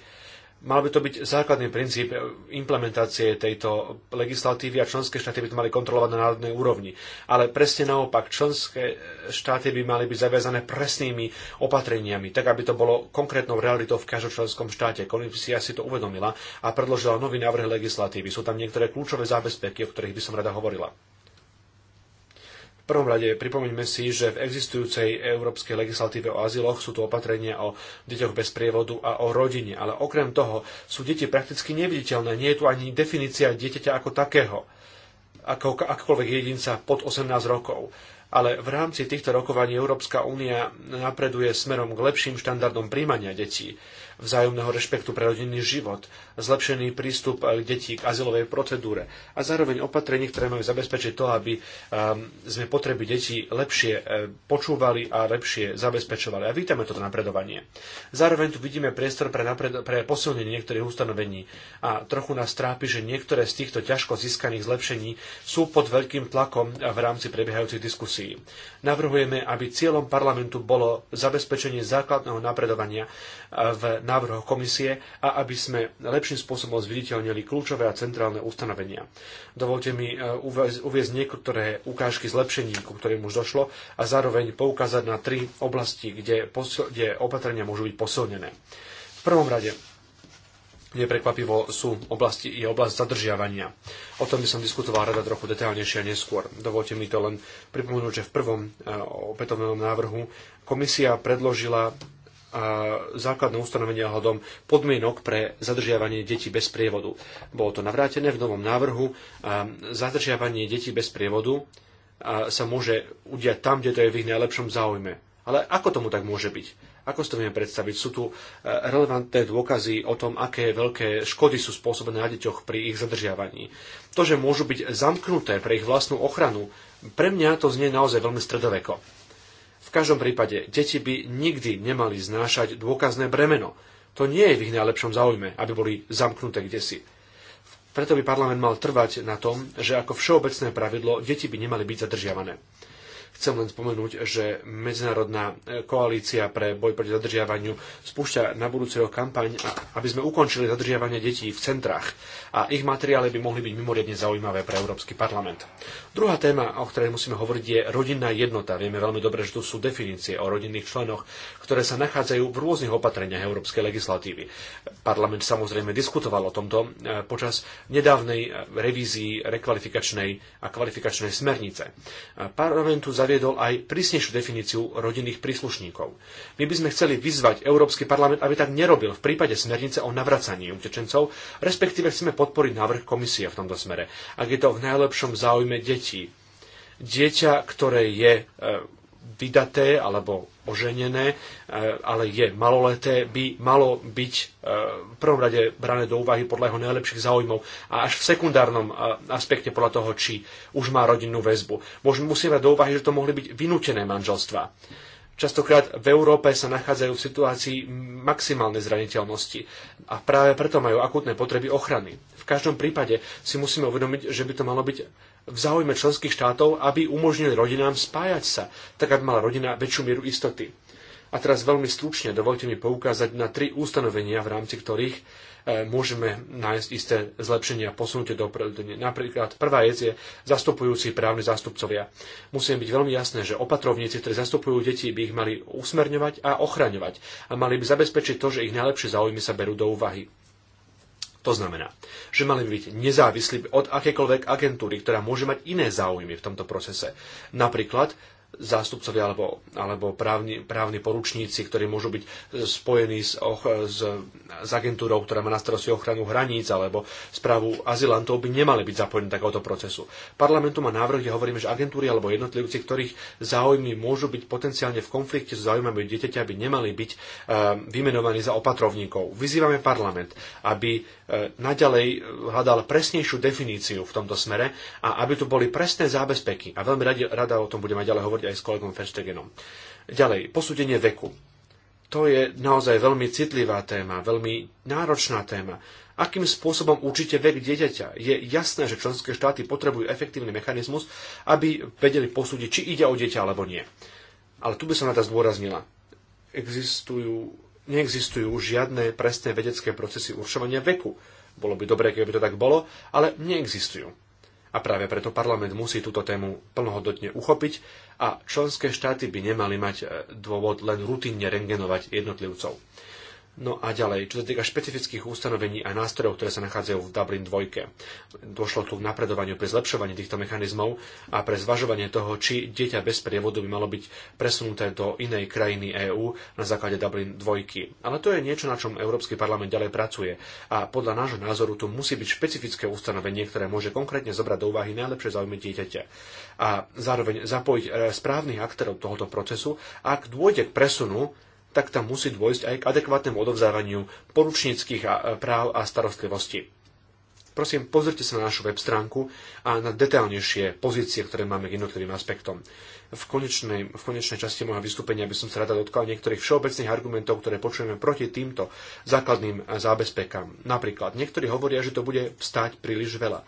Mal by to byť základný princíp implementácie tejto legislatívy a členské štáty by to mali kontrolovať na národnej úrovni. Ale presne naopak, členské štáty by mali byť zaviazané presnými opatreniami, tak aby to bolo konkrétnou realitou v každom členskom štáte. Komisia si to uvedomila a predložila nový návrh legislatívy. Sú tam niektoré kľúčové zábezpeky, o ktorých by som rada hovorila prvom rade pripomeňme si, že v existujúcej európskej legislatíve o azyloch sú tu opatrenia o deťoch bez prievodu a o rodine, ale okrem toho sú deti prakticky neviditeľné, nie je tu ani definícia dieťaťa ako takého, ako akkoľvek jedinca pod 18 rokov ale v rámci týchto rokovaní Európska únia napreduje smerom k lepším štandardom príjmania detí vzájomného rešpektu pre rodinný život, zlepšený prístup eh, detí k azylovej procedúre a zároveň opatrení, ktoré majú zabezpečiť to, aby ehm, sme potreby detí lepšie eh, počúvali a lepšie zabezpečovali. A vítame toto napredovanie. Zároveň tu vidíme priestor pre, napred- pre posilnenie niektorých ustanovení a trochu nás trápi, že niektoré z týchto ťažko získaných zlepšení sú pod veľkým tlakom v rámci prebiehajúcich diskusí. Navrhujeme, aby cieľom parlamentu bolo zabezpečenie základného napredovania v návrhoch komisie a aby sme lepším spôsobom zviditeľnili kľúčové a centrálne ustanovenia. Dovolte mi e, uviezť niektoré ukážky zlepšení, ku ktorým už došlo a zároveň poukázať na tri oblasti, kde, kde opatrenia môžu byť posilnené. V prvom rade Neprekvapivo sú oblasti, je oblasť zadržiavania. O tom by som diskutoval rada trochu detaľnejšie neskôr. Dovolte mi to len pripomenúť, že v prvom e, opätovnom návrhu komisia predložila základné ustanovenia hľadom podmienok pre zadržiavanie detí bez prievodu. Bolo to navrátené v novom návrhu. Zadržiavanie detí bez prievodu sa môže udiať tam, kde to je v ich najlepšom záujme. Ale ako tomu tak môže byť? Ako si to vieme predstaviť? Sú tu e, relevantné dôkazy o tom, aké veľké škody sú spôsobené na deťoch pri ich zadržiavaní. To, že môžu byť zamknuté pre ich vlastnú ochranu, pre mňa to znie naozaj veľmi stredoveko. V každom prípade, deti by nikdy nemali znášať dôkazné bremeno. To nie je v ich najlepšom záujme, aby boli zamknuté kdesi. Preto by parlament mal trvať na tom, že ako všeobecné pravidlo deti by nemali byť zadržiavané. Chcem len spomenúť, že Medzinárodná e, koalícia pre boj proti zadržiavaniu spúšťa na budúceho kampaň, aby sme ukončili zadržiavanie detí v centrách a ich materiály by mohli byť mimoriadne zaujímavé pre Európsky parlament. Druhá téma, o ktorej musíme hovoriť, je rodinná jednota. Vieme veľmi dobre, že tu sú definície o rodinných členoch, ktoré sa nachádzajú v rôznych opatreniach európskej legislatívy. Parlament samozrejme diskutoval o tomto e, počas nedávnej e, revízii rekvalifikačnej a kvalifikačnej smernice. Parlamentu zaviedol aj prísnejšiu definíciu rodinných príslušníkov. My by sme chceli vyzvať Európsky parlament, aby tak nerobil v prípade smernice o navracaní utečencov, respektíve chceme podporiť návrh komisie v tomto smere, ak je to v najlepšom záujme detí. Dieťa, ktoré je e, vydaté alebo oženené, e, ale je maloleté, by malo byť e, v prvom rade brané do úvahy podľa jeho najlepších záujmov a až v sekundárnom e, aspekte podľa toho, či už má rodinnú väzbu. Musíme brať do úvahy, že to mohli byť vynútené manželstvá. Častokrát v Európe sa nachádzajú v situácii maximálnej zraniteľnosti a práve preto majú akútne potreby ochrany. V každom prípade si musíme uvedomiť, že by to malo byť v záujme členských štátov, aby umožnili rodinám spájať sa, tak aby mala rodina väčšiu mieru istoty. A teraz veľmi stručne dovolte mi poukázať na tri ustanovenia, v rámci ktorých e, môžeme nájsť isté zlepšenia, posunutie dopredu. Napríklad prvá vec je zastupujúci právni zástupcovia. Musíme byť veľmi jasné, že opatrovníci, ktorí zastupujú deti, by ich mali usmerňovať a ochraňovať a mali by zabezpečiť to, že ich najlepšie záujmy sa berú do úvahy. To znamená, že mali by byť nezávislí od akékoľvek agentúry, ktorá môže mať iné záujmy v tomto procese. Napríklad zástupcovia alebo, alebo právni, právni poručníci, ktorí môžu byť e, spojení s, och, s, s agentúrou, ktorá má na starosti ochranu hraníc alebo správu azylantov, by nemali byť zapojení do takéhoto procesu. Parlamentu má návrh, kde hovoríme, že agentúry alebo jednotlivci, ktorých záujmy môžu byť potenciálne v konflikte s záujmami dieťaťa, by nemali byť e, vymenovaní za opatrovníkov. Vyzývame parlament, aby e, naďalej hľadal presnejšiu definíciu v tomto smere a aby tu boli presné zábezpeky. A veľmi rada, rada o tom budeme ďalej hovoriť hovoriť aj s kolegom Feštegenom. Ďalej, posúdenie veku. To je naozaj veľmi citlivá téma, veľmi náročná téma. Akým spôsobom určite vek dieťaťa? Je jasné, že členské štáty potrebujú efektívny mechanizmus, aby vedeli posúdiť, či ide o dieťa alebo nie. Ale tu by som to zdôraznila. Existujú, neexistujú žiadne presné vedecké procesy určovania veku. Bolo by dobré, keby to tak bolo, ale neexistujú. A práve preto parlament musí túto tému plnohodnotne uchopiť a členské štáty by nemali mať e, dôvod len rutinne rengenovať jednotlivcov. No a ďalej, čo sa týka špecifických ustanovení a nástrojov, ktoré sa nachádzajú v Dublin 2, došlo tu k napredovaniu pri zlepšovaní týchto mechanizmov a pre zvažovanie toho, či dieťa bez prievodu by malo byť presunuté do inej krajiny EÚ na základe Dublin 2. Ale to je niečo, na čom Európsky parlament ďalej pracuje a podľa nášho názoru tu musí byť špecifické ustanovenie, ktoré môže konkrétne zobrať do úvahy najlepšie záujmy dieťaťa a zároveň zapojiť e, správnych aktérov tohoto procesu, ak dôjde k presunu tak tam musí dôjsť aj k adekvátnemu odovzdávaniu poručníckých e, práv a starostlivosti. Prosím, pozrite sa na našu web stránku a na detailnejšie pozície, ktoré máme k jednotlivým aspektom. V konečnej, v konečnej časti môjho vystúpenia by som sa rada dotkal niektorých všeobecných argumentov, ktoré počujeme proti týmto základným e, zábezpekám. Napríklad, niektorí hovoria, že to bude stáť príliš veľa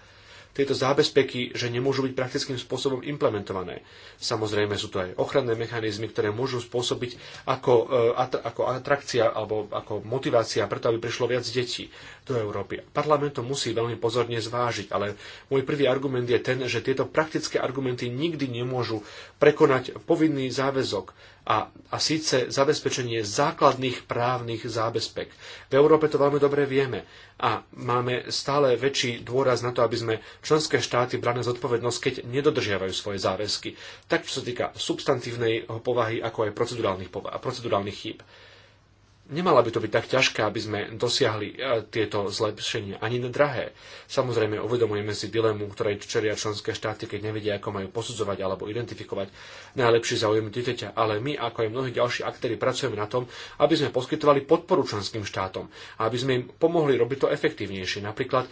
tieto zábezpeky, že nemôžu byť praktickým spôsobom implementované. Samozrejme sú to aj ochranné mechanizmy, ktoré môžu spôsobiť ako, e, ako atrakcia alebo ako motivácia preto, aby prišlo viac detí do Európy. Parlament to musí veľmi pozorne zvážiť, ale môj prvý argument je ten, že tieto praktické argumenty nikdy nemôžu prekonať povinný záväzok a, a síce zabezpečenie základných právnych zábezpek. V Európe to veľmi dobre vieme a máme stále väčší dôraz na to, aby sme členské štáty brané zodpovednosť, keď nedodržiavajú svoje záväzky, tak čo sa týka substantívnej povahy, ako aj procedurálnych, procedurálnych chýb. Nemala by to byť tak ťažké, aby sme dosiahli e, tieto zlepšenia, ani drahé. Samozrejme, uvedomujeme si dilemu, ktorej čelia členské štáty, keď nevedia, ako majú posudzovať alebo identifikovať najlepší záujem dieťaťa, ale my, ako aj mnohí ďalší aktéry, pracujeme na tom, aby sme poskytovali podporu členským štátom a aby sme im pomohli robiť to efektívnejšie. Napríklad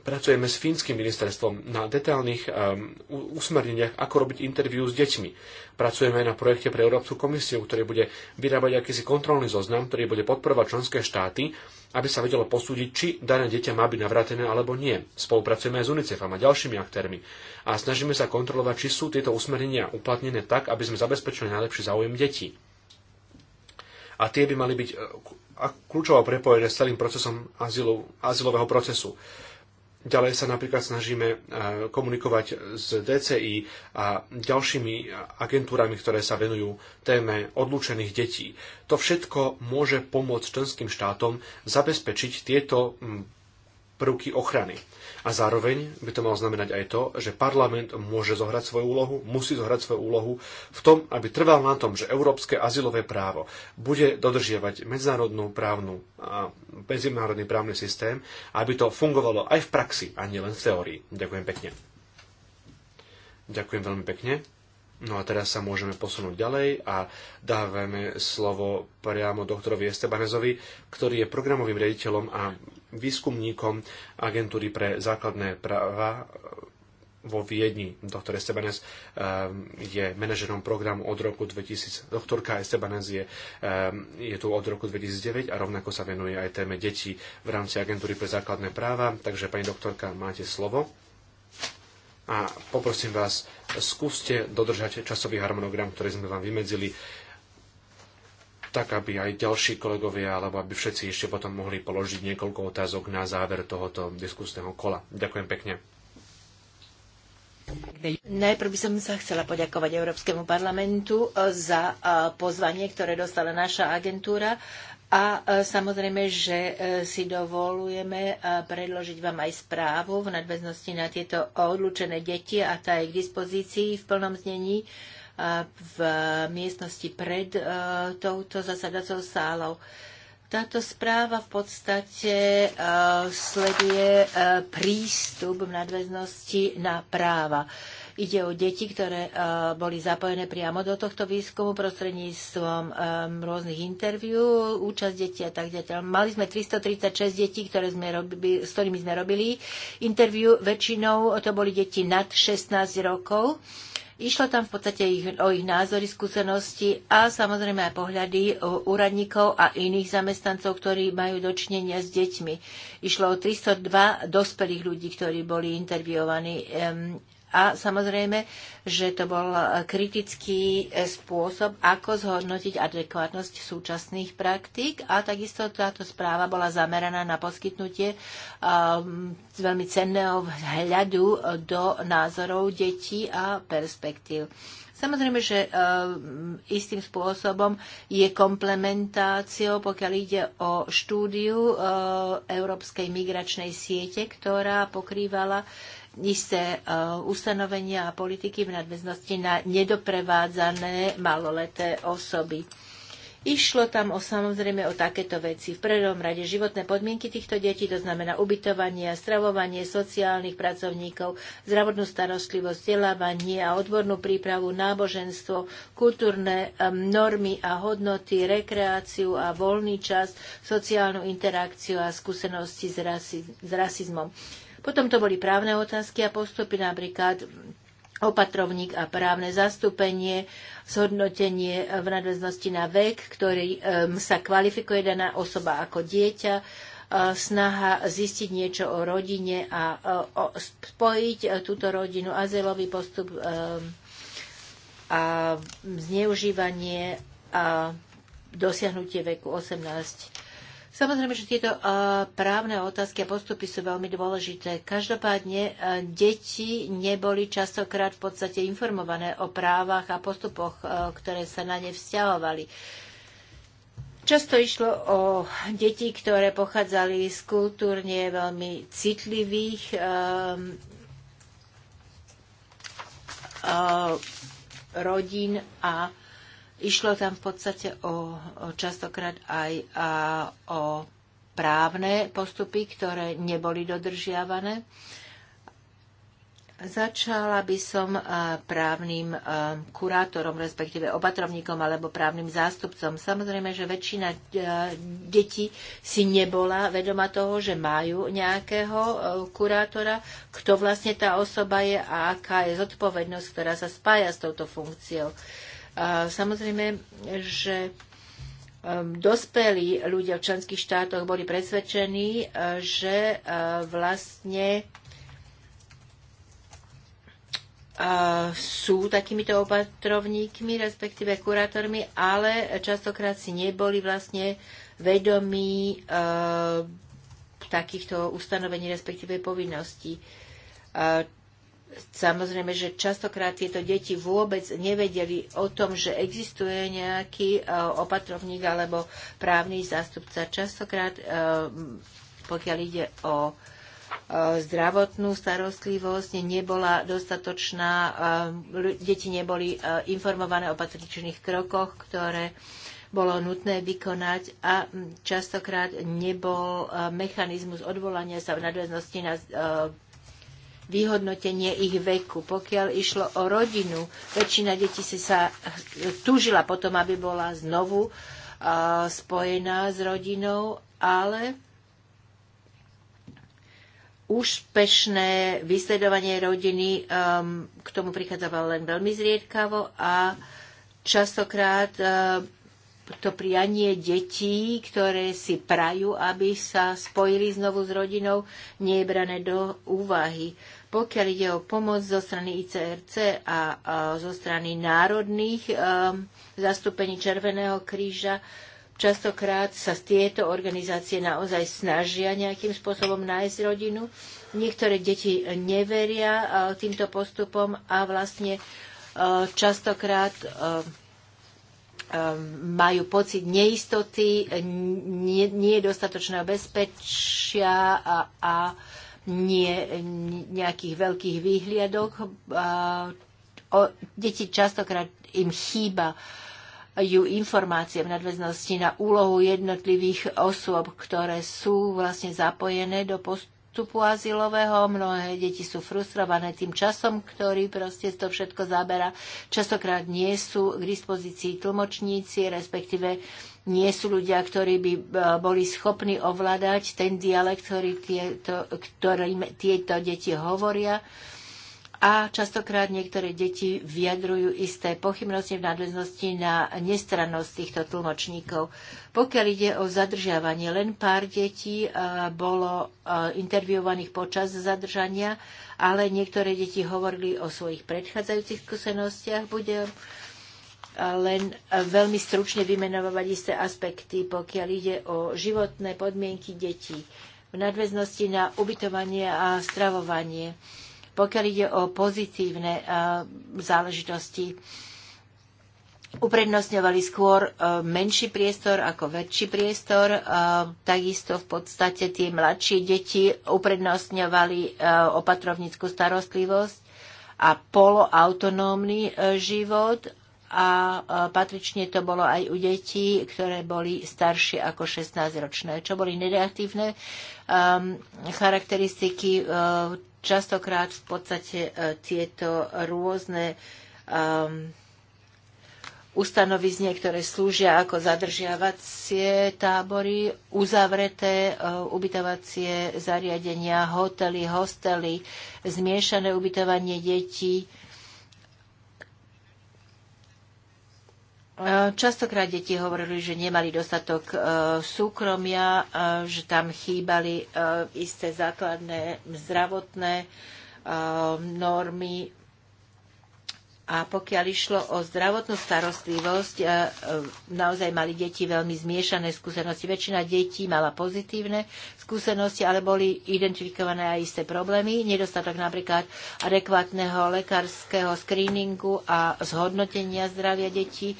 pracujeme s fínskym ministerstvom na detailných um, usmerneniach, ako robiť interviu s deťmi. Pracujeme aj na projekte pre Európsku komisiu, ktorý bude vyrábať akýsi kontrolný zoznam, ktorý bude podporovať členské štáty, aby sa vedelo posúdiť, či dané dieťa má byť navrátené alebo nie. Spolupracujeme aj s UNICEFom a ďalšími aktérmi a snažíme sa kontrolovať, či sú tieto usmernenia uplatnené tak, aby sme zabezpečili najlepší záujem detí. A tie by mali byť e, kľúčovo prepojené s celým procesom azylu, azylového procesu. Ďalej sa napríklad snažíme e, komunikovať s DCI a ďalšími agentúrami, ktoré sa venujú téme odlúčených detí. To všetko môže pomôcť členským štátom zabezpečiť tieto prvky ochrany. A zároveň by to malo znamenať aj to, že parlament môže zohrať svoju úlohu, musí zohrať svoju úlohu v tom, aby trval na tom, že európske azylové právo bude dodržiavať medzinárodnú právnu a medzinárodný právny systém, aby to fungovalo aj v praxi a nielen v teórii. Ďakujem pekne. Ďakujem veľmi pekne. No a teraz sa môžeme posunúť ďalej a dávame slovo priamo doktorovi Estebanezovi, ktorý je programovým riaditeľom a výskumníkom agentúry pre základné práva vo Viedni. Doktor Estebanez ehm, je manažerom programu od roku 2000. Doktorka Estebanez je, ehm, je tu od roku 2009 a rovnako sa venuje aj téme detí v rámci agentúry pre základné práva. Takže, pani doktorka, máte slovo a poprosím vás, skúste dodržať časový harmonogram, ktorý sme vám vymedzili, tak aby aj ďalší kolegovia, alebo aby všetci ešte potom mohli položiť niekoľko otázok na záver tohoto diskusného kola. Ďakujem pekne. Najprv by som sa chcela poďakovať Európskemu parlamentu e, za e, pozvanie, ktoré dostala naša agentúra a e, samozrejme, že e, si dovolujeme e, predložiť vám aj správu v nadväznosti na tieto odlučené deti a tá je k dispozícii v plnom znení v miestnosti pred touto zasadacou sálou. Táto správa v podstate sleduje prístup v nadväznosti na práva. Ide o deti, ktoré e, boli zapojené priamo do tohto výskumu prostredníctvom e, rôznych interviú, účasť detí a tak ďalej. Mali sme 336 detí, ktoré sme robili, s ktorými sme robili interviu. Väčšinou to boli deti nad 16 rokov. Išlo tam v podstate ich, o ich názory, skúsenosti a samozrejme aj pohľady úradníkov a iných zamestnancov, ktorí majú dočinenia s deťmi. Išlo o 302 dospelých ľudí, ktorí boli interviovaní. A samozrejme, že to bol kritický eh, spôsob, ako zhodnotiť adekvátnosť súčasných praktík a takisto táto správa bola zameraná na poskytnutie um, veľmi cenného vhľadu eh, do názorov detí a perspektív. Samozrejme, že um, istým spôsobom je komplementáciou, pokiaľ ide o štúdiu eh, Európskej migračnej siete, ktorá pokrývala uh, isté e, ustanovenia a politiky v nadväznosti na nedoprevádzané maloleté osoby. Išlo tam o samozrejme o takéto veci. V prvom rade životné podmienky týchto detí, to znamená ubytovanie, stravovanie sociálnych pracovníkov, zdravotnú starostlivosť, vzdelávanie a odbornú prípravu, náboženstvo, kultúrne e, normy a hodnoty, rekreáciu a voľný čas, sociálnu interakciu a skúsenosti s, rasi- s rasizmom. Potom to boli právne otázky a postupy, napríklad opatrovník a právne zastúpenie, zhodnotenie v nadväznosti na vek, ktorý sa kvalifikuje daná osoba ako dieťa, e, snaha zistiť niečo o rodine a e, spojiť e, túto rodinu, azylový postup a zneužívanie a dosiahnutie veku 18 Samozrejme, že tieto eh, právne otázky a postupy sú veľmi dôležité. Každopádne eh, deti neboli častokrát v podstate informované o právach a postupoch, eh, ktoré sa na ne vzťahovali. Často išlo o deti, ktoré pochádzali z kultúrne veľmi citlivých um, uh, rodín a Išlo tam v podstate o, o častokrát aj a, o právne postupy, ktoré neboli dodržiavané. Začala by som právnym kurátorom, respektíve opatrovníkom alebo právnym zástupcom. Samozrejme, že väčšina e, detí si nebola vedoma toho, že majú nejakého e, kurátora, kto vlastne tá osoba je a aká je zodpovednosť, ktorá sa spája s touto funkciou samozrejme, že ehm, dospelí ľudia v členských štátoch boli presvedčení, e, že e, vlastne e, sú takýmito opatrovníkmi, respektíve kurátormi, ale častokrát si neboli vlastne vedomí takýchto ustanovení, respektíve povinností Samozrejme, že častokrát tieto deti vôbec nevedeli o tom, že existuje nejaký e, opatrovník alebo právny zástupca. Častokrát, e, pokiaľ ide o e, zdravotnú starostlivosť nebola dostatočná, deti neboli informované o patričných krokoch, ktoré bolo nutné vykonať a častokrát nebol mechanizmus odvolania sa v nadväznosti na vyhodnotenie ich veku. Pokiaľ išlo o rodinu, väčšina detí si sa túžila potom, aby bola znovu spojená s rodinou, ale úspešné vysledovanie rodiny um, k tomu prichádzalo len veľmi zriedkavo a častokrát uh, to prianie detí, ktoré si prajú, aby sa spojili znovu s rodinou, nie je brané do úvahy. Pokiaľ ide o pomoc zo strany ICRC a, zo strany národných um, zastúpení Červeného kríža, častokrát sa tieto organizácie naozaj snažia nejakým spôsobom nájsť rodinu. Niektoré deti neveria uh, týmto postupom a vlastne uh, častokrát uh, um, majú pocit neistoty, nie, nie dostatočného bezpečia a, a nie nejakých veľkých výhliadok. O, deti častokrát im chýba ju informácie v nadväznosti na úlohu jednotlivých osôb, ktoré sú vlastne zapojené do postupu azylového. Mnohé deti sú frustrované tým časom, ktorý proste to všetko zabera. Častokrát nie sú k dispozícii tlmočníci, respektíve nie sú ľudia, ktorí by e, boli schopní ovládať ten dialekt, ktorý tieto, ktorým tieto deti hovoria. A častokrát niektoré deti vyjadrujú isté pochybnosti v nadväznosti na nestrannosť týchto tlmočníkov. Pokiaľ ide o zadržiavanie, len pár detí e, bolo e, interviovaných počas zadržania, ale niektoré deti hovorili o svojich predchádzajúcich skúsenostiach. Budem len veľmi stručne vymenovať isté aspekty, pokiaľ ide o životné podmienky detí v nadväznosti na ubytovanie a stravovanie, pokiaľ ide o pozitívne záležitosti. Uprednostňovali skôr menší priestor ako väčší priestor. Takisto v podstate tie mladšie deti uprednostňovali opatrovnickú starostlivosť a poloautonómny e, život a patrične to bolo aj u detí, ktoré boli staršie ako 16-ročné, čo boli negatívne um, charakteristiky. Um, častokrát v podstate um, tieto rôzne um, ustanovizne, ktoré slúžia ako zadržiavacie tábory, uzavreté uh, ubytovacie zariadenia, hotely, hostely, zmiešané ubytovanie detí, E, častokrát deti hovorili, že nemali dostatok e, súkromia, e, že tam chýbali isté základné zdravotné normy. A pokiaľ išlo o zdravotnú starostlivosť, naozaj mali deti veľmi zmiešané skúsenosti. Väčšina detí mala pozitívne skúsenosti, ale boli identifikované aj isté problémy. Nedostatok napríklad adekvátneho lekárskeho screeningu a zhodnotenia zdravia detí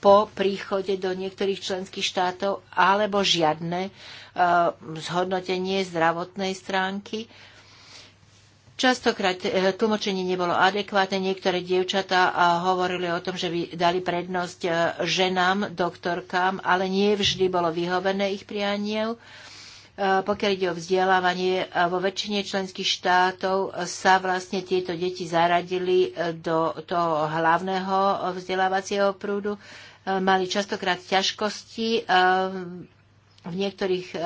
po príchode do niektorých členských štátov alebo žiadne e, zhodnotenie zdravotnej stránky. Častokrát e, tlmočenie nebolo adekvátne. Niektoré dievčatá hovorili o tom, že by dali prednosť e, ženám, doktorkám, ale nie vždy bolo vyhovené ich prianiev. Pokiaľ ide o vzdelávanie, vo väčšine členských štátov sa vlastne tieto deti zaradili do toho hlavného vzdelávacieho prúdu mali častokrát ťažkosti eh, v niektorých eh,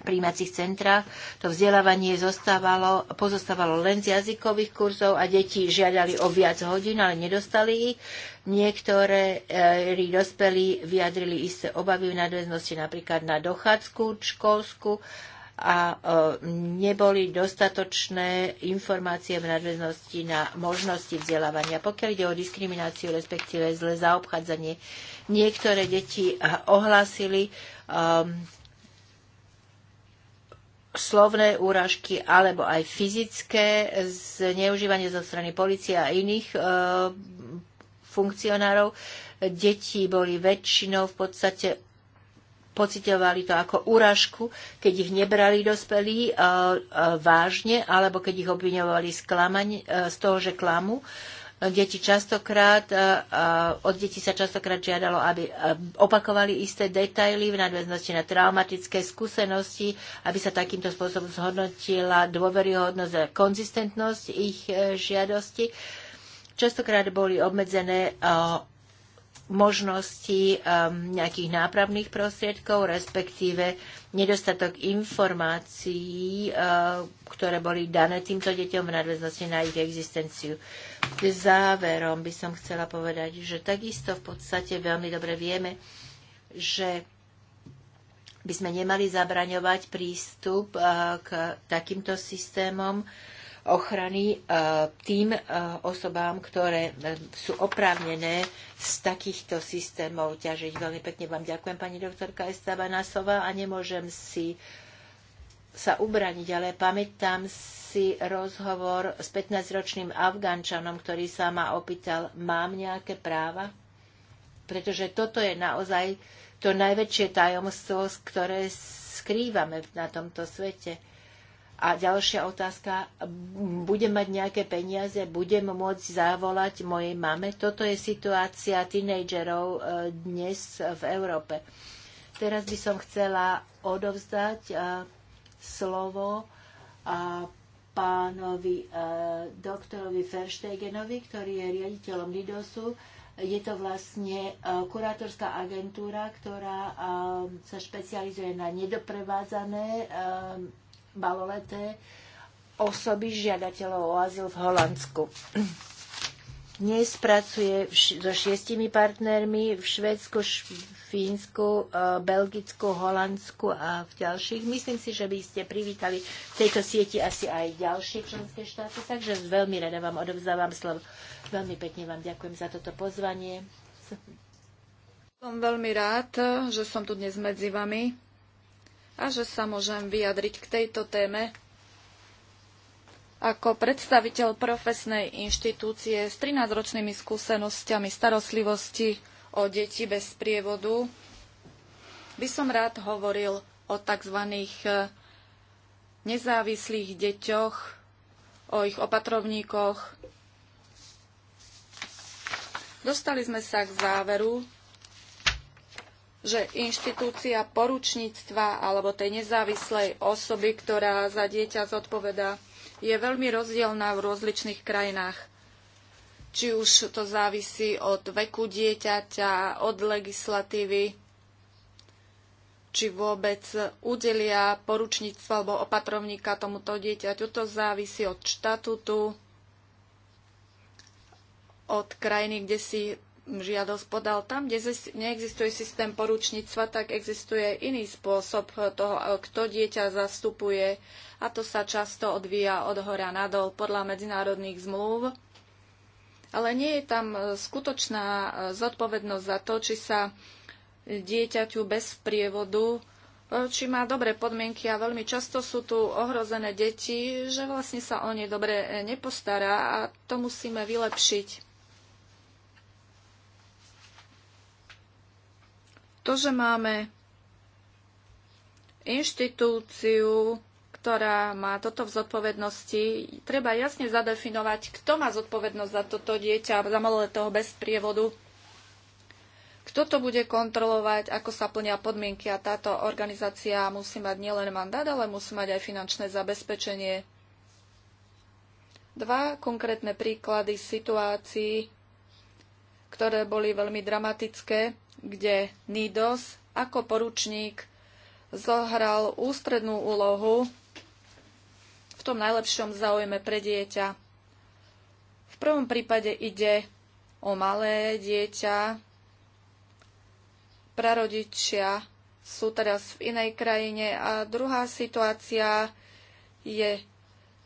príjmacích centrách. To vzdelávanie zostávalo, pozostávalo len z jazykových kurzov a deti žiadali o viac hodín, ale nedostali ich. Niektoré e, dospelí vyjadrili isté obavy v nadväznosti napríklad na dochádzku školsku a e, neboli dostatočné informácie v nadväznosti na možnosti vzdelávania. Pokiaľ ide o diskrimináciu, respektíve zle zaobchádzanie, niektoré deti e, ohlásili um, slovné úražky alebo aj fyzické zneužívanie zo strany policie a iných e, funkcionárov. Deti boli väčšinou v podstate pocitovali to ako úražku, keď ich nebrali dospelí e, e, vážne, alebo keď ich obviňovali z, klamaň, e, z toho, že klamu. Deti častokrát, od detí sa častokrát žiadalo, aby opakovali isté detaily v nadväznosti na traumatické skúsenosti, aby sa takýmto spôsobom zhodnotila dôveryhodnosť a konzistentnosť ich žiadosti. Častokrát boli obmedzené možnosti um, nejakých nápravných prostriedkov, respektíve nedostatok informácií, uh, ktoré boli dané týmto deťom v nadväznosti na ich existenciu. Záverom by som chcela povedať, že takisto v podstate veľmi dobre vieme, že by sme nemali zabraňovať prístup uh, k takýmto systémom, ochrany e, tým e, osobám, ktoré e, sú oprávnené z takýchto systémov ťažiť. Veľmi pekne vám ďakujem, pani doktorka Estabanasová, a nemôžem si sa ubraniť, ale pamätám si rozhovor s 15-ročným Afgančanom, ktorý sa ma opýtal, mám nejaké práva? Pretože toto je naozaj to najväčšie tajomstvo, ktoré skrývame na tomto svete. A ďalšia otázka, budem mať nejaké peniaze, budem môcť zavolať mojej mame? Toto je situácia tínejdžerov e, dnes v Európe. Teraz by som chcela odovzdať e, slovo e, pánovi doktorovi Ferštegenovi, ktorý je riaditeľom Lidosu. Je to vlastne kurátorská agentúra, ktorá sa špecializuje na nedoprevádzané baloleté osoby žiadateľov o azyl v Holandsku. Dnes pracuje so šiestimi partnermi v Švedsku, Fínsku, e, Belgicku, Holandsku a v ďalších. Myslím si, že by ste privítali v tejto sieti asi aj ďalšie členské štáty, takže veľmi rada vám odovzdávam slovo. Veľmi pekne vám ďakujem za toto pozvanie. Som veľmi rád, že som tu dnes medzi vami a že sa môžem vyjadriť k tejto téme ako predstaviteľ profesnej inštitúcie s 13-ročnými skúsenosťami starostlivosti o deti bez prievodu by som rád hovoril o tzv. Eh, nezávislých deťoch, o ich opatrovníkoch. Dostali sme sa k záveru, že inštitúcia poručníctva alebo tej nezávislej osoby, ktorá za dieťa zodpovedá, je veľmi rozdielna v rozličných krajinách. Či už to závisí od veku dieťaťa, od legislatívy, či vôbec udelia poručníctva alebo opatrovníka tomuto dieťaťu. To závisí od štatútu, od krajiny, kde si žiadosť podal. Tam, kde neexistuje systém poručníctva, tak existuje iný spôsob toho, kto dieťa zastupuje a to sa často odvíja od hora nadol podľa medzinárodných zmluv. Ale nie je tam e, skutočná e, zodpovednosť za to, či sa dieťaťu bez prievodu e, či má dobré podmienky a veľmi často sú tu ohrozené deti, že vlastne sa o ne dobre nepostará a to musíme vylepšiť. To, že máme inštitúciu, ktorá má toto v zodpovednosti, treba jasne zadefinovať, kto má zodpovednosť za toto dieťa, za toho bez prievodu, kto to bude kontrolovať, ako sa plnia podmienky a táto organizácia musí mať nielen mandát, ale musí mať aj finančné zabezpečenie. Dva konkrétne príklady situácií, ktoré boli veľmi dramatické, kde Nidos ako poručník zohral ústrednú úlohu v tom najlepšom záujme pre dieťa. V prvom prípade ide o malé dieťa. Prarodičia sú teraz v inej krajine a druhá situácia je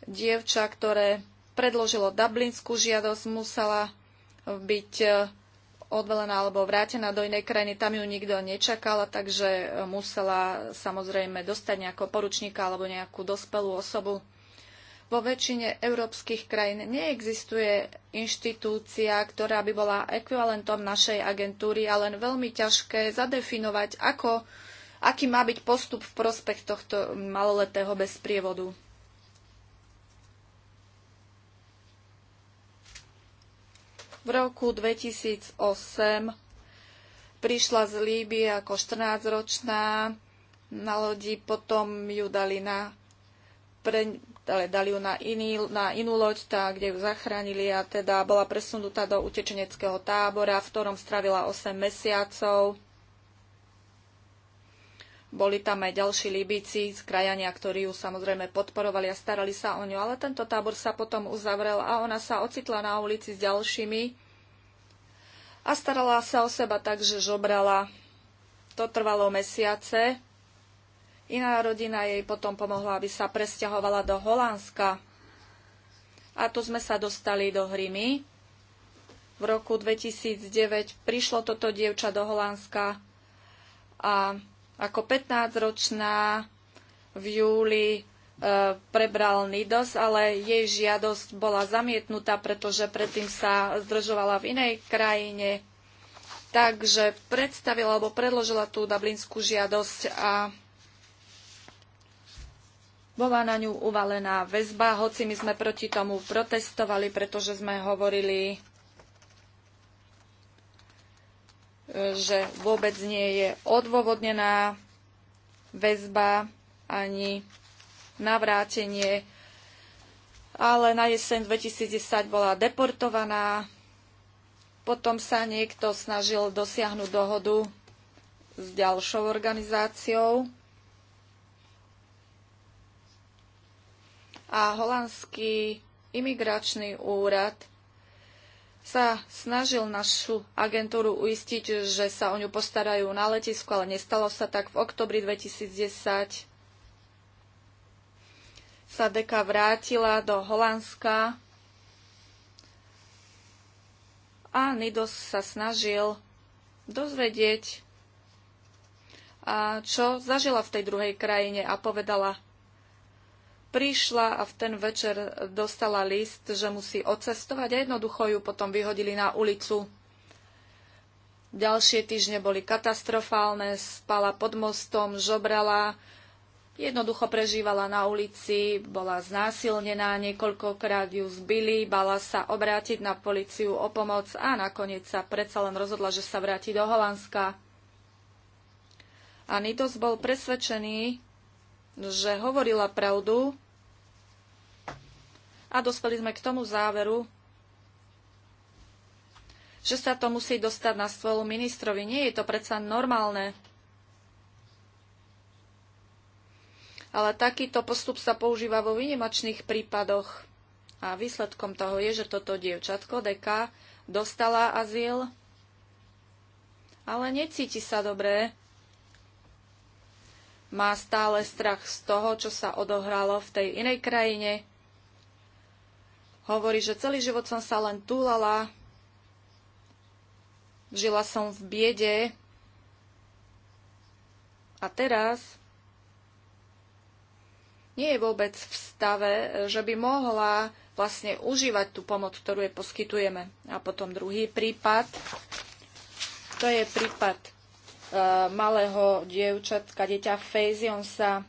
dievča, ktoré predložilo dublinskú žiadosť, musela byť odvelená alebo vrátená do inej krajiny, tam ju nikto nečakal, takže e, musela samozrejme dostať nejakého poručníka alebo nejakú dospelú osobu. Vo väčšine európskych krajín neexistuje inštitúcia, ktorá by bola ekvivalentom našej agentúry a len veľmi ťažké zadefinovať, ako, aký má byť postup v prospech tohto maloletého bez prievodu. V roku 2008 prišla z Líbie ako 14-ročná na lodi, potom ju dali na pre, ale dali ju na, iný, na inú loď, tá, kde ju zachránili a teda bola presunutá do utečeneckého tábora, v ktorom stravila 8 mesiacov. Boli tam aj ďalší Libíci z krajania, ktorí ju samozrejme podporovali a starali sa o ňu. Ale tento tábor sa potom uzavrel a ona sa ocitla na ulici s ďalšími a starala sa o seba tak, že žobrala. To trvalo mesiace. Iná rodina jej potom pomohla, aby sa presťahovala do Holandska. A tu sme sa dostali do Hrymy. V roku 2009 prišlo toto dievča do Holandska a ako 15-ročná v júli e, prebral NIDOS, ale jej žiadosť bola zamietnutá, pretože predtým sa zdržovala v inej krajine. Takže predstavila alebo predložila tú dublinskú žiadosť a bola na ňu uvalená väzba, hoci my sme proti tomu protestovali, pretože sme hovorili že vôbec nie je odôvodnená väzba ani navrátenie, ale na jeseň 2010 bola deportovaná. Potom sa niekto snažil dosiahnuť dohodu s ďalšou organizáciou. A holandský imigračný úrad sa snažil našu agentúru uistiť, že sa o ňu postarajú na letisku, ale nestalo sa tak. V oktobri 2010 sa deka vrátila do Holandska a Nidos sa snažil dozvedieť, čo zažila v tej druhej krajine a povedala – prišla a v ten večer dostala list, že musí odcestovať a jednoducho ju potom vyhodili na ulicu. Ďalšie týždne boli katastrofálne, spala pod mostom, žobrala, jednoducho prežívala na ulici, bola znásilnená, niekoľkokrát ju zbili, bala sa obrátiť na policiu o pomoc a nakoniec sa predsa len rozhodla, že sa vráti do Holandska. A bol presvedčený, že hovorila pravdu a dospeli sme k tomu záveru, že sa to musí dostať na stôlu ministrovi. Nie je to predsa normálne. Ale takýto postup sa používa vo vynimačných prípadoch. A výsledkom toho je, že toto dievčatko, deka, dostala azyl, ale necíti sa dobre má stále strach z toho, čo sa odohralo v tej inej krajine. Hovorí, že celý život som sa len túlala, žila som v biede a teraz nie je vôbec v stave, že by mohla vlastne užívať tú pomoc, ktorú jej poskytujeme. A potom druhý prípad, to je prípad Eh, malého dievčatka, dieťa on sa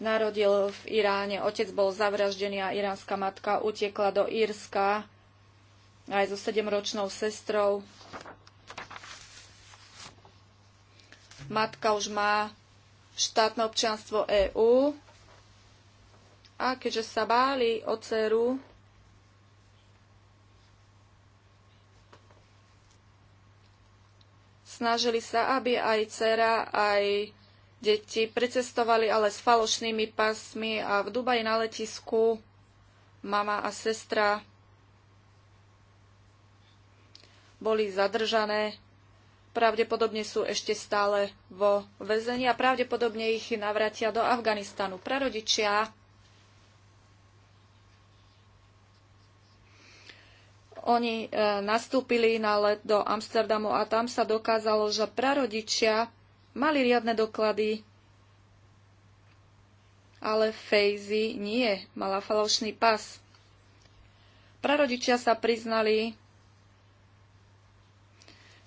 narodil v Iráne. Otec bol zavraždený a iránska matka utekla do Írska aj so sedemročnou sestrou. Matka už má štátne občianstvo EÚ a keďže sa báli o dceru, snažili sa, aby aj dcera, aj deti precestovali, ale s falošnými pasmi a v Dubaji na letisku mama a sestra boli zadržané. Pravdepodobne sú ešte stále vo väzení a pravdepodobne ich navratia do Afganistanu. Prarodičia Oni e, nastúpili na let do Amsterdamu a tam sa dokázalo, že prarodičia mali riadne doklady, ale Fejzi nie, mala falošný pas. Prarodičia sa priznali,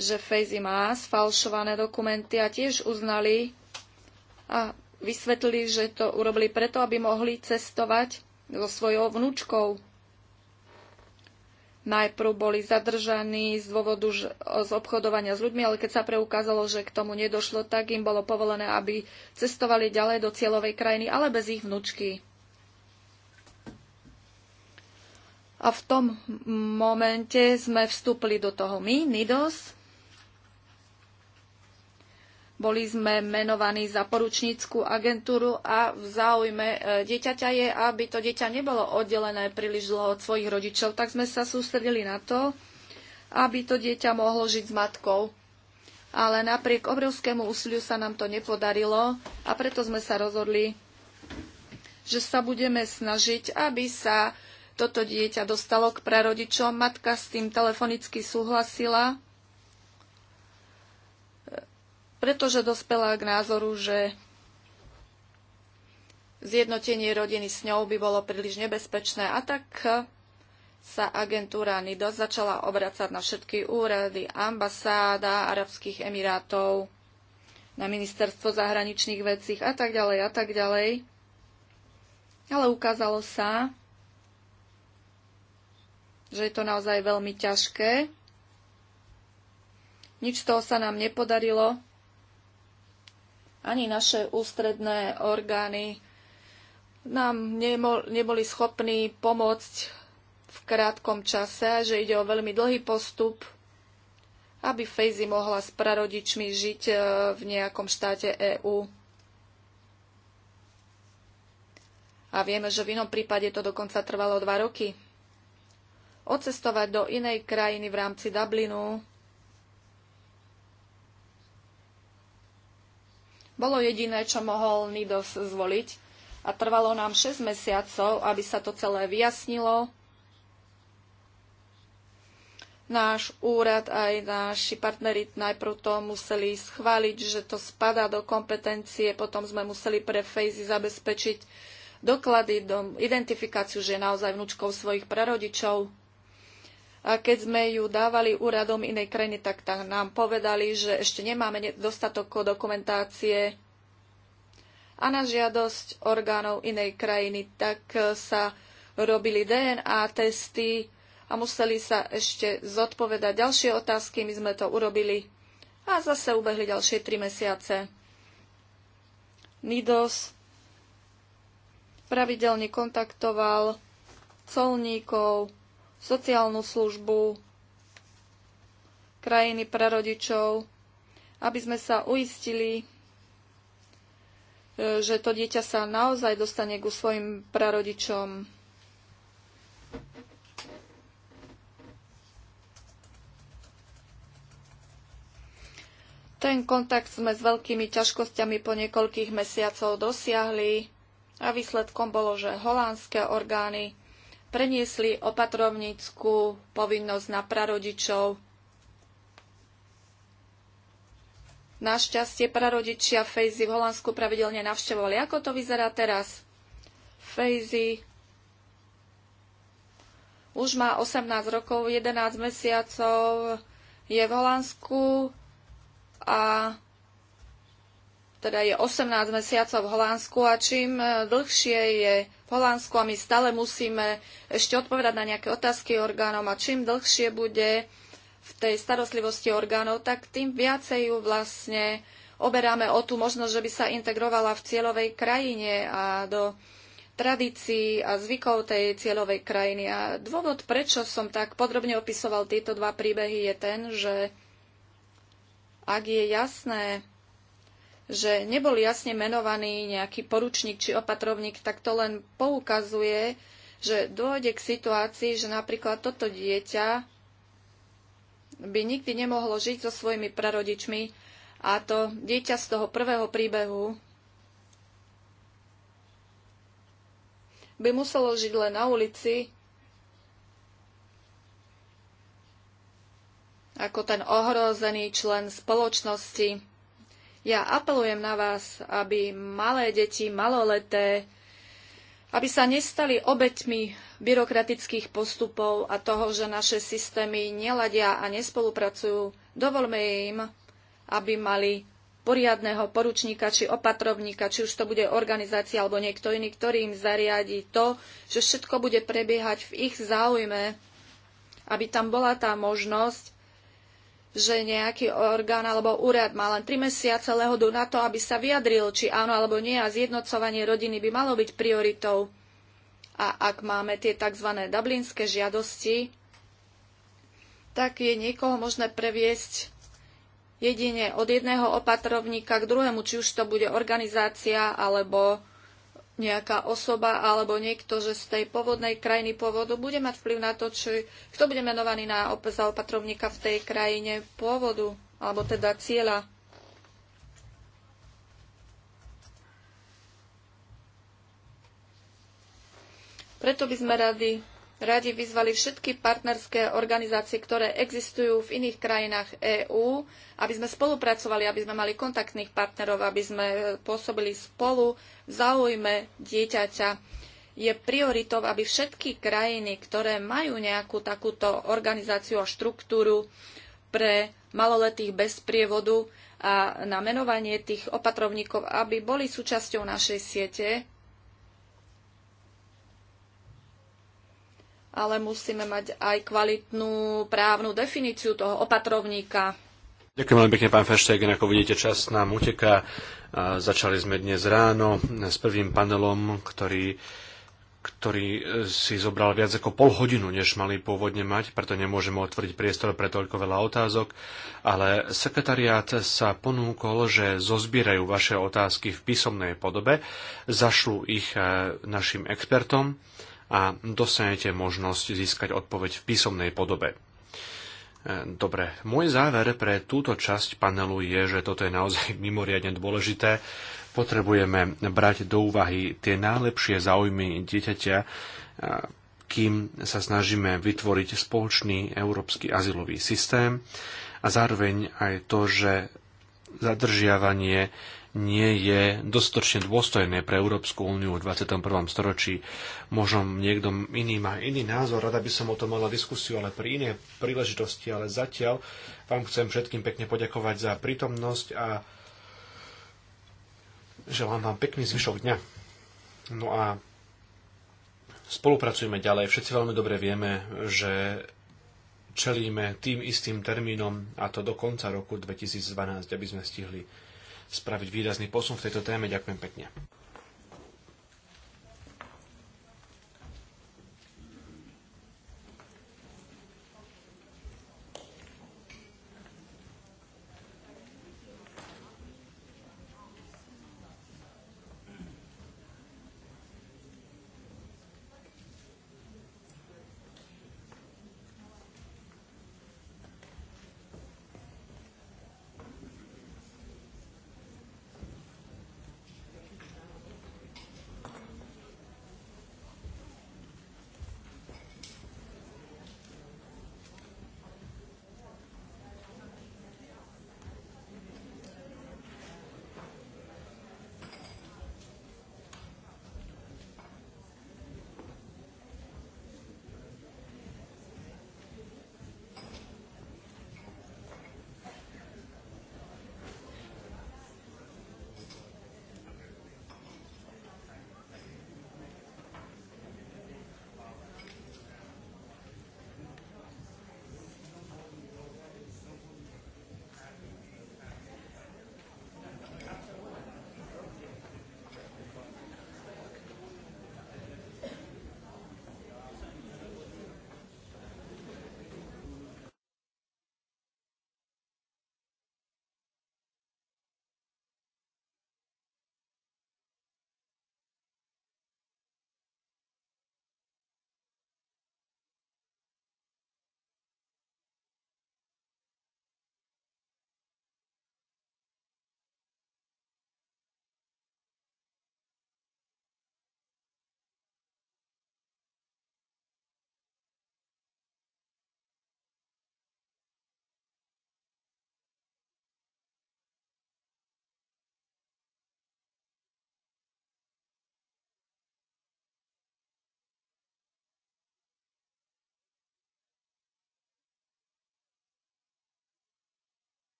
že Fejzi má sfalšované dokumenty a tiež uznali a vysvetlili, že to urobili preto, aby mohli cestovať so svojou vnúčkou najprv boli zadržaní z dôvodu z obchodovania s ľuďmi, ale keď sa preukázalo, že k tomu nedošlo, tak im bolo povolené, aby cestovali ďalej do cieľovej krajiny, ale bez ich vnúčky. A v tom momente sme vstúpili do toho my, NIDOS, boli sme menovaní za poručníckú agentúru a v záujme e, dieťaťa je, aby to dieťa nebolo oddelené príliš dlho od svojich rodičov, tak sme sa sústredili na to, aby to dieťa mohlo žiť s matkou. Ale napriek obrovskému úsiliu sa nám to nepodarilo a preto sme sa rozhodli, že sa budeme snažiť, aby sa toto dieťa dostalo k prarodičom. Matka s tým telefonicky súhlasila pretože dospela k názoru, že zjednotenie rodiny s ňou by bolo príliš nebezpečné a tak sa agentúra NIDO začala obracať na všetky úrady, ambasáda Arabských Emirátov, na ministerstvo zahraničných vecí a tak ďalej a tak ďalej. Ale ukázalo sa, že je to naozaj veľmi ťažké. Nič z toho sa nám nepodarilo ani naše ústredné orgány nám neboli schopní pomôcť v krátkom čase, že ide o veľmi dlhý postup, aby Fejzi mohla s prarodičmi žiť e, v nejakom štáte EÚ. A vieme, že v inom prípade to dokonca trvalo dva roky. Ocestovať do inej krajiny v rámci Dublinu Bolo jediné, čo mohol Nidos zvoliť a trvalo nám 6 mesiacov, aby sa to celé vyjasnilo. Náš úrad aj naši partneri najprv to museli schváliť, že to spadá do kompetencie, potom sme museli pre Fejzy zabezpečiť doklady, do identifikáciu, že je naozaj vnúčkou svojich prarodičov. A keď sme ju dávali úradom inej krajiny, tak tam nám povedali, že ešte nemáme dostatok dokumentácie a na žiadosť orgánov inej krajiny, tak e, sa robili DNA testy a museli sa ešte zodpovedať ďalšie otázky. My sme to urobili a zase ubehli ďalšie tri mesiace. Nidos pravidelne kontaktoval colníkov, sociálnu službu, krajiny pre rodičov, aby sme sa uistili, e, že to dieťa sa naozaj dostane ku svojim prarodičom. Ten kontakt sme s veľkými ťažkosťami po niekoľkých mesiacov dosiahli a výsledkom bolo, že holandské orgány preniesli opatrovnícku povinnosť na prarodičov. Našťastie prarodičia Fejzy v Holandsku pravidelne navštevovali. Ako to vyzerá teraz? Fejzy už má 18 rokov, 11 mesiacov, je v Holandsku a teda je 18 mesiacov v Holandsku a čím dlhšie je Holandsku a my stále musíme ešte odpovedať na nejaké otázky orgánom a čím dlhšie bude v tej starostlivosti orgánov, tak tým viacej ju vlastne oberáme o tú možnosť, že by sa integrovala v cieľovej krajine a do tradícií a zvykov tej cieľovej krajiny. A dôvod, prečo som tak podrobne opisoval tieto dva príbehy, je ten, že ak je jasné, že nebol jasne menovaný nejaký poručník či opatrovník, tak to len poukazuje, že dôjde k situácii, že napríklad toto dieťa by nikdy nemohlo žiť so svojimi prarodičmi a to dieťa z toho prvého príbehu by muselo žiť len na ulici, ako ten ohrozený člen spoločnosti. Ja apelujem na vás, aby malé deti, maloleté, aby sa nestali obeťmi byrokratických postupov a toho, že naše systémy neladia a nespolupracujú. Dovolme im, aby mali poriadného poručníka či opatrovníka, či už to bude organizácia alebo niekto iný, ktorý im zariadi to, že všetko bude prebiehať v ich záujme, aby tam bola tá možnosť že nejaký orgán alebo úrad má len 3 mesiace lehodu na to, aby sa vyjadril, či áno alebo nie a zjednocovanie rodiny by malo byť prioritou. A ak máme tie tzv. dublinské žiadosti, tak je niekoho možné previesť jedine od jedného opatrovníka k druhému, či už to bude organizácia alebo nejaká osoba alebo niekto, že z tej pôvodnej krajiny pôvodu bude mať vplyv na to, či kto bude menovaný na op- za opatrovníka v tej krajine pôvodu, alebo teda cieľa. Preto by sme radi radi vyzvali všetky partnerské organizácie, ktoré existujú v iných krajinách EÚ, aby sme spolupracovali, aby sme mali kontaktných partnerov, aby sme e, pôsobili spolu v záujme dieťaťa. Je prioritou, aby všetky krajiny, ktoré majú nejakú takúto organizáciu a štruktúru pre maloletých bez prievodu a na menovanie tých opatrovníkov, aby boli súčasťou našej siete, ale musíme mať aj kvalitnú právnu definíciu toho opatrovníka. Ďakujem veľmi pekne, pán Feštegen. Ako vidíte, čas nám uteká. Začali sme dnes ráno s prvým panelom, ktorý ktorý si zobral viac ako pol hodinu, než mali pôvodne mať, preto nemôžeme otvoriť priestor pre toľko veľa otázok, ale sekretariát sa ponúkol, že zozbierajú vaše otázky v písomnej podobe, zašlu ich eh, našim expertom a dostanete možnosť získať odpoveď v písomnej podobe. E, dobre, môj záver pre túto časť panelu je, že toto je naozaj [LAUGHS] mimoriadne dôležité. Potrebujeme brať do úvahy tie najlepšie záujmy dieťaťa, e, kým sa snažíme vytvoriť spoločný európsky azylový systém a zároveň aj to, že zadržiavanie nie je dostatočne dôstojné pre Európsku úniu v 21. storočí. Možno niekto iný má iný názor, rada by som o tom mala diskusiu, ale pri inej príležitosti, ale zatiaľ vám chcem všetkým pekne poďakovať za prítomnosť a želám vám pekný zvyšok dňa. No a spolupracujeme ďalej. Všetci veľmi dobre vieme, že čelíme tým istým termínom, a to do konca roku 2012, aby sme stihli spraviť výrazný posun v tejto téme. Ďakujem pekne.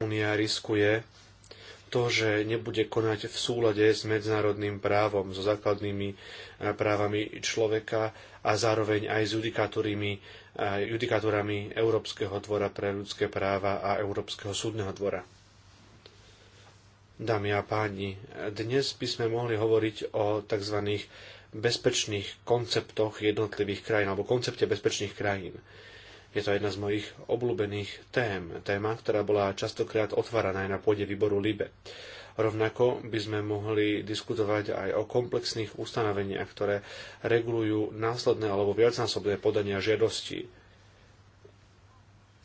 Únia riskuje to, že nebude konať v súlade s medzinárodným právom, so základnými e, právami človeka a zároveň aj s e, judikatúrami Európskeho dvora pre ľudské práva a Európskeho súdneho dvora. Dámy a páni, dnes by sme mohli hovoriť o tzv. bezpečných konceptoch jednotlivých krajín alebo koncepte bezpečných krajín. Je to jedna z mojich obľúbených tém, téma, ktorá bola častokrát otváraná aj na pôde výboru LIBE. Rovnako by sme mohli diskutovať aj o komplexných ustanoveniach, ktoré regulujú následné alebo viacnásobné podania žiadostí.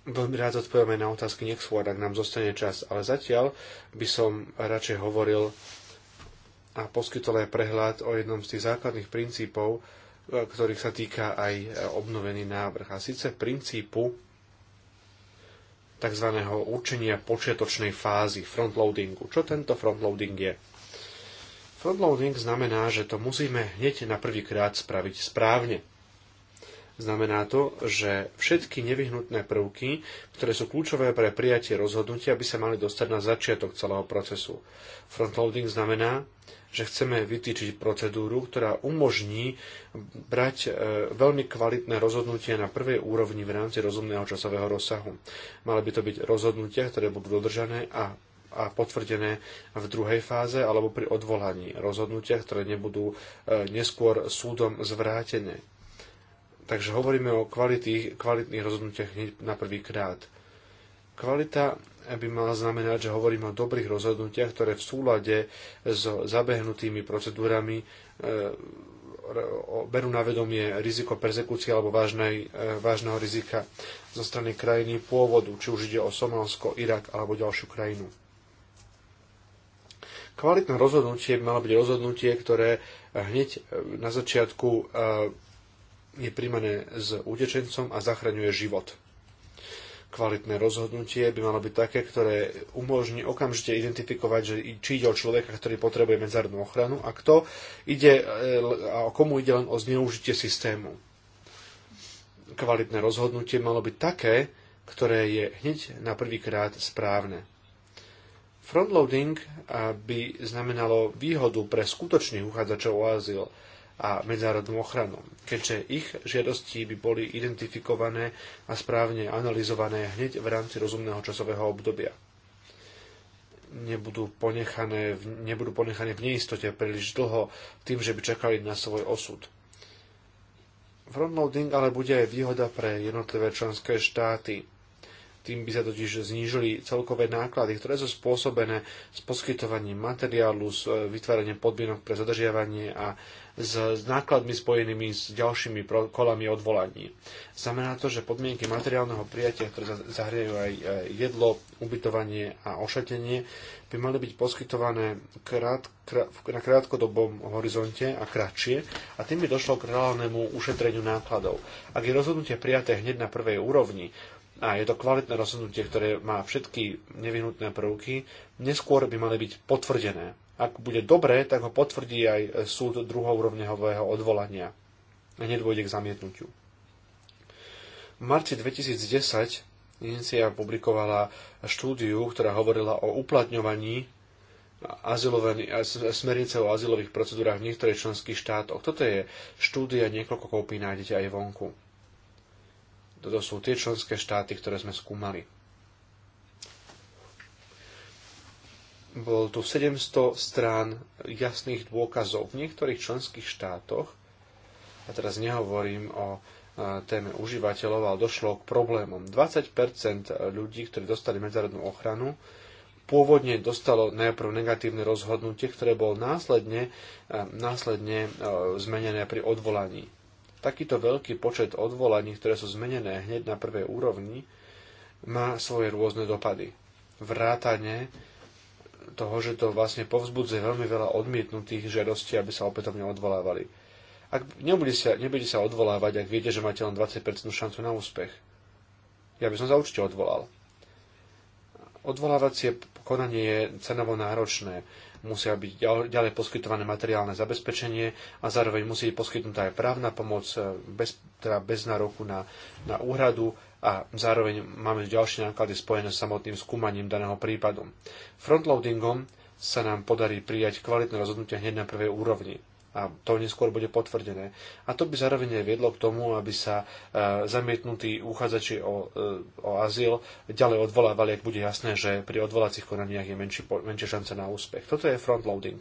Veľmi rád odpovieme na otázky neskôr, ak nám zostane čas, ale zatiaľ by som radšej hovoril a poskytol aj prehľad o jednom z tých základných princípov, E, ktorých sa týka aj e, obnovený návrh. A síce princípu tzv. určenia počiatočnej fázy frontloadingu. Čo tento frontloading je? Frontloading znamená, že to musíme hneď na prvýkrát spraviť správne. Znamená to, že všetky nevyhnutné prvky, ktoré sú kľúčové pre prijatie rozhodnutia, by sa mali dostať na začiatok celého procesu. Frontloading znamená, že chceme vytýčiť procedúru, ktorá umožní brať e, veľmi kvalitné rozhodnutia na prvej úrovni v rámci rozumného časového rozsahu. Mali by to byť rozhodnutia, ktoré budú dodržané a a potvrdené v druhej fáze alebo pri odvolaní rozhodnutia, ktoré nebudú e, neskôr súdom zvrátené. Takže hovoríme o kvality, kvalitných rozhodnutiach hneď na prvý krát. Kvalita by mala znamenať, že hovoríme o dobrých rozhodnutiach, ktoré v súlade s zabehnutými procedúrami e, berú na vedomie riziko persekúcie alebo vážnej, e, vážneho rizika zo strany krajiny pôvodu, či už ide o Somálsko, Irak alebo ďalšiu krajinu. Kvalitné rozhodnutie by malo byť rozhodnutie, ktoré hneď na začiatku e, je príjmané s utečencom a zachraňuje život. Kvalitné rozhodnutie by malo byť také, ktoré umožní okamžite identifikovať, že či ide o človeka, ktorý potrebuje medzárodnú ochranu a kto ide, e, a komu ide len o zneužitie systému. Kvalitné rozhodnutie malo byť také, ktoré je hneď na prvýkrát správne. Frontloading by znamenalo výhodu pre skutočných uchádzačov o azyl, a medzinárodnú ochranu, keďže ich žiadosti by boli identifikované a správne analyzované hneď v rámci rozumného časového obdobia. Nebudú ponechané, nebudú ponechané v neistote príliš dlho tým, že by čakali na svoj osud. Frontloading ale bude aj výhoda pre jednotlivé členské štáty. Tým by sa totiž znížili celkové náklady, ktoré sú spôsobené s poskytovaním materiálu, s e, vytváraním podmienok pre zadržiavanie a s nákladmi spojenými s ďalšími kolami odvolaní. Znamená to, že podmienky materiálneho prijatia, ktoré zahrajú aj jedlo, ubytovanie a ošatenie, by mali byť poskytované krát, krát, na krátkodobom horizonte a kratšie a tým by došlo k reálnemu ušetreniu nákladov. Ak je rozhodnutie prijaté hneď na prvej úrovni, a je to kvalitné rozhodnutie, ktoré má všetky nevyhnutné prvky, neskôr by mali byť potvrdené ak bude dobré, tak ho potvrdí aj súd druhoúrovňového odvolania. a nedôjde k zamietnutiu. V marci 2010 Inicia publikovala štúdiu, ktorá hovorila o uplatňovaní smernice o azylových procedúrach v niektorých členských štátoch. Toto je štúdia, niekoľko kópií nájdete aj vonku. Toto sú tie členské štáty, ktoré sme skúmali. Bol tu 700 strán jasných dôkazov. V niektorých členských štátoch, a teraz nehovorím o e, téme užívateľov, ale došlo k problémom. 20% ľudí, ktorí dostali medzárodnú ochranu, pôvodne dostalo najprv negatívne rozhodnutie, ktoré bolo následne, e, následne e, zmenené pri odvolaní. Takýto veľký počet odvolaní, ktoré sú zmenené hneď na prvej úrovni, má svoje rôzne dopady. Vrátane toho, že to vlastne povzbudzuje veľmi veľa odmietnutých žiadostí, aby sa opätovne odvolávali. Ak nebudete sa, sa odvolávať, ak viete, že máte len 20% šancu na úspech, ja by som sa určite odvolal. Odvolávacie konanie je cenovo náročné. Musia byť ďalej poskytované materiálne zabezpečenie a zároveň musí byť poskytnutá aj právna pomoc eh, bez, teda bez nároku na, na úhradu a zároveň máme ďalšie náklady spojené s samotným skúmaním daného prípadu. Frontloadingom sa nám podarí prijať kvalitné rozhodnutia hneď na prvej úrovni a to neskôr bude potvrdené. A to by zároveň aj viedlo k tomu, aby sa e, zamietnutí uchádzači o, e, o azyl ďalej odvolávali, ak bude jasné, že pri odvolacích konaniach je menší, menšia šanca na úspech. Toto je frontloading.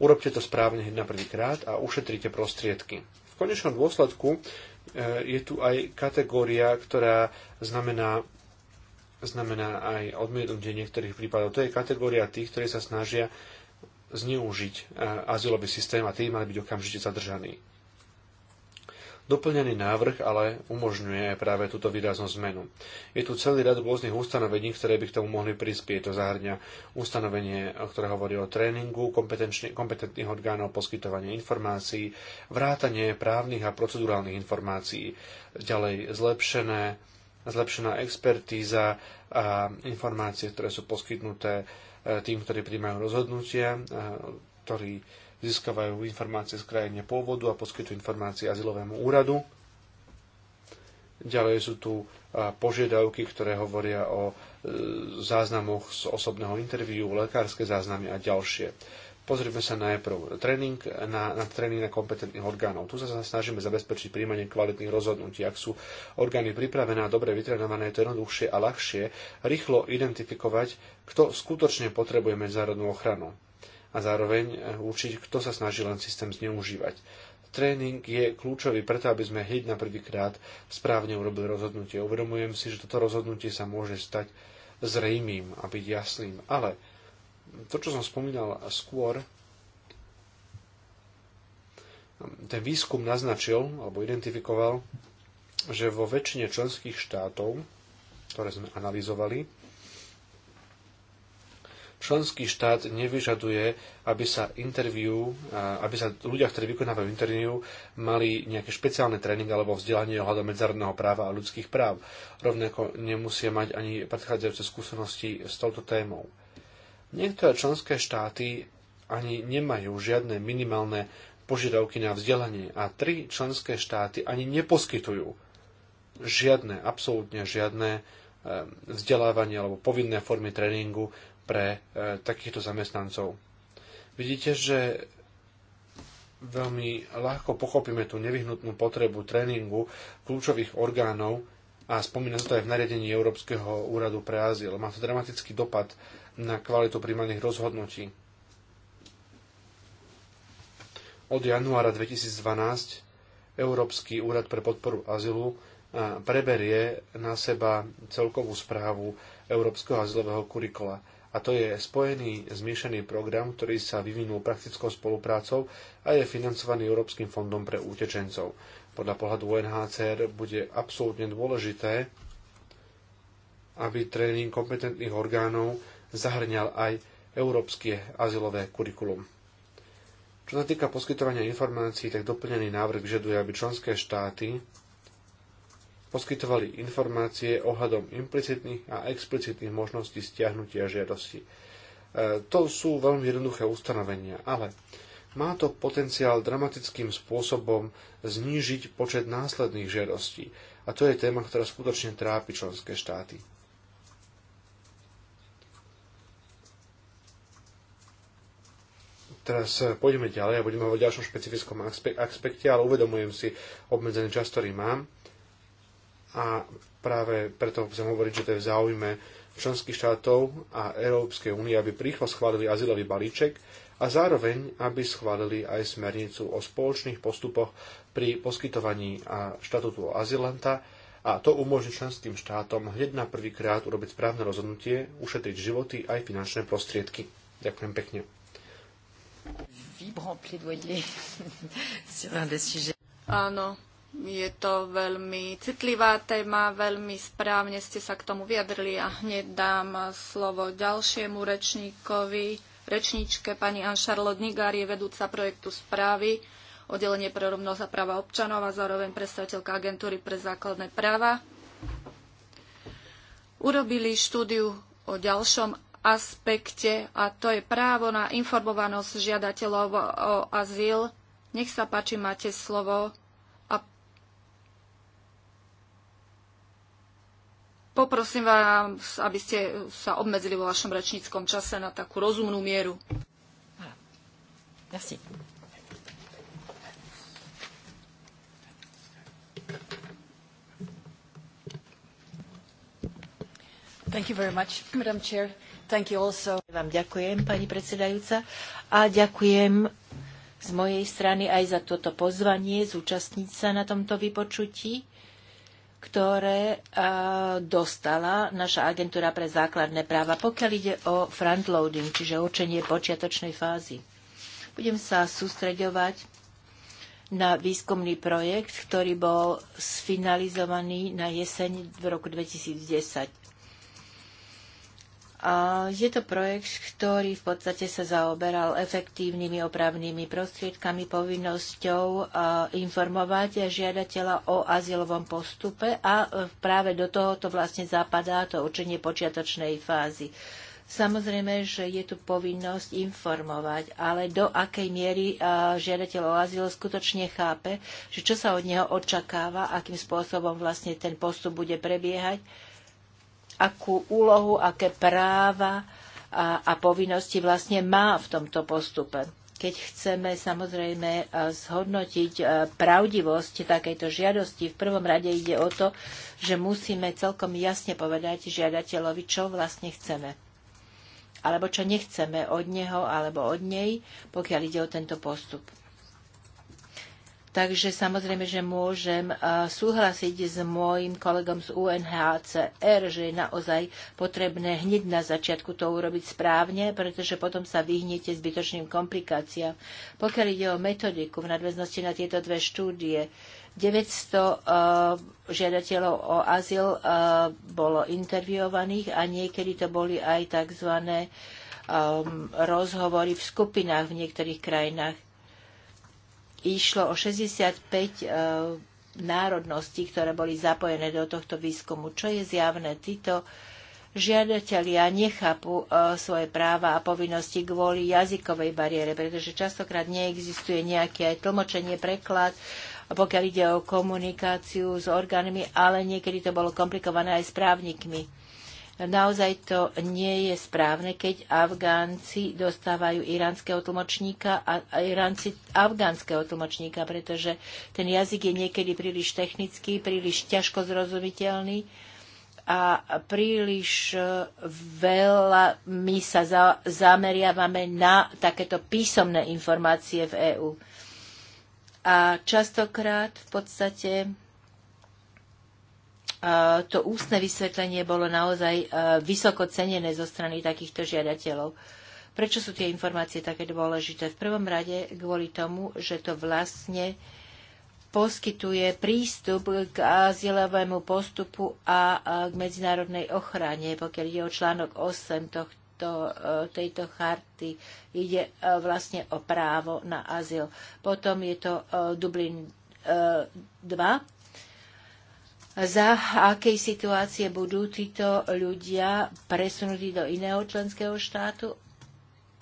Urobte to správne hneď na prvýkrát a ušetrite prostriedky. V konečnom dôsledku Eh, je tu aj kategória, ktorá znamená znamená aj odmietnutie niektorých prípadov. To je kategória tých, ktorí sa snažia zneužiť eh, azylový systém a tí mali byť okamžite zadržaní. Doplnený návrh ale umožňuje aj práve túto výraznú zmenu. Je tu celý rad rôznych ustanovení, ktoré by k tomu mohli prispieť. To zahrňa ustanovenie, ktoré hovorí o tréningu kompetentných orgánov, poskytovanie informácií, vrátanie právnych a procedurálnych informácií, ďalej zlepšené, zlepšená expertíza a informácie, ktoré sú poskytnuté eh, tým, ktorí príjmajú rozhodnutia, eh, ktorí získavajú informácie z krajine pôvodu a poskytujú informácie azylovému úradu. Ďalej sú tu požiadavky, ktoré hovoria o e, záznamoch z osobného interviu, lekárske záznamy a ďalšie. Pozrieme sa najprv tréning, na, na tréning na kompetentných orgánov. Tu sa snažíme zabezpečiť príjmanie kvalitných rozhodnutí. Ak sú orgány pripravené a dobre vytrenované, je to jednoduchšie a ľahšie rýchlo identifikovať, kto skutočne potrebuje medzárodnú ochranu a zároveň eh, určiť, kto sa snaží len systém zneužívať. Tréning je kľúčový preto, aby sme hneď na prvýkrát správne urobili rozhodnutie. Uvedomujem si, že toto rozhodnutie sa môže stať zrejmým a byť jasným, ale to, čo som spomínal skôr, ten výskum naznačil alebo identifikoval, že vo väčšine členských štátov, ktoré sme analyzovali, členský štát nevyžaduje, aby sa interviu, aby sa ľudia, ktorí vykonávajú interviu, mali nejaké špeciálne tréning alebo vzdelanie ohľadom medzárodného práva a ľudských práv. Rovnako nemusia mať ani predchádzajúce skúsenosti s touto témou. Niektoré členské štáty ani nemajú žiadne minimálne požiadavky na vzdelanie a tri členské štáty ani neposkytujú žiadne, absolútne žiadne eh, vzdelávanie alebo povinné formy tréningu pre e, takýchto zamestnancov. Vidíte, že veľmi ľahko pochopíme tú nevyhnutnú potrebu tréningu kľúčových orgánov a spomína sa to aj v nariadení Európskeho úradu pre azyl. Má to dramatický dopad na kvalitu príjmaných rozhodnutí. Od januára 2012 Európsky úrad pre podporu azylu e, preberie na seba celkovú správu Európskeho azylového kurikula a to je spojený zmiešaný program, ktorý sa vyvinul praktickou spoluprácou a je financovaný Európskym fondom pre útečencov. Podľa pohľadu UNHCR bude absolútne dôležité, aby tréning kompetentných orgánov zahrňal aj európske azylové kurikulum. Čo sa týka poskytovania informácií, tak doplnený návrh vyžaduje, aby členské štáty poskytovali informácie ohľadom implicitných a explicitných možností stiahnutia žiadosti. E, to sú veľmi jednoduché ustanovenia, ale má to potenciál dramatickým spôsobom znížiť počet následných žiadostí. A to je téma, ktorá skutočne trápi členské štáty. Teraz pôjdeme ďalej a budeme hovoriť o ďalšom špecifickom aspekte, ale uvedomujem si obmedzený čas, ktorý mám a práve preto chcem hovoriť, že to je v záujme členských štátov a Európskej únie, aby rýchlo schválili azylový balíček a zároveň, aby schválili aj smernicu o spoločných postupoch pri poskytovaní a štatútu azylanta a to umožní členským štátom hneď na prvýkrát urobiť správne rozhodnutie, ušetriť životy aj finančné prostriedky. Ďakujem pekne. [LAUGHS] Áno, je to veľmi citlivá téma, veľmi správne ste sa k tomu vyjadrili a hneď dám slovo ďalšiemu rečníkovi, rečníčke pani Anne-Charlotte Nigar je vedúca projektu správy, oddelenie pre rovnosť a práva občanov a zároveň predstaviteľka agentúry pre základné práva. Urobili štúdiu o ďalšom aspekte a to je právo na informovanosť žiadateľov o azyl. Nech sa páči, máte slovo. Poprosím vás, aby ste sa obmedzili vo vašom rečníckom čase na takú rozumnú mieru. Merci. Thank you very much, Madam Chair. Thank you also. Vám ďakujem, pani predsedajúca, a ďakujem z mojej strany aj za toto pozvanie zúčastniť sa na tomto vypočutí ktoré e, dostala naša agentúra pre základné práva, pokiaľ ide o frontloading, čiže určenie počiatočnej fázy. Budem sa sústreďovať na výskumný projekt, ktorý bol sfinalizovaný na jeseň v roku 2010. Je to projekt, ktorý v podstate sa zaoberal efektívnymi opravnými prostriedkami, povinnosťou e, informovať žiadateľa o azylovom postupe a e, práve do tohoto vlastne zapadá to určenie počiatočnej fázy. Samozrejme, že je tu povinnosť informovať, ale do akej miery e, žiadateľ o azyl skutočne chápe, že čo sa od neho očakáva, akým spôsobom vlastne ten postup bude prebiehať akú úlohu, aké práva a, a povinnosti vlastne má v tomto postupe. Keď chceme samozrejme e, zhodnotiť e, pravdivosť takejto žiadosti, v prvom rade ide o to, že musíme celkom jasne povedať žiadateľovi, čo vlastne chceme alebo čo nechceme od neho alebo od nej, pokiaľ ide o tento postup. Takže samozrejme, že môžem eh, súhlasiť s môjim kolegom z UNHCR, že je naozaj potrebné hneď na začiatku to urobiť správne, pretože potom sa vyhnete zbytočným komplikáciám. Pokiaľ ide o metodiku v nadväznosti na tieto dve štúdie, 900 eh, žiadateľov o azyl eh, bolo interviovaných a niekedy to boli aj tzv. rozhovory v skupinách v niektorých krajinách išlo o 65 e, národností, ktoré boli zapojené do tohto výskumu. Čo je zjavné, títo žiadatelia nechápu e, svoje práva a povinnosti kvôli jazykovej bariére, pretože častokrát neexistuje nejaké aj tlmočenie, preklad, pokiaľ ide o komunikáciu s orgánmi, ale niekedy to bolo komplikované aj s právnikmi. Naozaj to nie je správne, keď Afgánci dostávajú iránskeho tlmočníka a Iránci afgánskeho tlmočníka, pretože ten jazyk je niekedy príliš technický, príliš ťažko zrozumiteľný a príliš e, veľa my sa za, zameriavame na takéto písomné informácie v EÚ. A častokrát v podstate E, to ústne vysvetlenie bolo naozaj e, vysoko cenené zo strany takýchto žiadateľov. Prečo sú tie informácie také dôležité? V prvom rade kvôli tomu, že to vlastne poskytuje prístup k azylovému postupu a k medzinárodnej ochrane, pokiaľ ide o článok 8 tohto, e, tejto charty. Ide vlastne o právo na azyl. Potom je to Dublin 2, za akej situácie budú títo ľudia presunutí do iného členského štátu.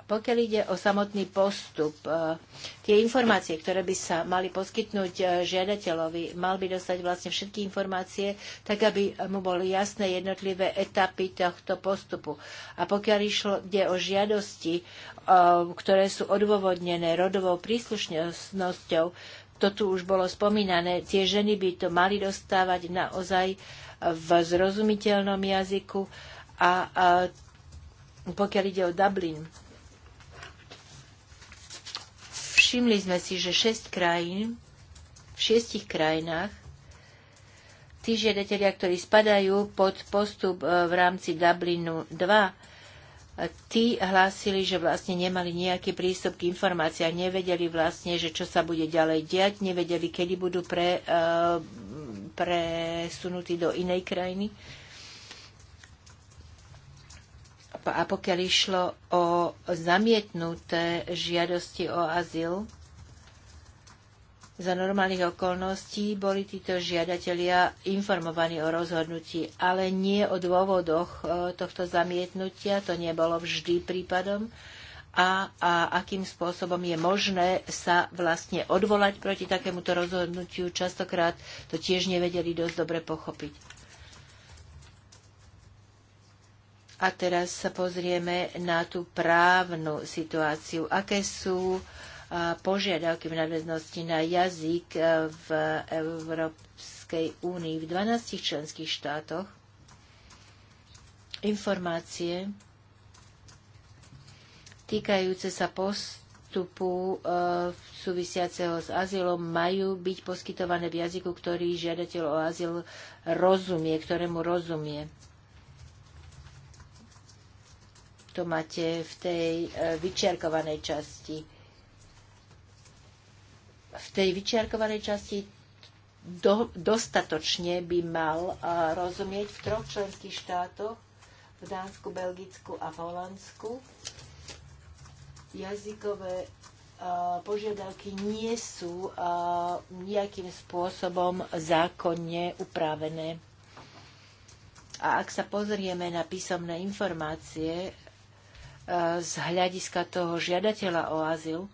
Pokiaľ ide o samotný postup, e, tie informácie, ktoré by sa mali poskytnúť e, žiadateľovi, mal by dostať vlastne všetky informácie, tak aby mu boli jasné jednotlivé etapy tohto postupu. A pokiaľ išlo ide o žiadosti, e, ktoré sú odôvodnené rodovou príslušnosťou, to tu už bolo spomínané, tie ženy by to mali dostávať naozaj v zrozumiteľnom jazyku a, a pokiaľ ide o Dublin, všimli sme si, že šest krajín, v šiestich krajinách tí žiadatelia, ktorí spadajú pod postup e, v rámci Dublinu 2, tí hlásili, že vlastne nemali nejaký prístup k informáciám, nevedeli vlastne, že čo sa bude ďalej diať, nevedeli, kedy budú pre, eh, presunutí do inej krajiny. A pokiaľ išlo o zamietnuté žiadosti o azyl, za normálnych okolností boli títo žiadatelia informovaní o rozhodnutí, ale nie o dôvodoch e, tohto zamietnutia, to nebolo vždy prípadom, a, a akým spôsobom je možné sa vlastne odvolať proti takémuto rozhodnutiu. Častokrát to tiež nevedeli dosť dobre pochopiť. A teraz sa pozrieme na tú právnu situáciu. Aké sú uh, požiadavky v nadväznosti na jazyk e, v Európskej únii v 12 členských štátoch. Informácie týkajúce sa postupu e, súvisiaceho s azylom majú byť poskytované v jazyku, ktorý žiadateľ o azyl rozumie, ktorému rozumie. To máte v tej e, vyčiarkovanej časti v tej vyčiarkovanej časti do, dostatočne by mal eh, rozumieť v troch členských štátoch, v Dánsku, Belgicku a v Holandsku. Jazykové eh, požiadavky nie sú eh, nejakým spôsobom zákonne upravené. A ak sa pozrieme na písomné informácie z hľadiska toho žiadateľa o azyl,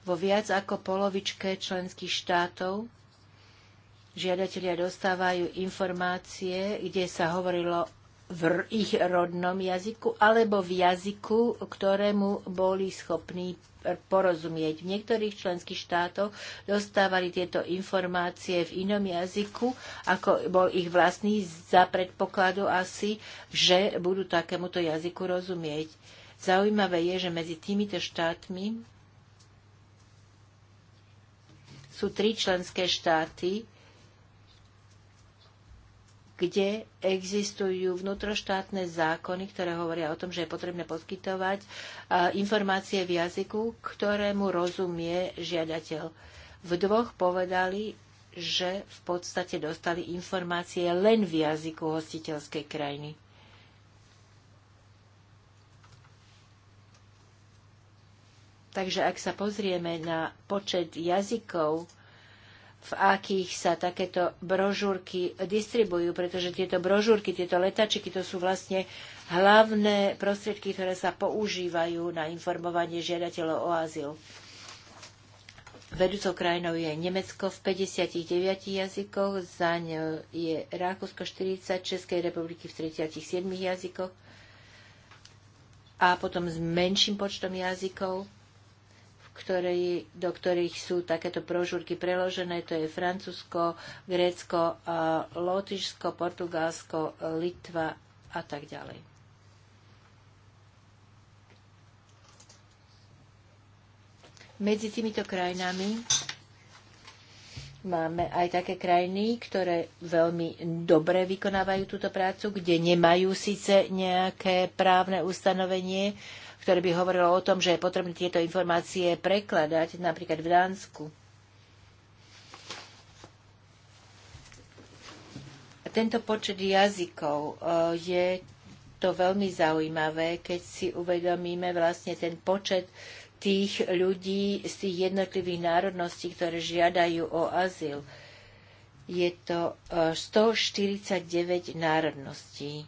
vo viac ako polovičke členských štátov žiadatelia dostávajú informácie, kde sa hovorilo v ich rodnom jazyku alebo v jazyku, ktorému boli schopní porozumieť. V niektorých členských štátoch dostávali tieto informácie v inom jazyku, ako bol ich vlastný, za predpokladu asi, že budú takémuto jazyku rozumieť. Zaujímavé je, že medzi týmito štátmi sú tri členské štáty, kde existujú vnútroštátne zákony, ktoré hovoria o tom, že je potrebné poskytovať informácie v jazyku, ktorému rozumie žiadateľ. V dvoch povedali, že v podstate dostali informácie len v jazyku hostiteľskej krajiny. Takže ak sa pozrieme na počet jazykov, v akých sa takéto brožúrky distribujú, pretože tieto brožúrky, tieto letačiky, to sú vlastne hlavné prostriedky, ktoré sa používajú na informovanie žiadateľov o azyl. Vedúcou krajinou je Nemecko v 59 jazykoch, za ňou je Rakúsko 40, Českej republiky v 37 jazykoch a potom s menším počtom jazykov ktorej, do ktorých sú takéto prožúrky preložené. To je Francúzsko, Grécko, Lotyšsko, Portugalsko, Litva a tak ďalej. Medzi týmito krajinami Máme aj také krajiny, ktoré veľmi dobre vykonávajú túto prácu, kde nemajú síce nejaké právne ustanovenie, ktoré by hovorilo o tom, že je potrebné tieto informácie prekladať napríklad v Dánsku. Tento počet jazykov e, je to veľmi zaujímavé, keď si uvedomíme vlastne ten počet tých ľudí z tých jednotlivých národností, ktoré žiadajú o azyl. Je to 149 e, národností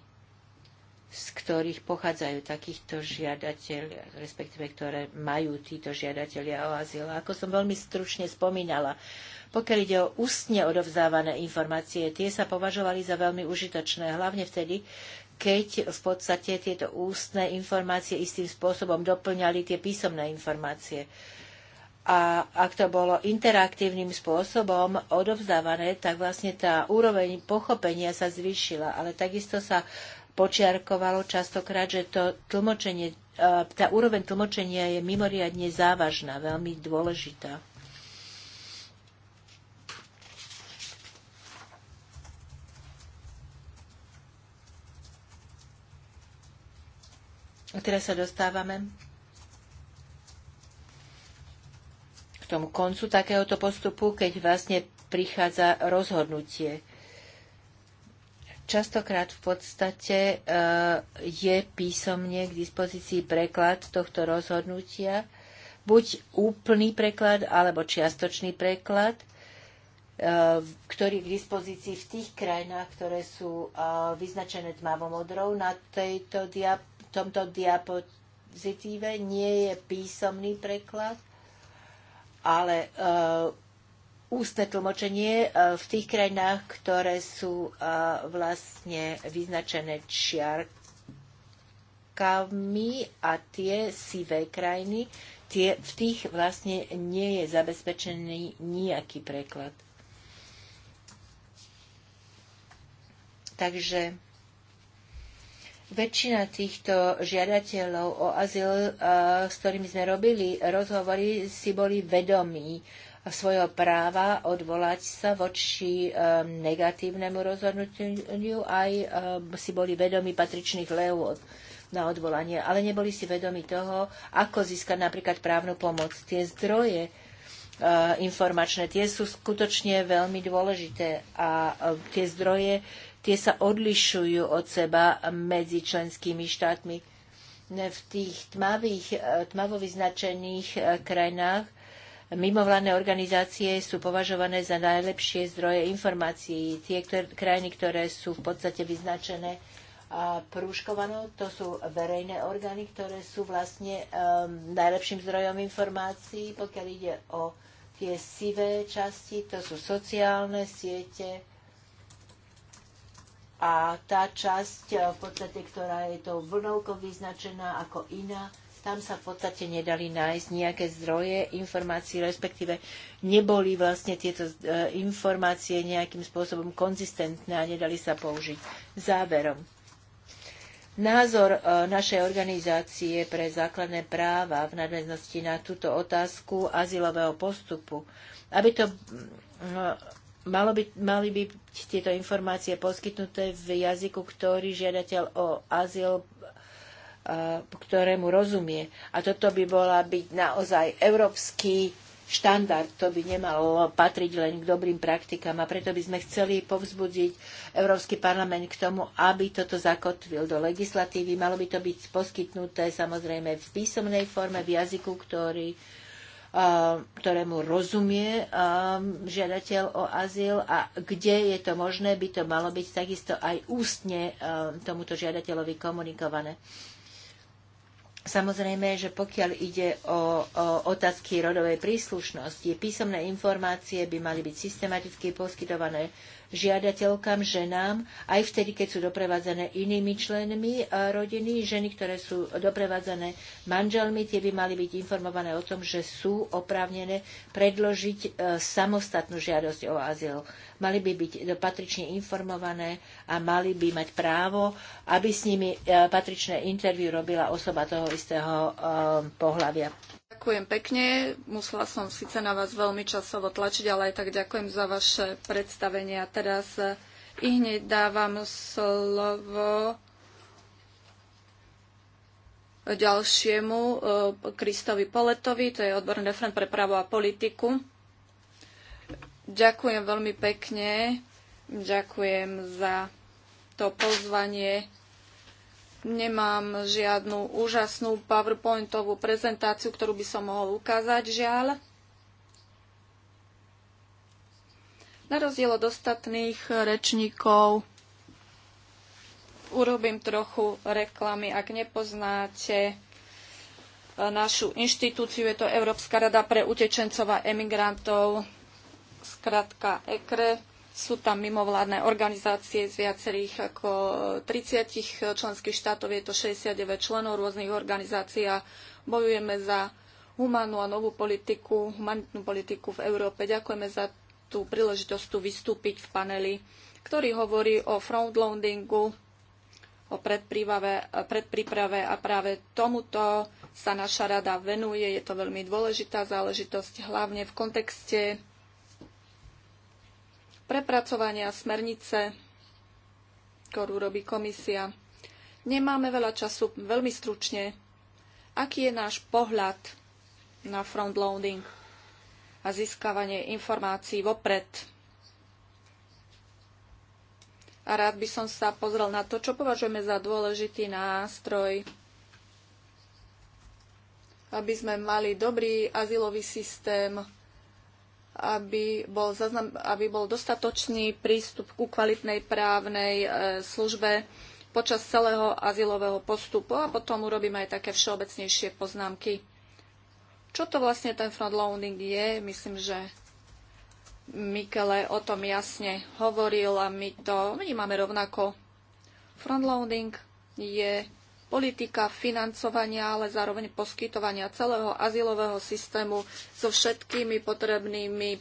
z ktorých pochádzajú takýchto žiadateľ, respektíve ktoré majú títo žiadatelia o azyl. A ako som veľmi stručne spomínala, pokiaľ ide o ústne odovzdávané informácie, tie sa považovali za veľmi užitočné, hlavne vtedy, keď v podstate tieto ústne informácie istým spôsobom doplňali tie písomné informácie. A ak to bolo interaktívnym spôsobom odovzdávané, tak vlastne tá úroveň pochopenia sa zvýšila, ale takisto sa počiarkovalo častokrát, že to tlmočenie, e, tá úroveň tlmočenia je mimoriadne závažná, veľmi dôležitá. A teraz sa dostávame k tomu koncu takéhoto postupu, keď vlastne prichádza rozhodnutie. Častokrát v podstate e, je písomne k dispozícii preklad tohto rozhodnutia, buď úplný preklad alebo čiastočný preklad, e, ktorý je k dispozícii v tých krajinách, ktoré sú e, vyznačené tmavomodrou. Na tejto diap- tomto diapozitíve nie je písomný preklad, ale ústne tlmočenie e, v tých krajinách, ktoré sú e, vlastne vyznačené čiarkami a tie sivé krajiny, tie, v tých vlastne nie je zabezpečený nejaký preklad. Takže väčšina týchto žiadateľov o azyl, e, s ktorými sme robili rozhovory, si boli vedomí svojho práva odvolať sa voči ehm, negatívnemu rozhodnutiu aj ehm, si boli vedomi patričných lehôd na odvolanie, ale neboli si vedomi toho, ako získať napríklad právnu pomoc. Tie zdroje ehm, informačné, tie sú skutočne veľmi dôležité a tie zdroje, tie sa odlišujú od seba medzi členskými štátmi. V tých tmavých, tmavo vyznačených krajinách Mimovládne organizácie sú považované za najlepšie zdroje informácií. Tie ktor- krajiny, ktoré sú v podstate vyznačené prúškovanou, to sú verejné orgány, ktoré sú vlastne um, najlepším zdrojom informácií, pokiaľ ide o tie sivé časti, to sú sociálne siete a tá časť v podstate, ktorá je tou vlnovkou vyznačená ako iná, tam sa v podstate nedali nájsť nejaké zdroje informácií, respektíve neboli vlastne tieto e, informácie nejakým spôsobom konzistentné a nedali sa použiť. Záverom. Názor e, našej organizácie pre základné práva v nadväznosti na túto otázku azylového postupu, aby to no, Malo by, mali by tieto informácie poskytnuté v jazyku, ktorý žiadateľ o azyl Eh, ktorému rozumie. A toto by bola byť naozaj európsky štandard, to by nemalo patriť len k dobrým praktikám a preto by sme chceli povzbudiť Európsky parlament k tomu, aby toto zakotvil do legislatívy. Malo by to byť poskytnuté samozrejme v písomnej forme, v jazyku, ktorý eh, ktorému rozumie eh, žiadateľ o azyl a kde je to možné, by to malo byť takisto aj ústne tomuto žiadateľovi komunikované. Samozrejme, že pokiaľ ide o, o otázky rodovej príslušnosti, písomné informácie by mali byť systematicky poskytované žiadateľkám, ženám, aj vtedy, keď sú doprevádzané inými členmi eh, rodiny. Ženy, ktoré sú doprevádzané manželmi, tie by mali byť informované o tom, že sú oprávnené predložiť eh, samostatnú žiadosť o azyl. Mali by byť patrične informované a mali by mať právo, aby s nimi eh, patričné interviu robila osoba toho istého pohľavia. Ďakujem pekne. Musela som síce na vás veľmi časovo tlačiť, ale aj tak ďakujem za vaše predstavenie. A teraz e, i hneď dávam slovo ďalšiemu e, Kristovi Poletovi, to je odborný referent pre právo a politiku. Ďakujem veľmi pekne, ďakujem za to pozvanie Nemám žiadnu úžasnú PowerPointovú prezentáciu, ktorú by som mohol ukázať, žiaľ. Na rozdiel od ostatných rečníkov urobím trochu reklamy. Ak nepoznáte e, našu inštitúciu, je to Európska rada pre utečencov a emigrantov, skratka EKRE sú tam mimovládne organizácie z viacerých ako 30 členských štátov, je to 69 členov rôznych organizácií a bojujeme za humánnu a novú politiku, humanitnú politiku v Európe. Ďakujeme za tú príležitosť tu vystúpiť v paneli, ktorý hovorí o frontloadingu, o predpríprave a práve tomuto sa naša rada venuje. Je to veľmi dôležitá záležitosť, hlavne v kontexte prepracovania smernice, ktorú robí komisia. Nemáme veľa času, veľmi stručne. Aký je náš pohľad na frontloading a získavanie informácií vopred? A rád by som sa pozrel na to, čo považujeme za dôležitý nástroj aby sme mali dobrý azylový systém, aby bol, zaznam, aby bol dostatočný prístup ku kvalitnej právnej e, službe počas celého azylového postupu a potom urobím aj také všeobecnejšie poznámky. Čo to vlastne ten frontloading je? Myslím, že Mikele o tom jasne hovoril a my to vnímame rovnako. Frontloading je politika financovania, ale zároveň poskytovania celého azylového systému so všetkými potrebnými e,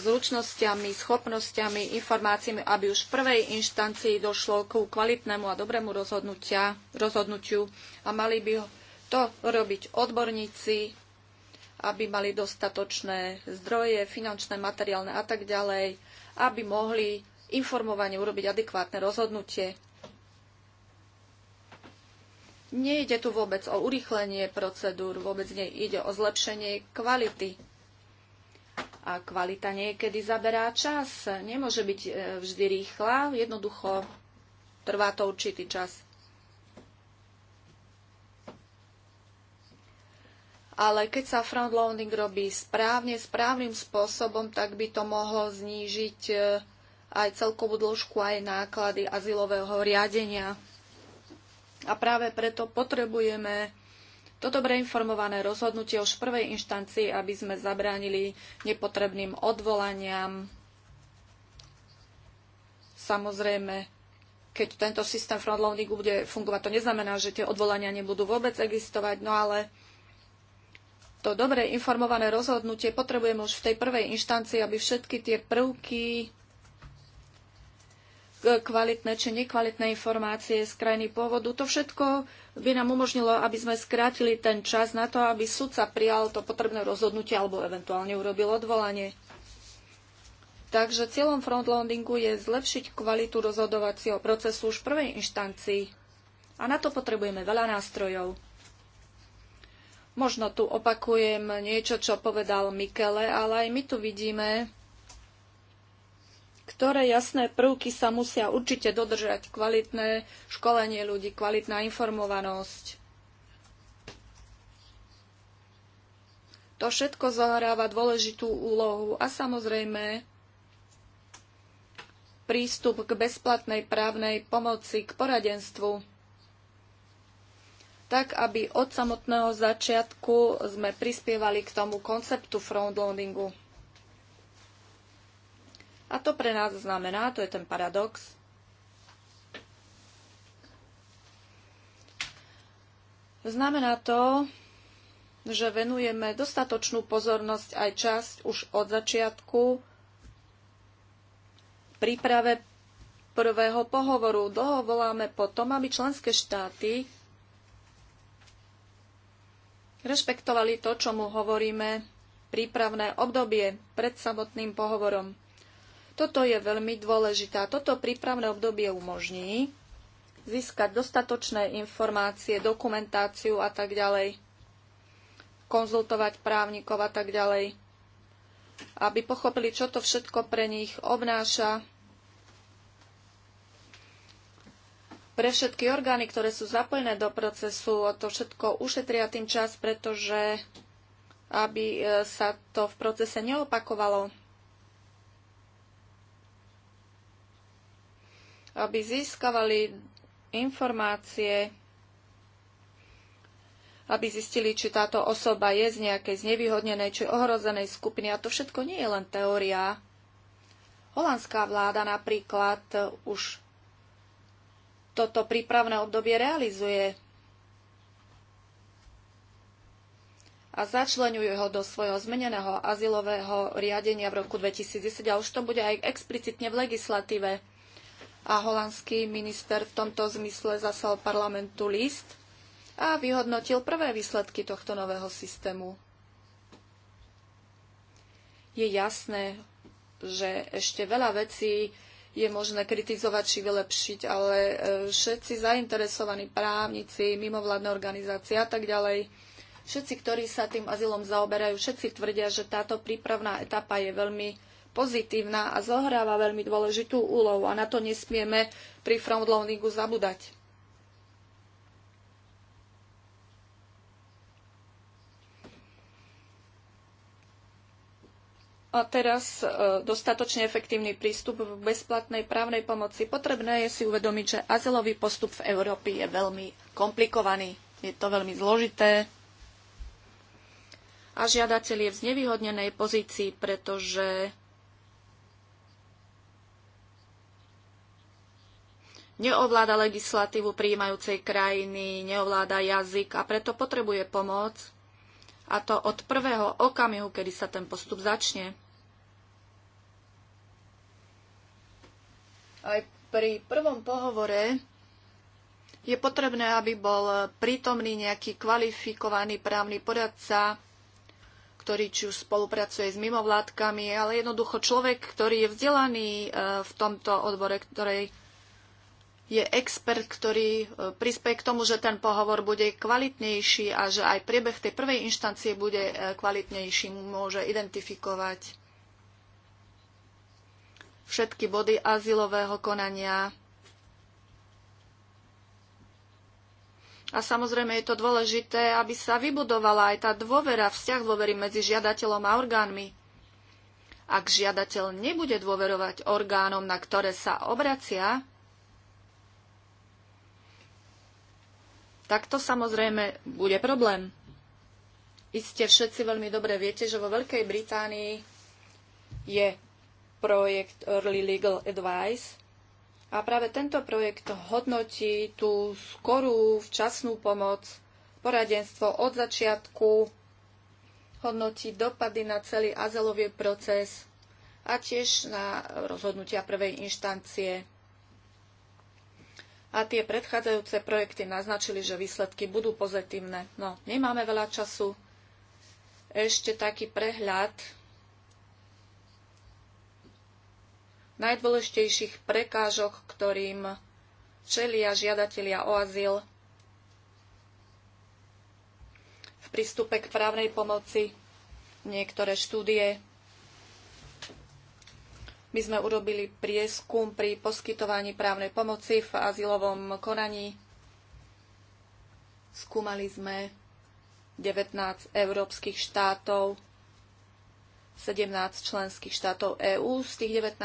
zručnosťami, schopnosťami, informáciami, aby už v prvej inštancii došlo ku kvalitnému a dobrému rozhodnutiu a mali by to robiť odborníci, aby mali dostatočné zdroje, finančné, materiálne a tak ďalej, aby mohli informovane urobiť adekvátne rozhodnutie. Nejde tu vôbec o urýchlenie procedúr, vôbec nie ide o zlepšenie kvality. A kvalita niekedy zaberá čas, nemôže byť e, vždy rýchla, jednoducho trvá to určitý čas. Ale keď sa frontloading robí správne, správnym spôsobom, tak by to mohlo znížiť e, aj celkovú dĺžku, aj náklady azylového riadenia. A práve preto potrebujeme to dobre informované rozhodnutie už v prvej inštancii, aby sme zabránili nepotrebným odvolaniam. Samozrejme, keď tento systém frontloadingu bude fungovať, to neznamená, že tie odvolania nebudú vôbec existovať, no ale to dobre informované rozhodnutie potrebujeme už v tej prvej inštancii, aby všetky tie prvky kvalitné či nekvalitné informácie z krajiny pôvodu. To všetko by nám umožnilo, aby sme skrátili ten čas na to, aby sudca prijal to potrebné rozhodnutie alebo eventuálne urobil odvolanie. Takže cieľom frontloadingu je zlepšiť kvalitu rozhodovacieho procesu už v prvej inštancii. A na to potrebujeme veľa nástrojov. Možno tu opakujem niečo, čo povedal Mikele, ale aj my tu vidíme, ktoré jasné prvky sa musia určite dodržať. Kvalitné školenie ľudí, kvalitná informovanosť. To všetko zahráva dôležitú úlohu a samozrejme prístup k bezplatnej právnej pomoci, k poradenstvu. Tak, aby od samotného začiatku sme prispievali k tomu konceptu frontloadingu. A to pre nás znamená, to je ten paradox, znamená to, že venujeme dostatočnú pozornosť aj časť už od začiatku príprave prvého pohovoru. Dlho voláme po tom, aby členské štáty rešpektovali to, čo mu hovoríme prípravné obdobie pred samotným pohovorom. Toto je veľmi dôležité. Toto prípravné obdobie umožní získať dostatočné informácie, dokumentáciu a tak ďalej, konzultovať právnikov a tak ďalej, aby pochopili, čo to všetko pre nich obnáša. Pre všetky orgány, ktoré sú zapojené do procesu, to všetko ušetria tým čas, pretože aby e, sa to v procese neopakovalo. aby získavali informácie, aby zistili, či táto osoba je z nejakej znevýhodnenej či ohrozenej skupiny. A to všetko nie je len teória. Holandská vláda napríklad už toto prípravné obdobie realizuje a začlenujú ho do svojho zmeneného azylového riadenia v roku 2010 a už to bude aj explicitne v legislatíve a holandský minister v tomto zmysle zasal parlamentu list a vyhodnotil prvé výsledky tohto nového systému. Je jasné, že ešte veľa vecí je možné kritizovať či vylepšiť, ale e, všetci zainteresovaní právnici, mimovládne organizácie a tak ďalej, všetci, ktorí sa tým azylom zaoberajú, všetci tvrdia, že táto prípravná etapa je veľmi pozitívna a zohráva veľmi dôležitú úlohu a na to nesmieme pri frontloadingu zabúdať. A teraz e, dostatočne efektívny prístup v bezplatnej právnej pomoci. Potrebné je si uvedomiť, že azylový postup v Európe je veľmi komplikovaný. Je to veľmi zložité a žiadateľ je v znevýhodnenej pozícii, pretože neovláda legislatívu prijímajúcej krajiny, neovláda jazyk a preto potrebuje pomoc. A to od prvého okamihu, kedy sa ten postup začne. Aj pri prvom pohovore je potrebné, aby bol prítomný nejaký kvalifikovaný právny poradca, ktorý či už spolupracuje s mimovládkami, ale jednoducho človek, ktorý je vzdelaný eh, v tomto odbore, ktorej je expert, ktorý e, prispieje k tomu, že ten pohovor bude kvalitnejší a že aj priebeh tej prvej inštancie bude e, kvalitnejší, môže identifikovať všetky body azylového konania. A samozrejme je to dôležité, aby sa vybudovala aj tá dôvera, vzťah dôvery medzi žiadateľom a orgánmi. Ak žiadateľ nebude dôverovať orgánom, na ktoré sa obracia, tak to samozrejme bude problém. Iste všetci veľmi dobre viete, že vo Veľkej Británii je projekt Early Legal Advice a práve tento projekt hodnotí tú skorú včasnú pomoc, poradenstvo od začiatku, hodnotí dopady na celý azylový proces a tiež na rozhodnutia prvej inštancie a tie predchádzajúce projekty naznačili, že výsledky budú pozitívne. No, nemáme veľa času. Ešte taký prehľad najdôležitejších prekážok, ktorým čelia žiadatelia o azyl v prístupe k právnej pomoci. Niektoré štúdie my sme urobili prieskum pri poskytovaní právnej pomoci v azylovom konaní. Skúmali sme 19 európskych štátov, 17 členských štátov EÚ z tých 19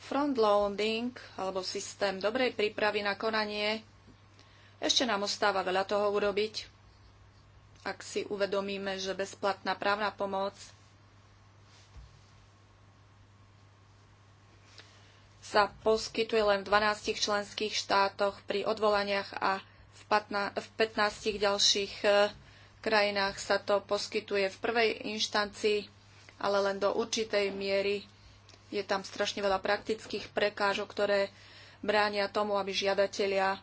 Frontloading alebo systém dobrej prípravy na konanie. Ešte nám ostáva veľa toho urobiť, ak si uvedomíme, že bezplatná právna pomoc sa poskytuje len v 12 členských štátoch pri odvolaniach a v 15 ďalších e, krajinách sa to poskytuje v prvej inštancii, ale len do určitej miery. Je tam strašne veľa praktických prekážok, ktoré bránia tomu, aby žiadatelia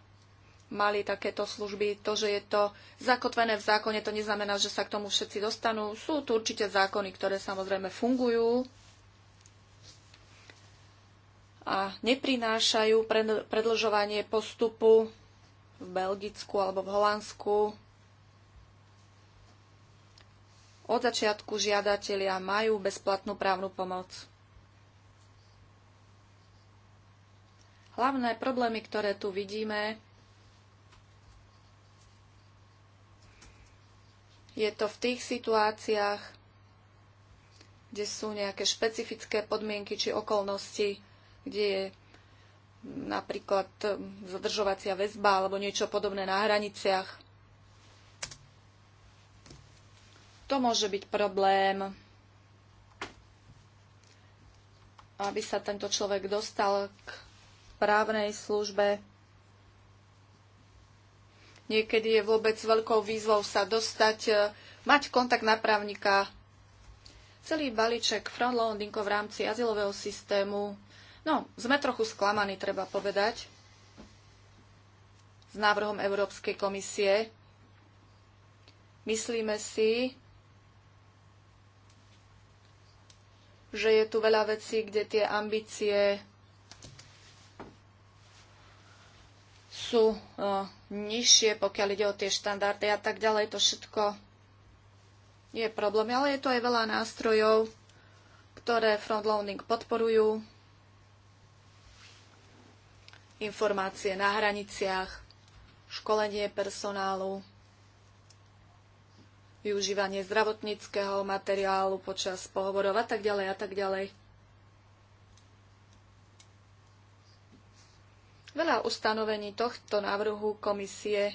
mali takéto služby. To, že je to zakotvené v zákone, to neznamená, že sa k tomu všetci dostanú. Sú tu určite zákony, ktoré samozrejme fungujú a neprinášajú predlžovanie postupu v Belgicku alebo v Holandsku. Od začiatku žiadatelia majú bezplatnú právnu pomoc. Hlavné problémy, ktoré tu vidíme, je to v tých situáciách, kde sú nejaké špecifické podmienky či okolnosti, kde je napríklad zadržovacia väzba alebo niečo podobné na hraniciach. To môže byť problém, aby sa tento človek dostal k právnej službe. Niekedy je vôbec veľkou výzvou sa dostať, e, mať kontakt na právnika. Celý balíček frontloadingov v rámci azylového systému No, sme trochu sklamaní, treba povedať, s návrhom Európskej komisie. Myslíme si, že je tu veľa vecí, kde tie ambície sú e, nižšie, pokiaľ ide o tie štandardy a tak ďalej. To všetko je problém, ale je tu aj veľa nástrojov, ktoré frontloading podporujú informácie na hraniciach, školenie personálu, využívanie zdravotníckého materiálu počas pohovorov a tak ďalej a tak ďalej. Veľa ustanovení tohto návrhu komisie,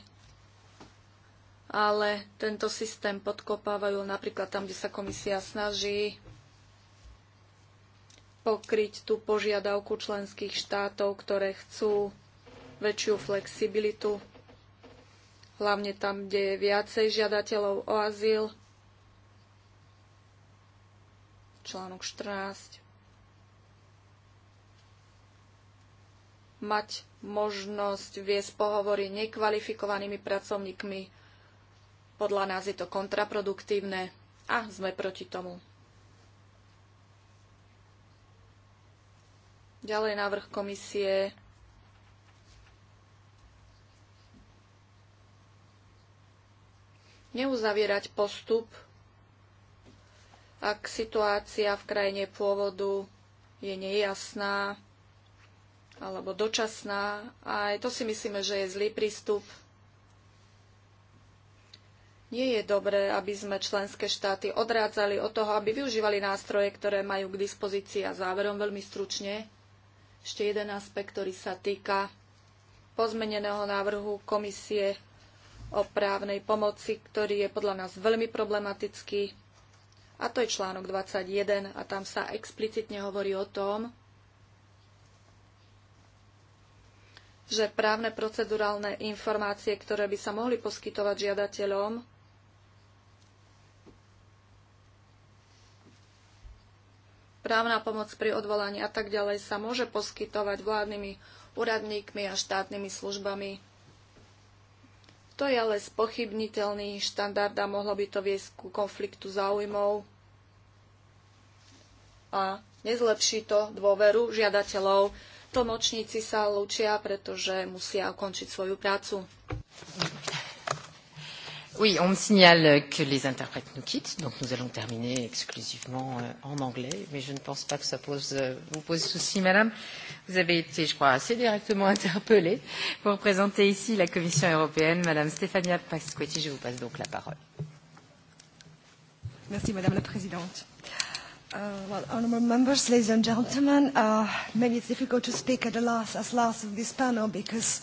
ale tento systém podkopávajú napríklad tam, kde sa komisia snaží pokryť tú požiadavku členských štátov, ktoré chcú väčšiu flexibilitu, hlavne tam, kde je viacej žiadateľov o azyl. Článok 14. Mať možnosť viesť pohovory nekvalifikovanými pracovníkmi. Podľa nás je to kontraproduktívne a sme proti tomu. Ďalej návrh komisie neuzavierať postup, ak situácia v krajine pôvodu je nejasná alebo dočasná. A aj to si myslíme, že je zlý prístup. Nie je dobré, aby sme členské štáty odrádzali od toho, aby využívali nástroje, ktoré majú k dispozícii. A záverom veľmi stručne, ešte jeden aspekt, ktorý sa týka pozmeneného návrhu komisie o právnej pomoci, ktorý je podľa nás veľmi problematický. A to je článok 21 a tam sa explicitne hovorí o tom, že právne procedurálne informácie, ktoré by sa mohli poskytovať žiadateľom, právna pomoc pri odvolaní a tak ďalej sa môže poskytovať vládnymi úradníkmi a štátnymi službami. To je ale spochybniteľný štandard a mohlo by to viesť ku konfliktu záujmov a nezlepší to dôveru žiadateľov. Tlmočníci sa lúčia, pretože musia ukončiť svoju prácu. Oui, on me signale que les interprètes nous quittent, donc nous allons terminer exclusivement euh, en anglais, mais je ne pense pas que ça pose, euh, vous pose souci, madame. Vous avez été, je crois, assez directement [LAUGHS] interpellée pour présenter ici la Commission européenne. Madame Stefania Pasquetti, je vous passe donc la parole. Merci, madame la présidente. Uh, well, honourable members, ladies and gentlemen, uh, maybe it's difficult to speak at the last, as last of this panel because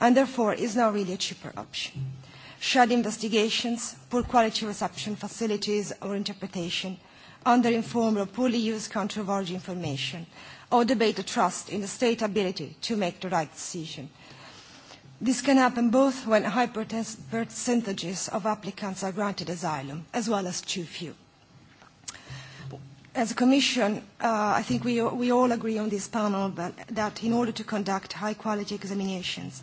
and therefore is now really a cheaper option. Shared investigations, poor quality reception facilities or interpretation, under-informed or poorly used country of origin information, or debate the trust in the state ability to make the right decision. This can happen both when high percentages of applicants are granted asylum, as well as too few. As a Commission, uh, I think we, we all agree on this panel but that in order to conduct high-quality examinations,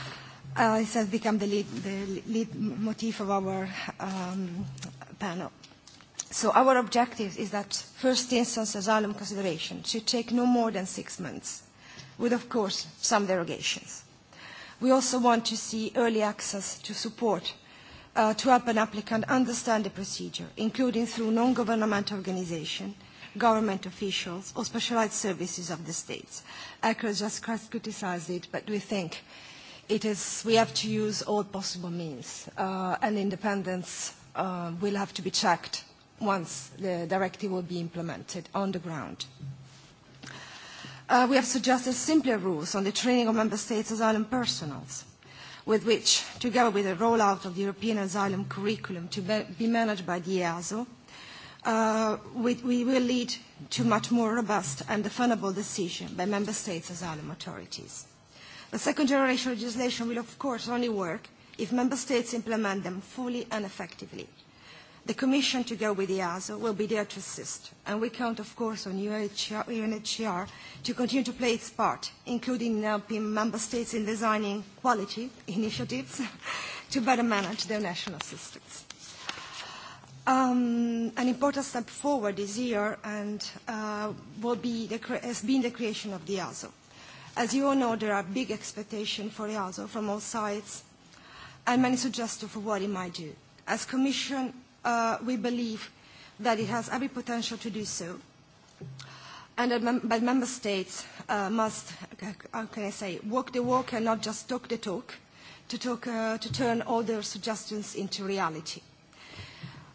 Uh, this has become the lead, the lead motif of our um, panel. So our objective is that first instance asylum consideration should take no more than six months, with of course some derogations. We also want to see early access to support uh, to help an applicant understand the procedure, including through non-governmental organizations, government officials, or specialized services of the states. ECRA just criticized it, but we think it is, we have to use all possible means, uh, and independence uh, will have to be checked once the directive will be implemented on the ground. Uh, we have suggested simpler rules on the training of member states' asylum personnels, with which, together with the rollout of the European asylum curriculum to be managed by the EASO, uh, we, we will lead to much more robust and definable decision by member states' asylum authorities. The second generation legislation will of course only work if Member States implement them fully and effectively. The Commission, together with EASO, will be there to assist, and we count, of course, on UNHCR, UNHCR to continue to play its part, including helping Member States in designing quality [LAUGHS] initiatives to better manage their national systems. Um, an important step forward this year and, uh, will be the, has been the creation of the EASO. As you all know, there are big expectations for EASO from all sides and many suggestions for what it might do. As Commission, uh, we believe that it has every potential to do so, and that mem but Member States uh, must, how can I say, walk the walk and not just talk the talk, to, talk, uh, to turn all their suggestions into reality.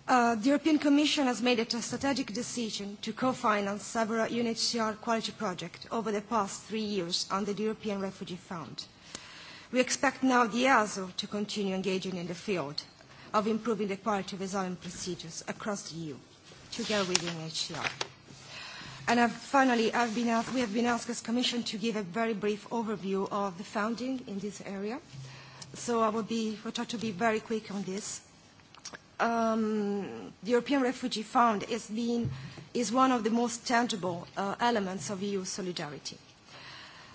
Uh, the European Commission has made a strategic decision to co-finance several UNHCR quality projects over the past three years under the European Refugee Fund. We expect now the EASO to continue engaging in the field of improving the quality of asylum procedures across the EU, together with UNHCR. And I've, finally, I've been asked, we have been asked as Commission to give a very brief overview of the funding in this area. So I will, be, will try to be very quick on this um, the European Refugee Fund is, being, is one of the most tangible uh, elements of EU solidarity.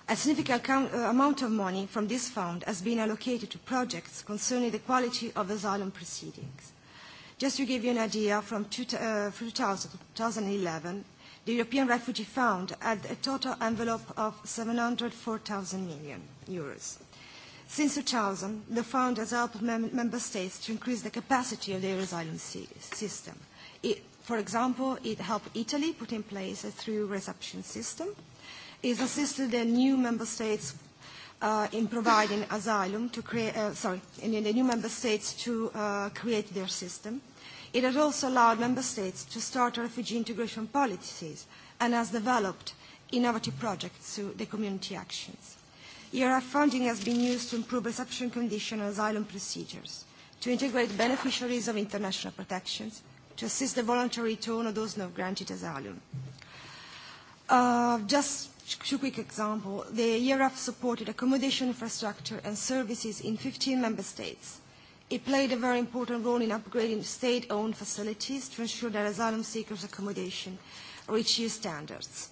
A significant account, uh, amount of money from this fund has been allocated to projects concerning the quality of asylum proceedings. Just to give you an idea, from two, uh, 2000 to 2011, the European Refugee Fund had a total envelope of 704,000 million euros. Since 2000, the fund has helped mem member states to increase the capacity of their asylum system. It, for example, it helped Italy put in place a through reception system. It assisted the new member states uh, in providing asylum to create, uh, sorry, in, in the new member states to uh, create their system. It has also allowed member states to start refugee integration policies and has developed innovative projects through the community actions. ERF funding has been used to improve reception conditions and asylum procedures, to integrate beneficiaries of international protections, to assist the voluntary return of those not granted asylum. Uh, just two quick examples. The ERF supported accommodation infrastructure and services in 15 member states. It played a very important role in upgrading state-owned facilities to ensure that asylum seekers' accommodation reach EU standards.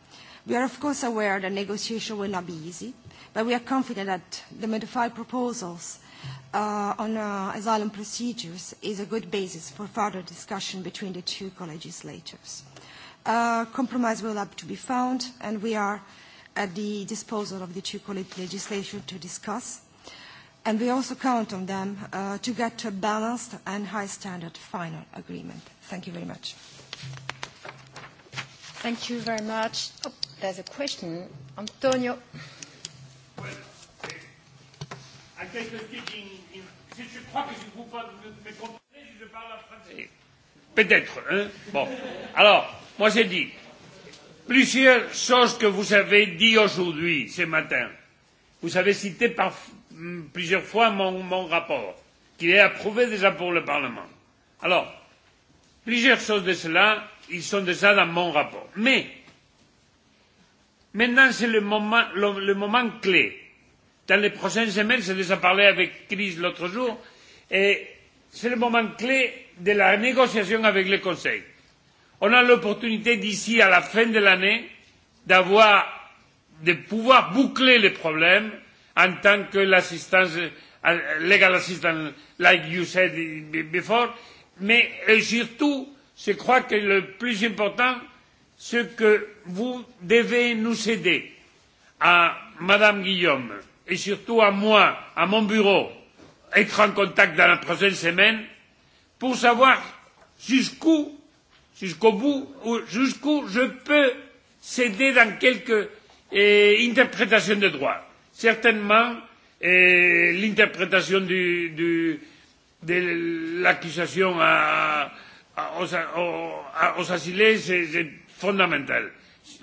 We are of course aware that negotiation will not be easy, but we are confident that the modified proposals uh, on uh, asylum procedures is a good basis for further discussion between the two co-legislators. Uh, compromise will have to be found, and we are at the disposal of the two co-legislators to discuss. And we also count on them uh, to get to a balanced and high standard final agreement. Thank you very much. Oh, there's a question. Antonio. je crois que je ne vous pas me comprendre, je parle français. Peut-être, hein. Bon. Alors, moi j'ai dit plusieurs choses que vous avez dit aujourd'hui, ce matin. Vous avez cité par, hmm, plusieurs fois mon, mon rapport, qui est approuvé déjà pour le Parlement. Alors, plusieurs choses de cela, ils sont déjà dans mon rapport. Mais, maintenant, c'est le moment, le, le moment clé. Dans les prochaines semaines, j'ai déjà parlé avec Chris l'autre jour, et c'est le moment clé de la négociation avec le Conseil. On a l'opportunité d'ici à la fin de l'année d'avoir de pouvoir boucler les problèmes en tant que l'assistance euh, legal assistance like you said before mais surtout je crois que le plus important, c'est que vous devez nous céder à Madame Guillaume et surtout à moi, à mon bureau, être en contact dans la prochaine semaine pour savoir jusqu'où, jusqu'au bout, jusqu'où je peux céder dans quelques eh, interprétations de droit. Certainement, eh, l'interprétation de l'accusation à sea, o, a, lees, es, c'est fondamental.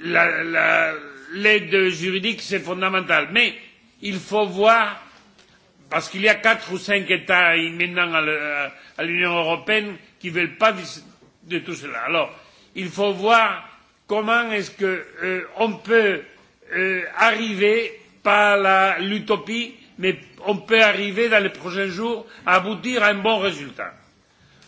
La, la, l'aide juridique, c'est fondamental. Mais il faut voir, parce qu'il y a quatre ou cinq États maintenant à l'Union européenne qui ne veulent pas de tout cela. Alors, il faut voir comment est-ce qu'on euh, on peut euh, arriver, pas l'utopie, mais on peut arriver dans les prochains jours à aboutir à un bon résultat.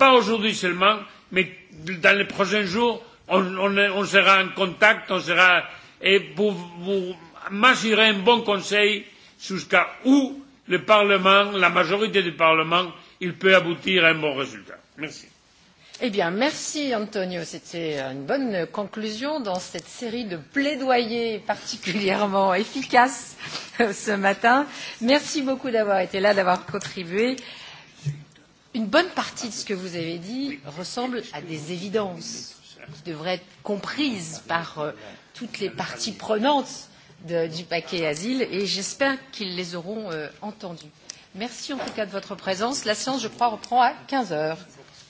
pas aujourd'hui seulement, mais dans les prochains jours, on, on, on sera en contact, on sera et pour vous m'assurer un bon conseil jusqu'à où le Parlement, la majorité du Parlement, il peut aboutir à un bon résultat. Merci. Eh bien, merci Antonio. C'était une bonne conclusion dans cette série de plaidoyers particulièrement [LAUGHS] efficaces ce matin. Merci beaucoup d'avoir été là, d'avoir contribué une bonne partie de ce que vous avez dit ressemble à des évidences qui devraient être comprises par euh, toutes les parties prenantes de, du paquet asile et j'espère qu'ils les auront euh, entendues. Merci en tout cas de votre présence. La séance, je crois, reprend à 15 heures.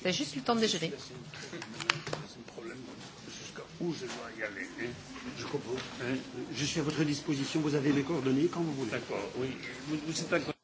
Vous avez juste le temps de déjeuner. je comprends. je suis à votre disposition. Vous avez mes coordonnées quand vous voulez. D'accord, oui. Vous, vous êtes